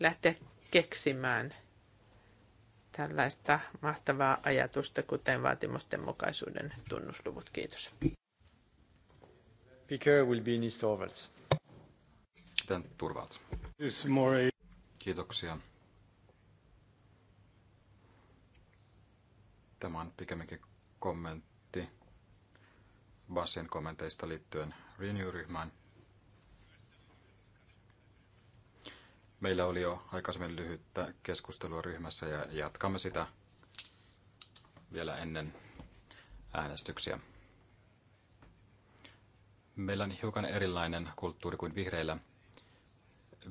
lähteä keksimään – tällaista mahtavaa ajatusta, kuten vaatimusten mukaisuuden tunnusluvut. Kiitos. Speaker will be Nisto Ovels. Kiitoksia. Tämä on pikemminkin kommentti Basin kommenteista liittyen Renew-ryhmään. Meillä oli jo aikaisemmin lyhyttä keskustelua ryhmässä ja jatkamme sitä vielä ennen äänestyksiä. Meillä on hiukan erilainen kulttuuri kuin vihreillä.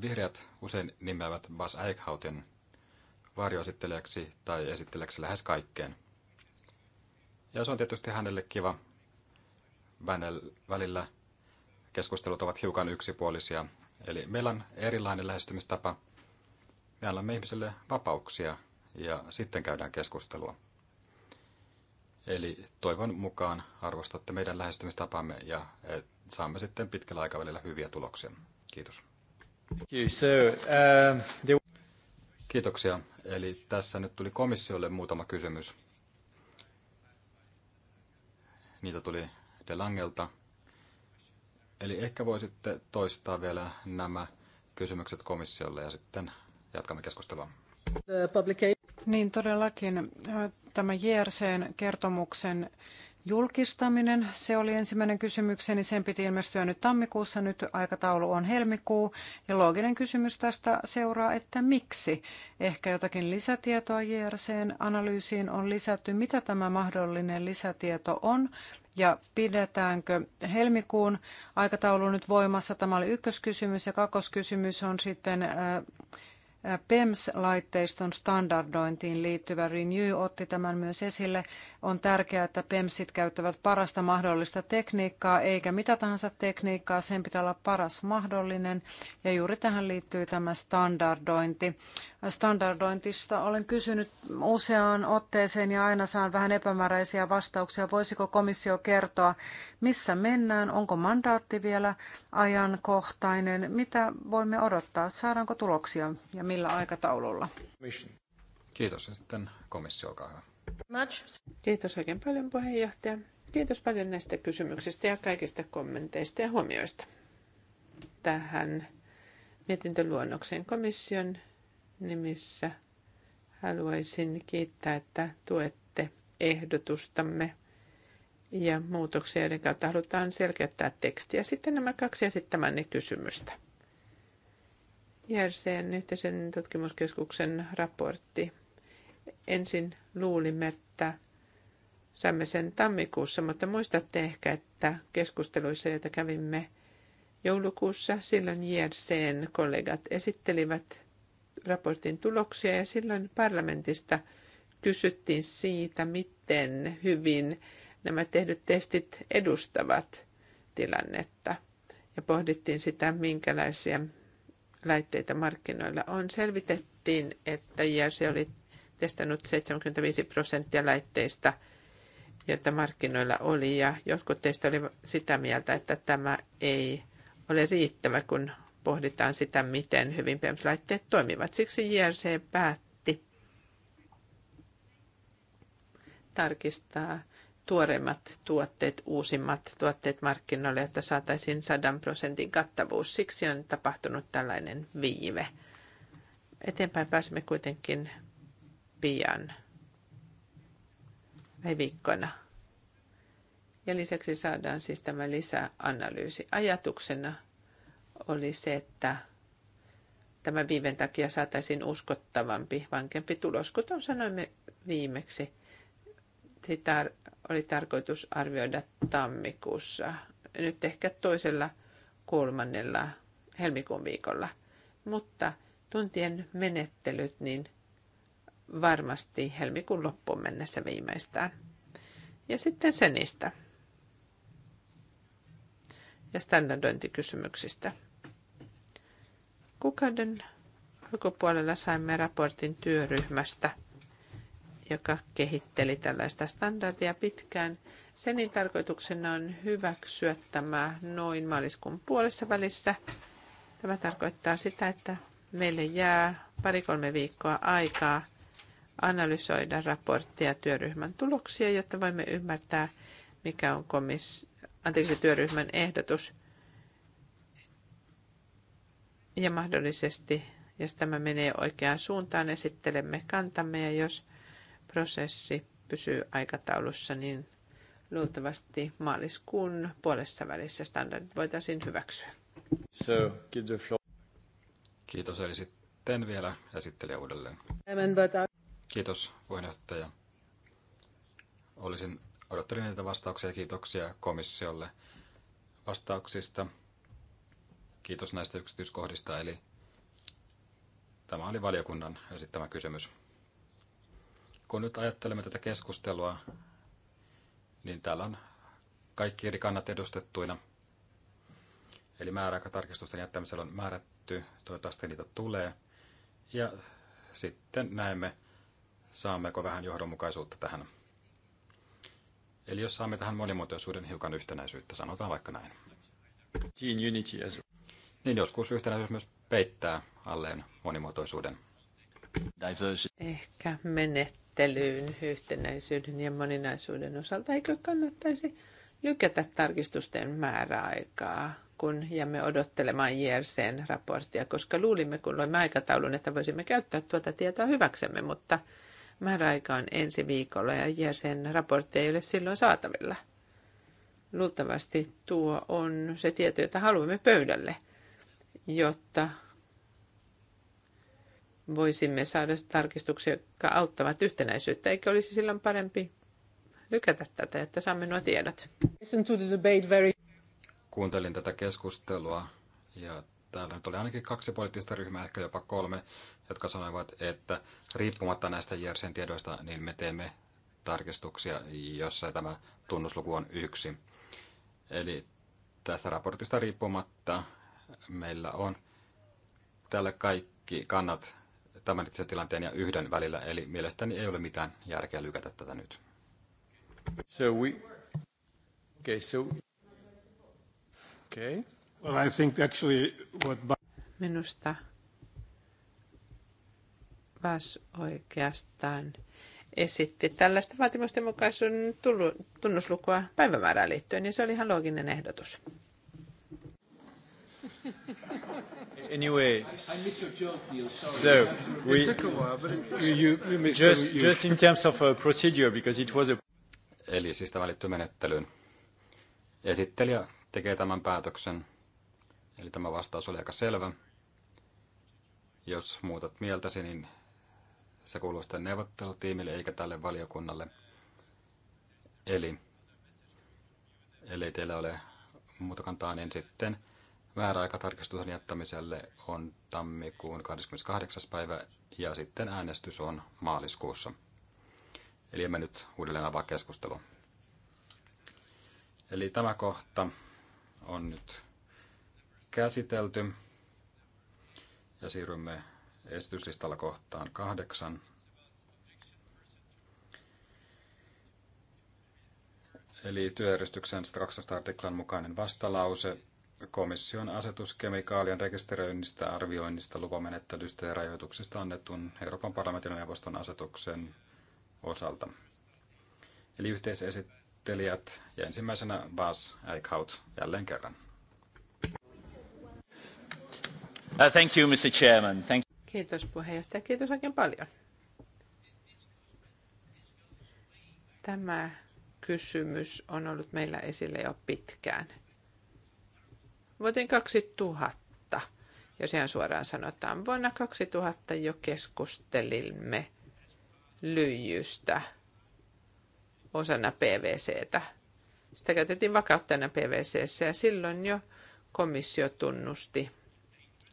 Vihreät usein nimeävät Bas Eichhautin varjoesittelijäksi tai esittelijäksi lähes kaikkeen. Ja se on tietysti hänelle kiva. Välillä keskustelut ovat hiukan yksipuolisia Eli meillä on erilainen lähestymistapa. Me annamme ihmisille vapauksia ja sitten käydään keskustelua. Eli toivon mukaan arvostatte meidän lähestymistapamme ja eh, saamme sitten pitkällä aikavälillä hyviä tuloksia. Kiitos. Um, Kiitoksia. Eli tässä nyt tuli komissiolle muutama kysymys. Niitä tuli Delangelta, Eli ehkä voisitte toistaa vielä nämä kysymykset komissiolle ja sitten jatkamme keskustelua. Niin todellakin tämä JRCn kertomuksen Julkistaminen, se oli ensimmäinen kysymykseni, sen piti ilmestyä nyt tammikuussa, nyt aikataulu on helmikuu. Ja looginen kysymys tästä seuraa, että miksi? Ehkä jotakin lisätietoa JRCn analyysiin on lisätty, mitä tämä mahdollinen lisätieto on ja pidetäänkö helmikuun aikataulu nyt voimassa. Tämä oli ykköskysymys ja kakkoskysymys on sitten äh, PEMS-laitteiston standardointiin liittyvä Renew otti tämän myös esille. On tärkeää, että PEMSit käyttävät parasta mahdollista tekniikkaa, eikä mitä tahansa tekniikkaa, sen pitää olla paras mahdollinen. Ja juuri tähän liittyy tämä standardointi. Standardointista olen kysynyt useaan otteeseen ja aina saan vähän epämääräisiä vastauksia. Voisiko komissio kertoa, missä mennään, onko mandaatti vielä ajankohtainen, mitä voimme odottaa, saadaanko tuloksia ja millä aikataululla? Kiitos ja sitten komissio, olkaa hyvä. Much. Kiitos oikein paljon puheenjohtaja. Kiitos paljon näistä kysymyksistä ja kaikista kommenteista ja huomioista tähän mietintöluonnokseen komission nimissä. Haluaisin kiittää, että tuette ehdotustamme ja muutoksia, joiden kautta halutaan selkeyttää tekstiä. Sitten nämä kaksi esittämänne kysymystä. Järsen yhteisen tutkimuskeskuksen raportti. Ensin luulimme, että saamme sen tammikuussa, mutta muistatte ehkä, että keskusteluissa, joita kävimme joulukuussa, silloin JRCn kollegat esittelivät raportin tuloksia ja silloin parlamentista kysyttiin siitä, miten hyvin nämä tehdyt testit edustavat tilannetta. Ja pohdittiin sitä, minkälaisia laitteita markkinoilla on. Selvitettiin, että JRC oli testannut 75 prosenttia laitteista, joita markkinoilla oli, ja jotkut teistä oli sitä mieltä, että tämä ei ole riittävä, kun pohditaan sitä, miten hyvin PEMS-laitteet toimivat. Siksi JRC päätti tarkistaa tuoreimmat tuotteet, uusimmat tuotteet markkinoille, jotta saataisiin 100 prosentin kattavuus. Siksi on tapahtunut tällainen viive. Eteenpäin pääsemme kuitenkin pian, ei viikkona. Ja lisäksi saadaan siis tämä lisäanalyysi. Ajatuksena oli se, että tämän viiven takia saataisiin uskottavampi, vankempi tulos. Kuten sanoimme viimeksi, sitä oli tarkoitus arvioida tammikuussa. Nyt ehkä toisella kolmannella helmikuun viikolla. Mutta tuntien menettelyt, niin varmasti helmikuun loppuun mennessä viimeistään. Ja sitten senistä. Ja standardointikysymyksistä. Kuukauden alkupuolella saimme raportin työryhmästä – joka kehitteli tällaista standardia pitkään. Senin tarkoituksena on hyväksyä tämä noin maaliskuun puolessa välissä. Tämä tarkoittaa sitä, että meille jää pari-kolme viikkoa aikaa analysoida raporttia työryhmän tuloksia, jotta voimme ymmärtää, mikä on komis, anteeksi, työryhmän ehdotus ja mahdollisesti, jos tämä menee oikeaan suuntaan, esittelemme kantamme ja jos prosessi pysyy aikataulussa, niin luultavasti maaliskuun puolessa välissä standardit voitaisiin hyväksyä. So, Kiitos. Eli sitten vielä esittelijä uudelleen. Kiitos puheenjohtaja. Olisin odottelin näitä vastauksia ja kiitoksia komissiolle vastauksista. Kiitos näistä yksityiskohdista. Eli tämä oli valiokunnan esittämä kysymys kun nyt ajattelemme tätä keskustelua, niin täällä on kaikki eri kannat edustettuina. Eli määräaikatarkistusten jättämisellä on määrätty, toivottavasti niitä tulee. Ja sitten näemme, saammeko vähän johdonmukaisuutta tähän. Eli jos saamme tähän monimuotoisuuden hiukan yhtenäisyyttä, sanotaan vaikka näin. Niin joskus yhtenäisyys myös peittää alleen monimuotoisuuden. Ehkä menet sääntelyyn, yhtenäisyyden ja moninaisuuden osalta, eikö kannattaisi lykätä tarkistusten määräaikaa, kun jäämme odottelemaan JRCn raporttia, koska luulimme, kun loimme aikataulun, että voisimme käyttää tuota tietoa hyväksemme, mutta määräaika on ensi viikolla ja JRCn raportti ei ole silloin saatavilla. Luultavasti tuo on se tieto, jota haluamme pöydälle, jotta voisimme saada tarkistuksia, jotka auttavat yhtenäisyyttä. Eikö olisi silloin parempi lykätä tätä, että saamme nuo tiedot? Kuuntelin tätä keskustelua ja täällä nyt oli ainakin kaksi poliittista ryhmää, ehkä jopa kolme, jotka sanoivat, että riippumatta näistä Jersen tiedoista, niin me teemme tarkistuksia, jossa tämä tunnusluku on yksi. Eli tästä raportista riippumatta meillä on täällä kaikki kannat tämänhetkisen tilanteen ja yhden välillä, eli mielestäni ei ole mitään järkeä lykätä tätä nyt. So we... okay, so... okay. Well, I think actually what... Minusta Vas oikeastaan esitti tällaista vaatimustenmukaisuuden tunnuslukua päivämäärään liittyen, niin se oli ihan looginen ehdotus. anyway. So we, it took a while, but it's not... you, you just, you. just in terms of a uh, procedure, because it was a... Eli siis tämä liittyy menettelyyn. Esittelijä tekee tämän päätöksen. Eli tämä vastaus oli aika selvä. Jos muutat mieltäsi, niin se kuuluu sitten neuvottelutiimille eikä tälle valiokunnalle. Eli, eli teillä ole muuta kantaa, niin sitten Määräaika tarkistuksen jättämiselle on tammikuun 28. päivä ja sitten äänestys on maaliskuussa. Eli emme nyt uudelleen avaa keskustelua. Eli tämä kohta on nyt käsitelty ja siirrymme esityslistalla kohtaan kahdeksan. Eli työjärjestyksen 12 artiklan mukainen vastalause komission asetus kemikaalien rekisteröinnistä, arvioinnista, lupamenettelystä ja rajoituksista annetun Euroopan parlamentin ja neuvoston asetuksen osalta. Eli yhteisesittelijät ja ensimmäisenä Bas Eichhout jälleen kerran. Uh, thank you, Mr. Chairman. Thank Kiitos puheenjohtaja, kiitos oikein paljon. Tämä kysymys on ollut meillä esillä jo pitkään – vuoteen 2000, jos sehän suoraan sanotaan. Vuonna 2000 jo keskustelimme lyijystä osana PVCtä. Sitä käytettiin vakauttajana PVCssä ja silloin jo komissio tunnusti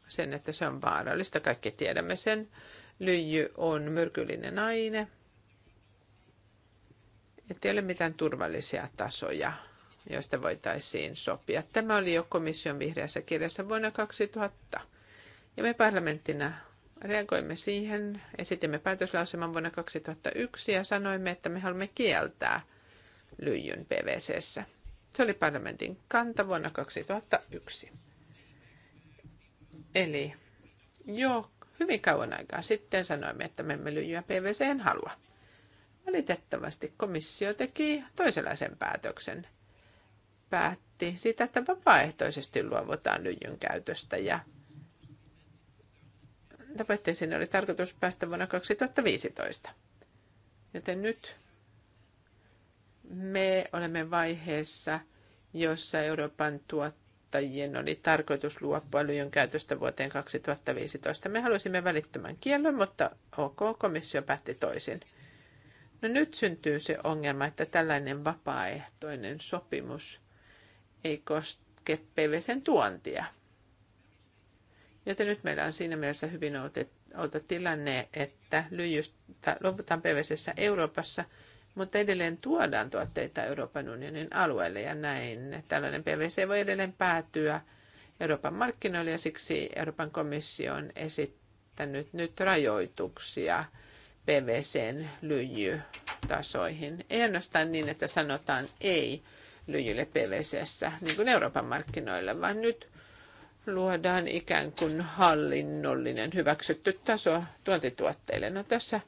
sen, että se on vaarallista. Kaikki tiedämme sen. Lyijy on myrkyllinen aine. Että ei ole mitään turvallisia tasoja joista voitaisiin sopia. Tämä oli jo komission vihreässä kirjassa vuonna 2000. Ja me parlamenttina reagoimme siihen, esitimme päätöslauseman vuonna 2001 ja sanoimme, että me haluamme kieltää lyijyn PVCssä. Se oli parlamentin kanta vuonna 2001. Eli jo hyvin kauan aikaa sitten sanoimme, että me emme lyijyä PVCen halua. Valitettavasti komissio teki toisenlaisen päätöksen – päätti sitä, että vapaaehtoisesti luovutaan lyijyn käytöstä ja tavoitteeseen oli tarkoitus päästä vuonna 2015. Joten nyt me olemme vaiheessa, jossa Euroopan tuottajien oli tarkoitus luopua lyijyn käytöstä vuoteen 2015. Me halusimme välittömän kiellon, mutta OK, komissio päätti toisin. No nyt syntyy se ongelma, että tällainen vapaaehtoinen sopimus – ei koske PVCn tuontia. Joten nyt meillä on siinä mielessä hyvin outo tilanne, että lyijystä luovutaan PVCssä Euroopassa, mutta edelleen tuodaan tuotteita Euroopan unionin alueelle ja näin. Tällainen PVC voi edelleen päätyä Euroopan markkinoille ja siksi Euroopan komissio on esittänyt nyt rajoituksia PVCn lyijytasoihin. Ei ainoastaan niin, että sanotaan ei, lyijylle PVCssä, niin kuin Euroopan markkinoilla, vaan nyt luodaan ikään kuin hallinnollinen hyväksytty taso tuontituotteille. No tässä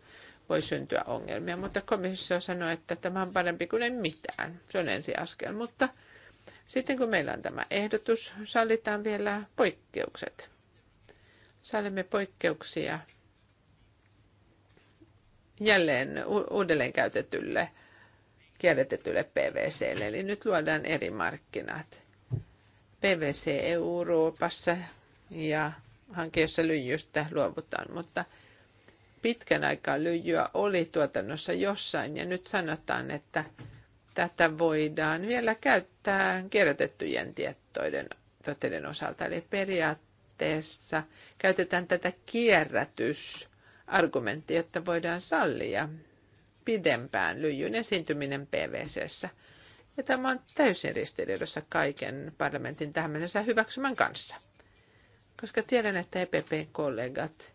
voi syntyä ongelmia, mutta komissio sanoi, että tämä on parempi kuin ei mitään. Se on ensiaskel, mutta sitten kun meillä on tämä ehdotus, sallitaan vielä poikkeukset. Sallimme poikkeuksia jälleen uudelleen käytetylle kierrätetylle PVClle. Eli nyt luodaan eri markkinat. PVC Euroopassa ja hanke, jossa lyijystä luovutaan, mutta pitkän aikaa lyijyä oli tuotannossa jossain ja nyt sanotaan, että tätä voidaan vielä käyttää kierrätettyjen tietoiden tuotteiden osalta. Eli periaatteessa käytetään tätä kierrätysargumenttia, jotta voidaan sallia pidempään lyijyn esiintyminen PVCssä. Ja tämä on täysin ristiriidassa kaiken parlamentin tähän mennessä hyväksymän kanssa. Koska tiedän, että epp kollegat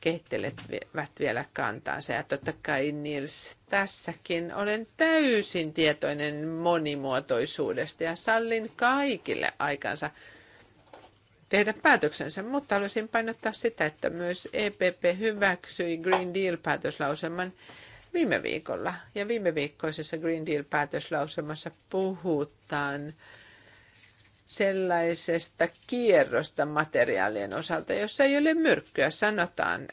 kehittelevät vielä kantaansa. Ja totta kai Nils, tässäkin olen täysin tietoinen monimuotoisuudesta ja sallin kaikille aikansa tehdä päätöksensä, mutta haluaisin painottaa sitä, että myös EPP hyväksyi Green Deal-päätöslauselman viime viikolla. Ja viime viikkoisessa Green Deal-päätöslauselmassa puhutaan sellaisesta kierrosta materiaalien osalta, jossa ei ole myrkkyä. Sanotaan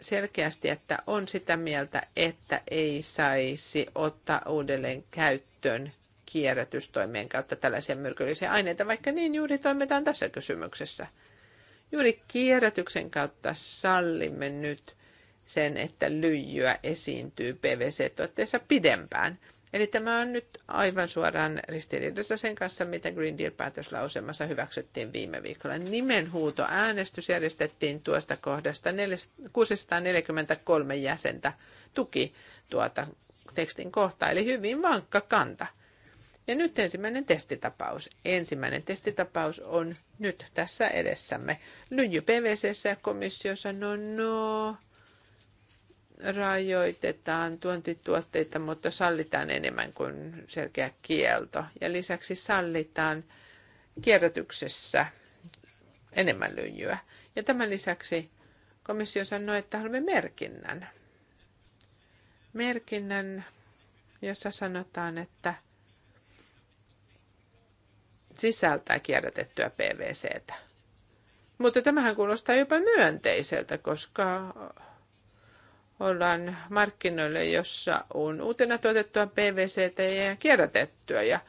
selkeästi, että on sitä mieltä, että ei saisi ottaa uudelleen käyttöön kierrätystoimien kautta tällaisia myrkyllisiä aineita, vaikka niin juuri toimitaan tässä kysymyksessä. Juuri kierrätyksen kautta sallimme nyt sen, että lyijyä esiintyy pvc tuotteessa pidempään. Eli tämä on nyt aivan suoraan ristiriidassa sen kanssa, mitä Green Deal-päätöslausemassa hyväksyttiin viime viikolla. Nimenhuuto äänestys järjestettiin tuosta kohdasta. 643 jäsentä tuki tuota tekstin kohtaa, eli hyvin vankka kanta. Ja nyt ensimmäinen testitapaus. Ensimmäinen testitapaus on nyt tässä edessämme. Lyijy PVCssä ja komissio sanoo, no, no rajoitetaan tuontituotteita, mutta sallitaan enemmän kuin selkeä kielto. Ja lisäksi sallitaan kierrätyksessä enemmän lyijyä. Ja tämän lisäksi komissio sanoi, että haluamme merkinnän. Merkinnän, jossa sanotaan, että sisältää kierrätettyä PVCtä. Mutta tämähän kuulostaa jopa myönteiseltä, koska ollaan markkinoille, jossa on uutena tuotettua PVC: ja kierrätettyä. Ja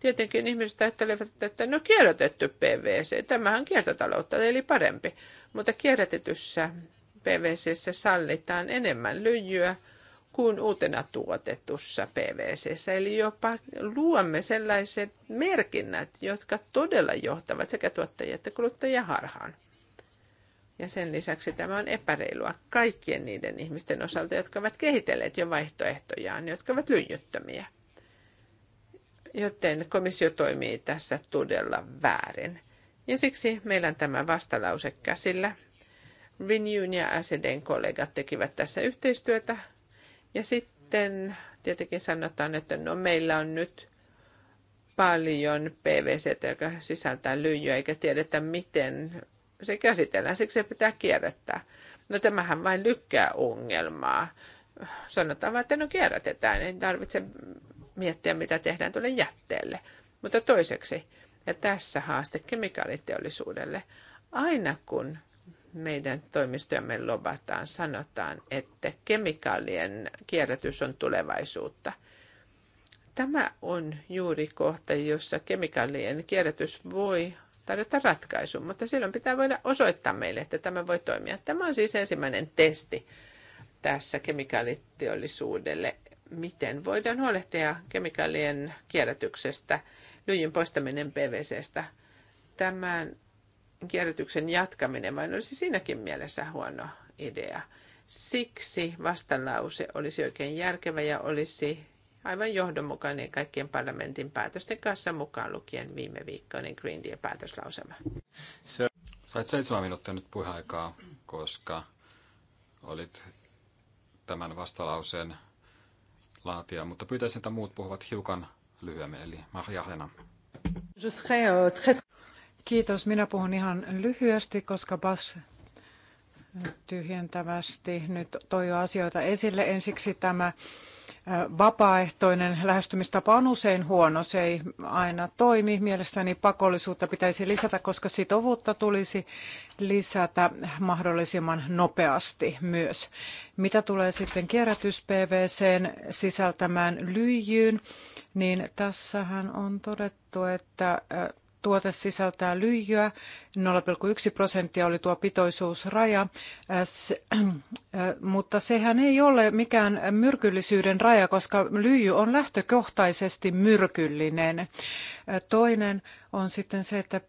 tietenkin ihmiset ajattelevat, että no kierrätetty PVC, tämähän on kiertotaloutta, eli parempi. Mutta kierrätetyssä PVCssä sallitaan enemmän lyijyä kuin uutena tuotetussa PVCssä. Eli jopa luomme sellaiset merkinnät, jotka todella johtavat sekä tuottajia että kuluttajia harhaan. Ja sen lisäksi tämä on epäreilua kaikkien niiden ihmisten osalta, jotka ovat kehitelleet jo vaihtoehtojaan, jotka ovat lyijyttömiä. Joten komissio toimii tässä todella väärin. Ja siksi meillä on tämä vastalause käsillä. Renewn ja SEDn kollegat tekivät tässä yhteistyötä. Ja sitten tietenkin sanotaan, että no meillä on nyt paljon PVC, joka sisältää lyijyä, eikä tiedetä miten se käsitellään, siksi se pitää kierrättää. No tämähän vain lykkää ongelmaa. Sanotaan vain, että no kierrätetään, ei tarvitse miettiä, mitä tehdään tuolle jätteelle. Mutta toiseksi, ja tässä haaste kemikaaliteollisuudelle, aina kun meidän toimistojamme lobataan, sanotaan, että kemikaalien kierrätys on tulevaisuutta. Tämä on juuri kohta, jossa kemikaalien kierrätys voi tarjota ratkaisun, mutta silloin pitää voida osoittaa meille, että tämä voi toimia. Tämä on siis ensimmäinen testi tässä kemikaaliteollisuudelle, miten voidaan huolehtia kemikaalien kierrätyksestä, lyijyn poistaminen PVCstä. Tämän kierrätyksen jatkaminen vain olisi siinäkin mielessä huono idea. Siksi vastalause olisi oikein järkevä ja olisi aivan johdonmukainen kaikkien parlamentin päätösten kanssa mukaan lukien viime viikkoinen Green Deal-päätöslausema. Se... Sait seitsemän minuuttia nyt puheaikaa, koska olit tämän vastalauseen laatia, mutta pyytäisin, että muut puhuvat hiukan lyhyemmin, eli Maria Helena. Euh, Kiitos. Minä puhun ihan lyhyesti, koska Bas tyhjentävästi nyt toi asioita esille. Ensiksi tämä Vapaaehtoinen lähestymistapa on usein huono, se ei aina toimi. Mielestäni pakollisuutta pitäisi lisätä, koska sitovuutta tulisi lisätä mahdollisimman nopeasti myös. Mitä tulee sitten kierrätys PVCn sisältämään lyijyyn, niin tässähän on todettu, että tuote sisältää lyijyä, 0,1 prosenttia oli tuo pitoisuusraja, äh, äh, mutta sehän ei ole mikään myrkyllisyyden raja, koska lyijy on lähtökohtaisesti myrkyllinen. Äh, toinen on sitten se, että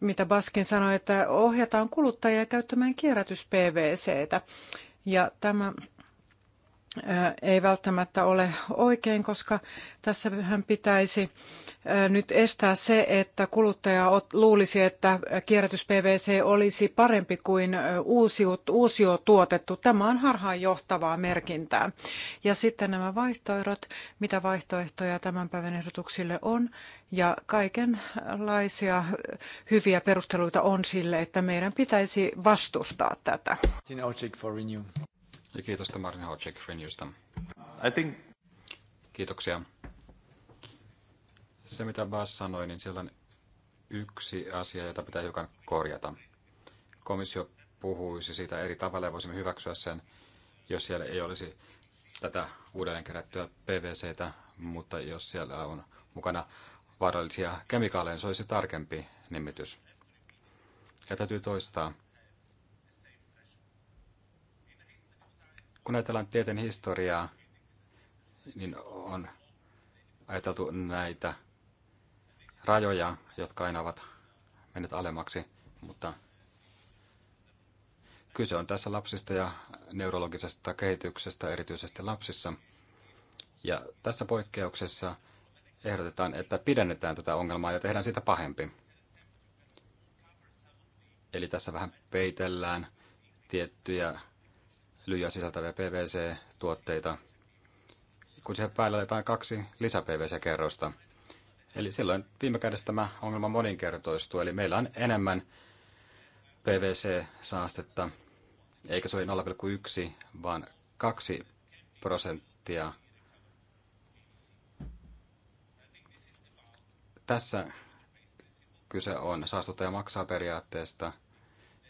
mitä Baskin sanoi, että ohjataan kuluttajia käyttämään kierrätys-PVCtä. Ja tämä ei välttämättä ole oikein, koska tässä pitäisi nyt estää se, että kuluttaja luulisi, että kierrätys PVC olisi parempi kuin uusio tuotettu. Tämä on harhaanjohtavaa merkintää. Ja sitten nämä vaihtoehdot, mitä vaihtoehtoja tämän päivän ehdotuksille on, ja kaikenlaisia hyviä perusteluita on sille, että meidän pitäisi vastustaa tätä. Ja kiitos Martin Hocek Renewsta. I think... Kiitoksia. Se mitä Bas sanoi, niin siellä on yksi asia, jota pitää hiukan korjata. Komissio puhuisi siitä eri tavalla ja voisimme hyväksyä sen, jos siellä ei olisi tätä uudelleen kerättyä PVCtä, mutta jos siellä on mukana vaarallisia kemikaaleja, niin se olisi tarkempi nimitys. Ja täytyy toistaa, Kun ajatellaan tieteen historiaa, niin on ajateltu näitä rajoja, jotka aina ovat menneet alemmaksi, mutta kyse on tässä lapsista ja neurologisesta kehityksestä, erityisesti lapsissa. Ja tässä poikkeuksessa ehdotetaan, että pidennetään tätä ongelmaa ja tehdään siitä pahempi. Eli tässä vähän peitellään tiettyjä lyijyä sisältäviä PVC-tuotteita, kun siihen päälle laitetaan kaksi lisä PVC-kerrosta. Eli silloin viime kädessä tämä ongelma moninkertoistuu, eli meillä on enemmän PVC-saastetta, eikä se ole 0,1, vaan 2 prosenttia. Tässä kyse on saastuttaja maksaa periaatteesta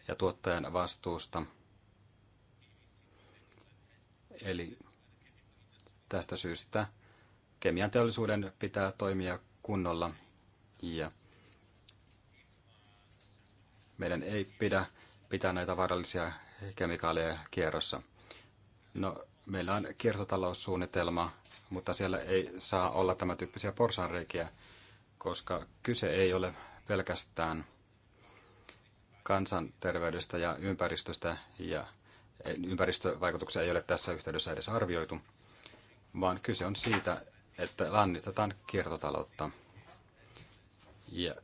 ja tuottajan vastuusta – Eli tästä syystä kemian teollisuuden pitää toimia kunnolla ja meidän ei pidä pitää näitä vaarallisia kemikaaleja kierrossa. No, meillä on kiertotaloussuunnitelma, mutta siellä ei saa olla tämä tyyppisiä porsanreikiä, koska kyse ei ole pelkästään kansanterveydestä ja ympäristöstä ja ympäristövaikutuksia ei ole tässä yhteydessä edes arvioitu, vaan kyse on siitä, että lannistetaan kiertotaloutta. Ja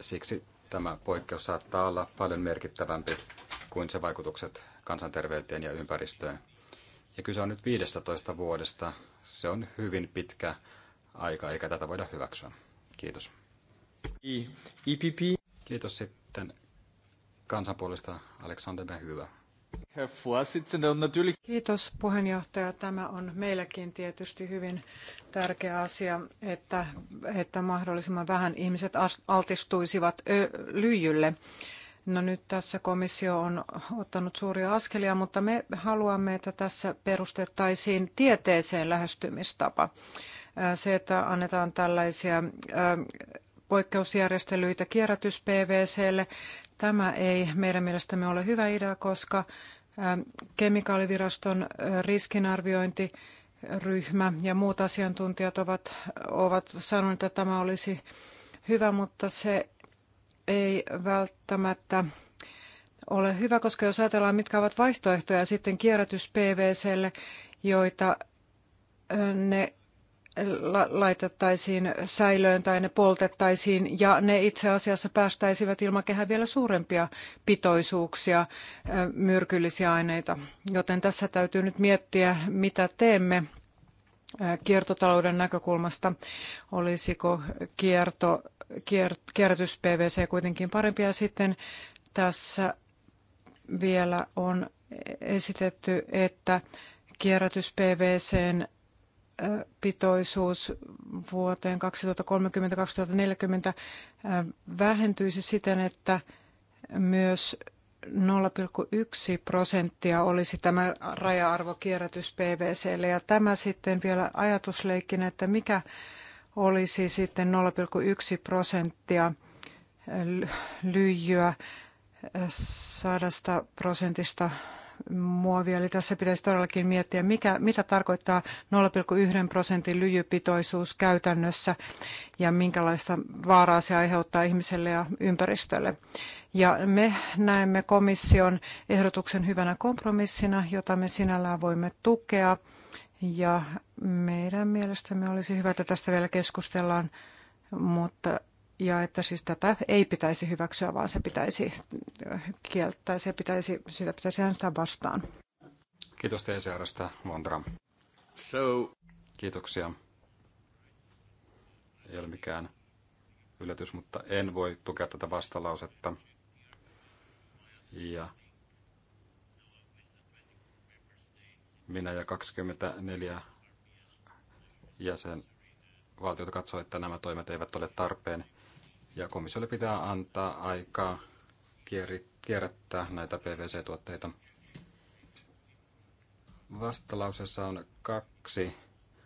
siksi tämä poikkeus saattaa olla paljon merkittävämpi kuin se vaikutukset kansanterveyteen ja ympäristöön. Ja kyse on nyt 15 vuodesta. Se on hyvin pitkä aika, eikä tätä voida hyväksyä. Kiitos. Kiitos sitten kansanpuolista Aleksander Hyvä. Kiitos puheenjohtaja. Tämä on meillekin tietysti hyvin tärkeä asia, että, että mahdollisimman vähän ihmiset altistuisivat lyijylle. No nyt tässä komissio on ottanut suuria askelia, mutta me haluamme, että tässä perustettaisiin tieteeseen lähestymistapa. Se, että annetaan tällaisia poikkeusjärjestelyitä kierrätys PVClle, tämä ei meidän mielestämme ole hyvä idea, koska Ähm, kemikaaliviraston äh, riskinarviointiryhmä ja muut asiantuntijat ovat, ovat sanoneet, että tämä olisi hyvä, mutta se ei välttämättä ole hyvä, koska jos ajatellaan, mitkä ovat vaihtoehtoja sitten kierrätys PVClle, joita äh, ne laitettaisiin säilöön tai ne poltettaisiin ja ne itse asiassa päästäisivät ilmakehään vielä suurempia pitoisuuksia myrkyllisiä aineita. Joten tässä täytyy nyt miettiä, mitä teemme kiertotalouden näkökulmasta. Olisiko kierto, kier, kierrätys PVC kuitenkin parempi sitten tässä vielä on esitetty, että kierrätys PVCn pitoisuus vuoteen 2030-2040 äh, vähentyisi siten, että myös 0,1 prosenttia olisi tämä raja-arvo kierrätys PVClle. Ja tämä sitten vielä ajatusleikin, että mikä olisi sitten 0,1 prosenttia äh, lyijyä äh, sadasta prosentista muovia, eli tässä pitäisi todellakin miettiä, mikä, mitä tarkoittaa 0,1 prosentin lyijypitoisuus käytännössä ja minkälaista vaaraa se aiheuttaa ihmiselle ja ympäristölle. Ja me näemme komission ehdotuksen hyvänä kompromissina, jota me sinällään voimme tukea. Ja meidän mielestämme olisi hyvä, että tästä vielä keskustellaan, mutta ja että siis tätä ei pitäisi hyväksyä, vaan se pitäisi kieltää, se pitäisi, sitä pitäisi äänestää vastaan. Kiitos teidän seurasta, Vondra. So. Kiitoksia. Ei ole mikään yllätys, mutta en voi tukea tätä vastalausetta. Ja minä ja 24 valtiota katsoo, että nämä toimet eivät ole tarpeen – ja komissiolle pitää antaa aikaa kierrättää näitä PVC-tuotteita. Vastalauseessa on kaksi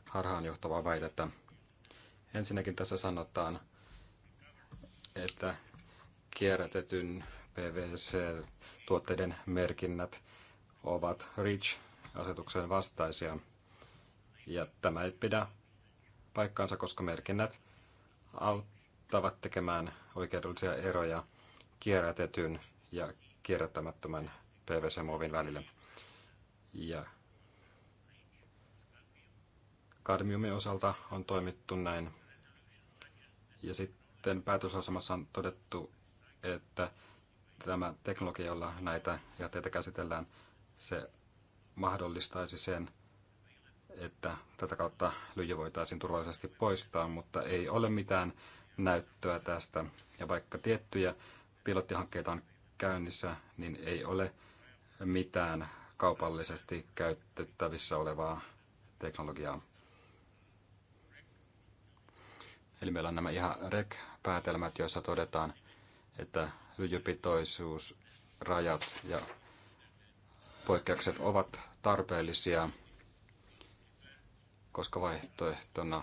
harhaanjohtavaa väitettä. Ensinnäkin tässä sanotaan, että kierrätetyn PVC-tuotteiden merkinnät ovat REACH-asetuksen vastaisia. Ja tämä ei pidä paikkaansa, koska merkinnät auttavat tavat tekemään oikeudellisia eroja kierrätetyn ja kierrättämättömän PVC-muovin välillä. Ja kadmiumin osalta on toimittu näin. Ja sitten päätösasemassa on todettu, että tämä teknologia, jolla näitä jätteitä käsitellään, se mahdollistaisi sen, että tätä kautta lyijy voitaisiin turvallisesti poistaa, mutta ei ole mitään näyttöä tästä. Ja vaikka tiettyjä pilottihankkeita on käynnissä, niin ei ole mitään kaupallisesti käytettävissä olevaa teknologiaa. Eli meillä on nämä ihan REC-päätelmät, joissa todetaan, että lyijypitoisuus, rajat ja poikkeukset ovat tarpeellisia, koska vaihtoehtona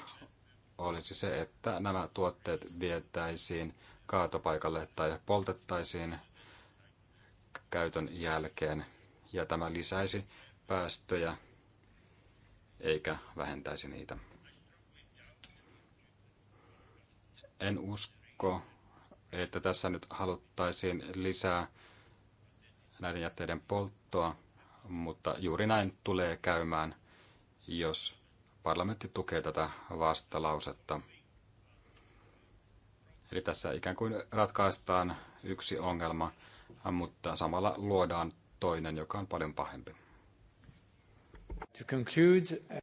olisi se, että nämä tuotteet vietäisiin kaatopaikalle tai poltettaisiin käytön jälkeen. Ja tämä lisäisi päästöjä eikä vähentäisi niitä. En usko, että tässä nyt haluttaisiin lisää näiden jätteiden polttoa, mutta juuri näin tulee käymään, jos parlamentti tukee tätä vastalausetta. Eli tässä ikään kuin ratkaistaan yksi ongelma, mutta samalla luodaan toinen, joka on paljon pahempi. To conclude... Uh,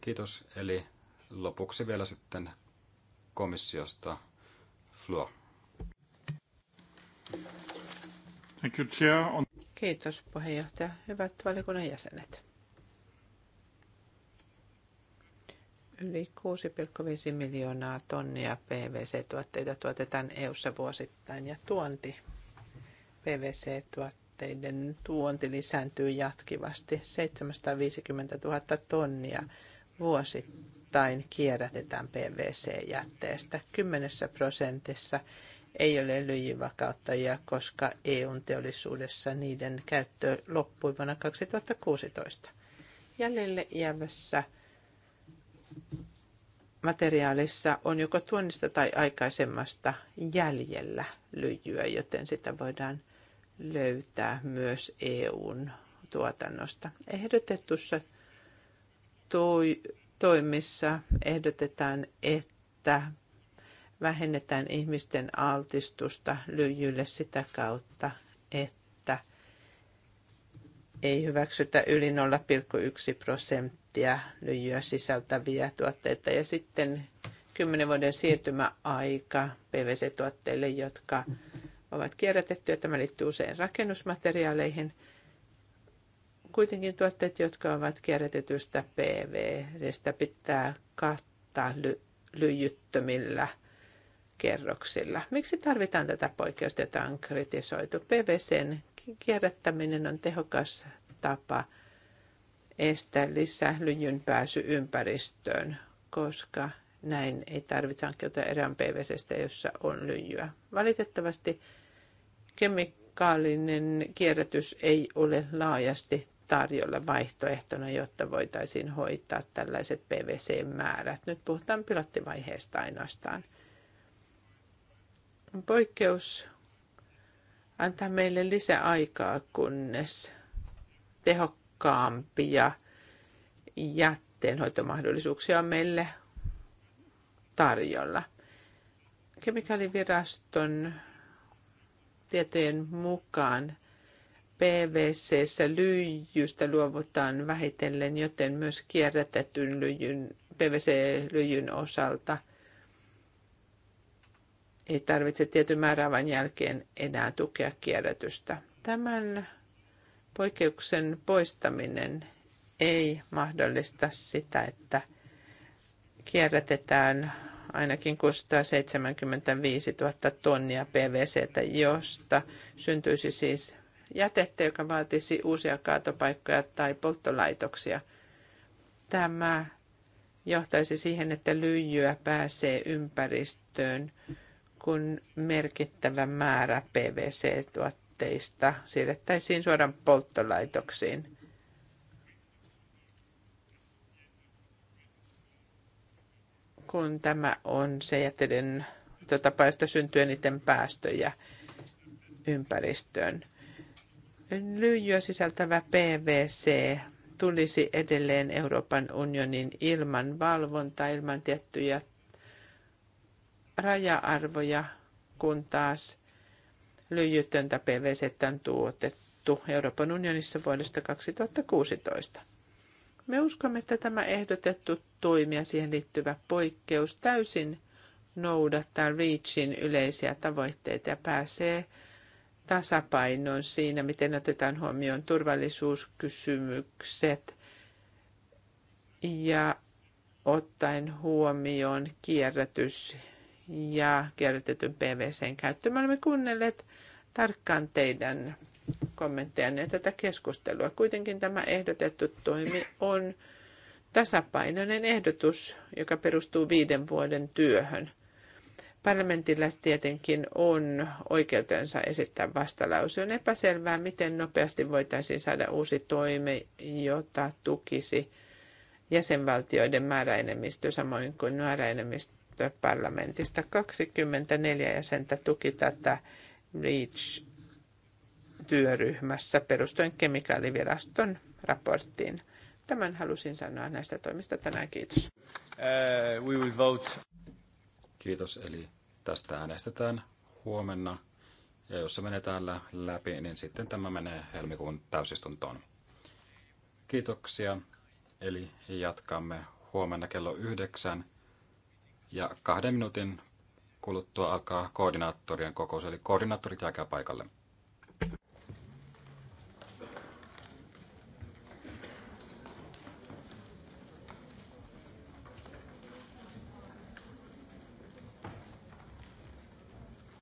Kiitos. Eli lopuksi vielä sitten komissiosta Fluo. Kiitos puheenjohtaja. Hyvät valiokunnan jäsenet. Yli 6,5 miljoonaa tonnia PVC-tuotteita tuotetaan EU-ssa vuosittain ja tuonti PVC-tuotteiden tuonti lisääntyy jatkivasti. 750 000 tonnia vuosittain kierrätetään PVC-jätteestä. 10 prosentissa ei ole lyijyvakauttajia, koska EUn teollisuudessa niiden käyttö loppui vuonna 2016. Jäljelle jäävässä materiaalissa on joko tuonnista tai aikaisemmasta jäljellä lyijyä, joten sitä voidaan löytää myös EUn tuotannosta. Ehdotetussa toi, toimissa ehdotetaan, että vähennetään ihmisten altistusta lyijylle sitä kautta, että ei hyväksytä yli 0,1 prosenttia prosenttia lyijyä sisältäviä tuotteita ja sitten 10 vuoden siirtymäaika PVC-tuotteille, jotka ovat kierrätettyjä. Tämä liittyy usein rakennusmateriaaleihin. Kuitenkin tuotteet, jotka ovat kierrätetystä PVCstä, pitää kattaa ly- lyijyttömillä kerroksilla. Miksi tarvitaan tätä poikkeusta, jota on kritisoitu? PVCn kierrättäminen on tehokas tapa – estää lisää lyijyn pääsy ympäristöön, koska näin ei tarvitse hankkiutua erään PVCstä, jossa on lyijyä. Valitettavasti kemikaalinen kierrätys ei ole laajasti tarjolla vaihtoehtona, jotta voitaisiin hoitaa tällaiset PVC-määrät. Nyt puhutaan pilottivaiheesta ainoastaan. Poikkeus antaa meille lisäaikaa, kunnes tehokkaasti tehokkaampia jätteenhoitomahdollisuuksia on meille tarjolla. Kemikaaliviraston tietojen mukaan PVCssä lyijystä luovutaan vähitellen, joten myös kierrätetyn lyijyn, PVC-lyijyn osalta ei tarvitse tietyn määräävän jälkeen enää tukea kierrätystä. Tämän Poikkeuksen poistaminen ei mahdollista sitä, että kierrätetään ainakin 675 000 tonnia PVC, josta syntyisi siis jätettä, joka vaatisi uusia kaatopaikkoja tai polttolaitoksia. Tämä johtaisi siihen, että lyijyä pääsee ympäristöön, kun merkittävä määrä PVC jätteistä siirrettäisiin suoraan polttolaitoksiin. Kun tämä on se jätteiden tapa, josta syntyy eniten päästöjä ympäristöön. Lyijyä sisältävä PVC tulisi edelleen Euroopan unionin ilman valvontaa, ilman tiettyjä raja-arvoja, kun taas lyijytöntä PVC on tuotettu Euroopan unionissa vuodesta 2016. Me uskomme, että tämä ehdotettu toimi ja siihen liittyvä poikkeus täysin noudattaa REACHin yleisiä tavoitteita ja pääsee tasapainoon siinä, miten otetaan huomioon turvallisuuskysymykset ja ottaen huomioon kierrätys ja kierrätetyn PVCn käyttö. Me olemme kuunnelleet tarkkaan teidän kommenttejanne tätä keskustelua. Kuitenkin tämä ehdotettu toimi on tasapainoinen ehdotus, joka perustuu viiden vuoden työhön. Parlamentilla tietenkin on oikeutensa esittää vastalause. On epäselvää, miten nopeasti voitaisiin saada uusi toimi, jota tukisi jäsenvaltioiden määräenemmistö samoin kuin määräenemmistö parlamentista. 24 jäsentä tuki tätä REACH-työryhmässä perustuen kemikaaliviraston raporttiin. Tämän halusin sanoa näistä toimista tänään. Kiitos. Uh, we will vote. Kiitos. Eli tästä äänestetään huomenna. Ja jos se menee täällä läpi, niin sitten tämä menee helmikuun täysistuntoon. Kiitoksia. Eli jatkamme huomenna kello yhdeksän ja kahden minuutin kuluttua alkaa koordinaattorien kokous, eli koordinaattorit jääkää paikalle.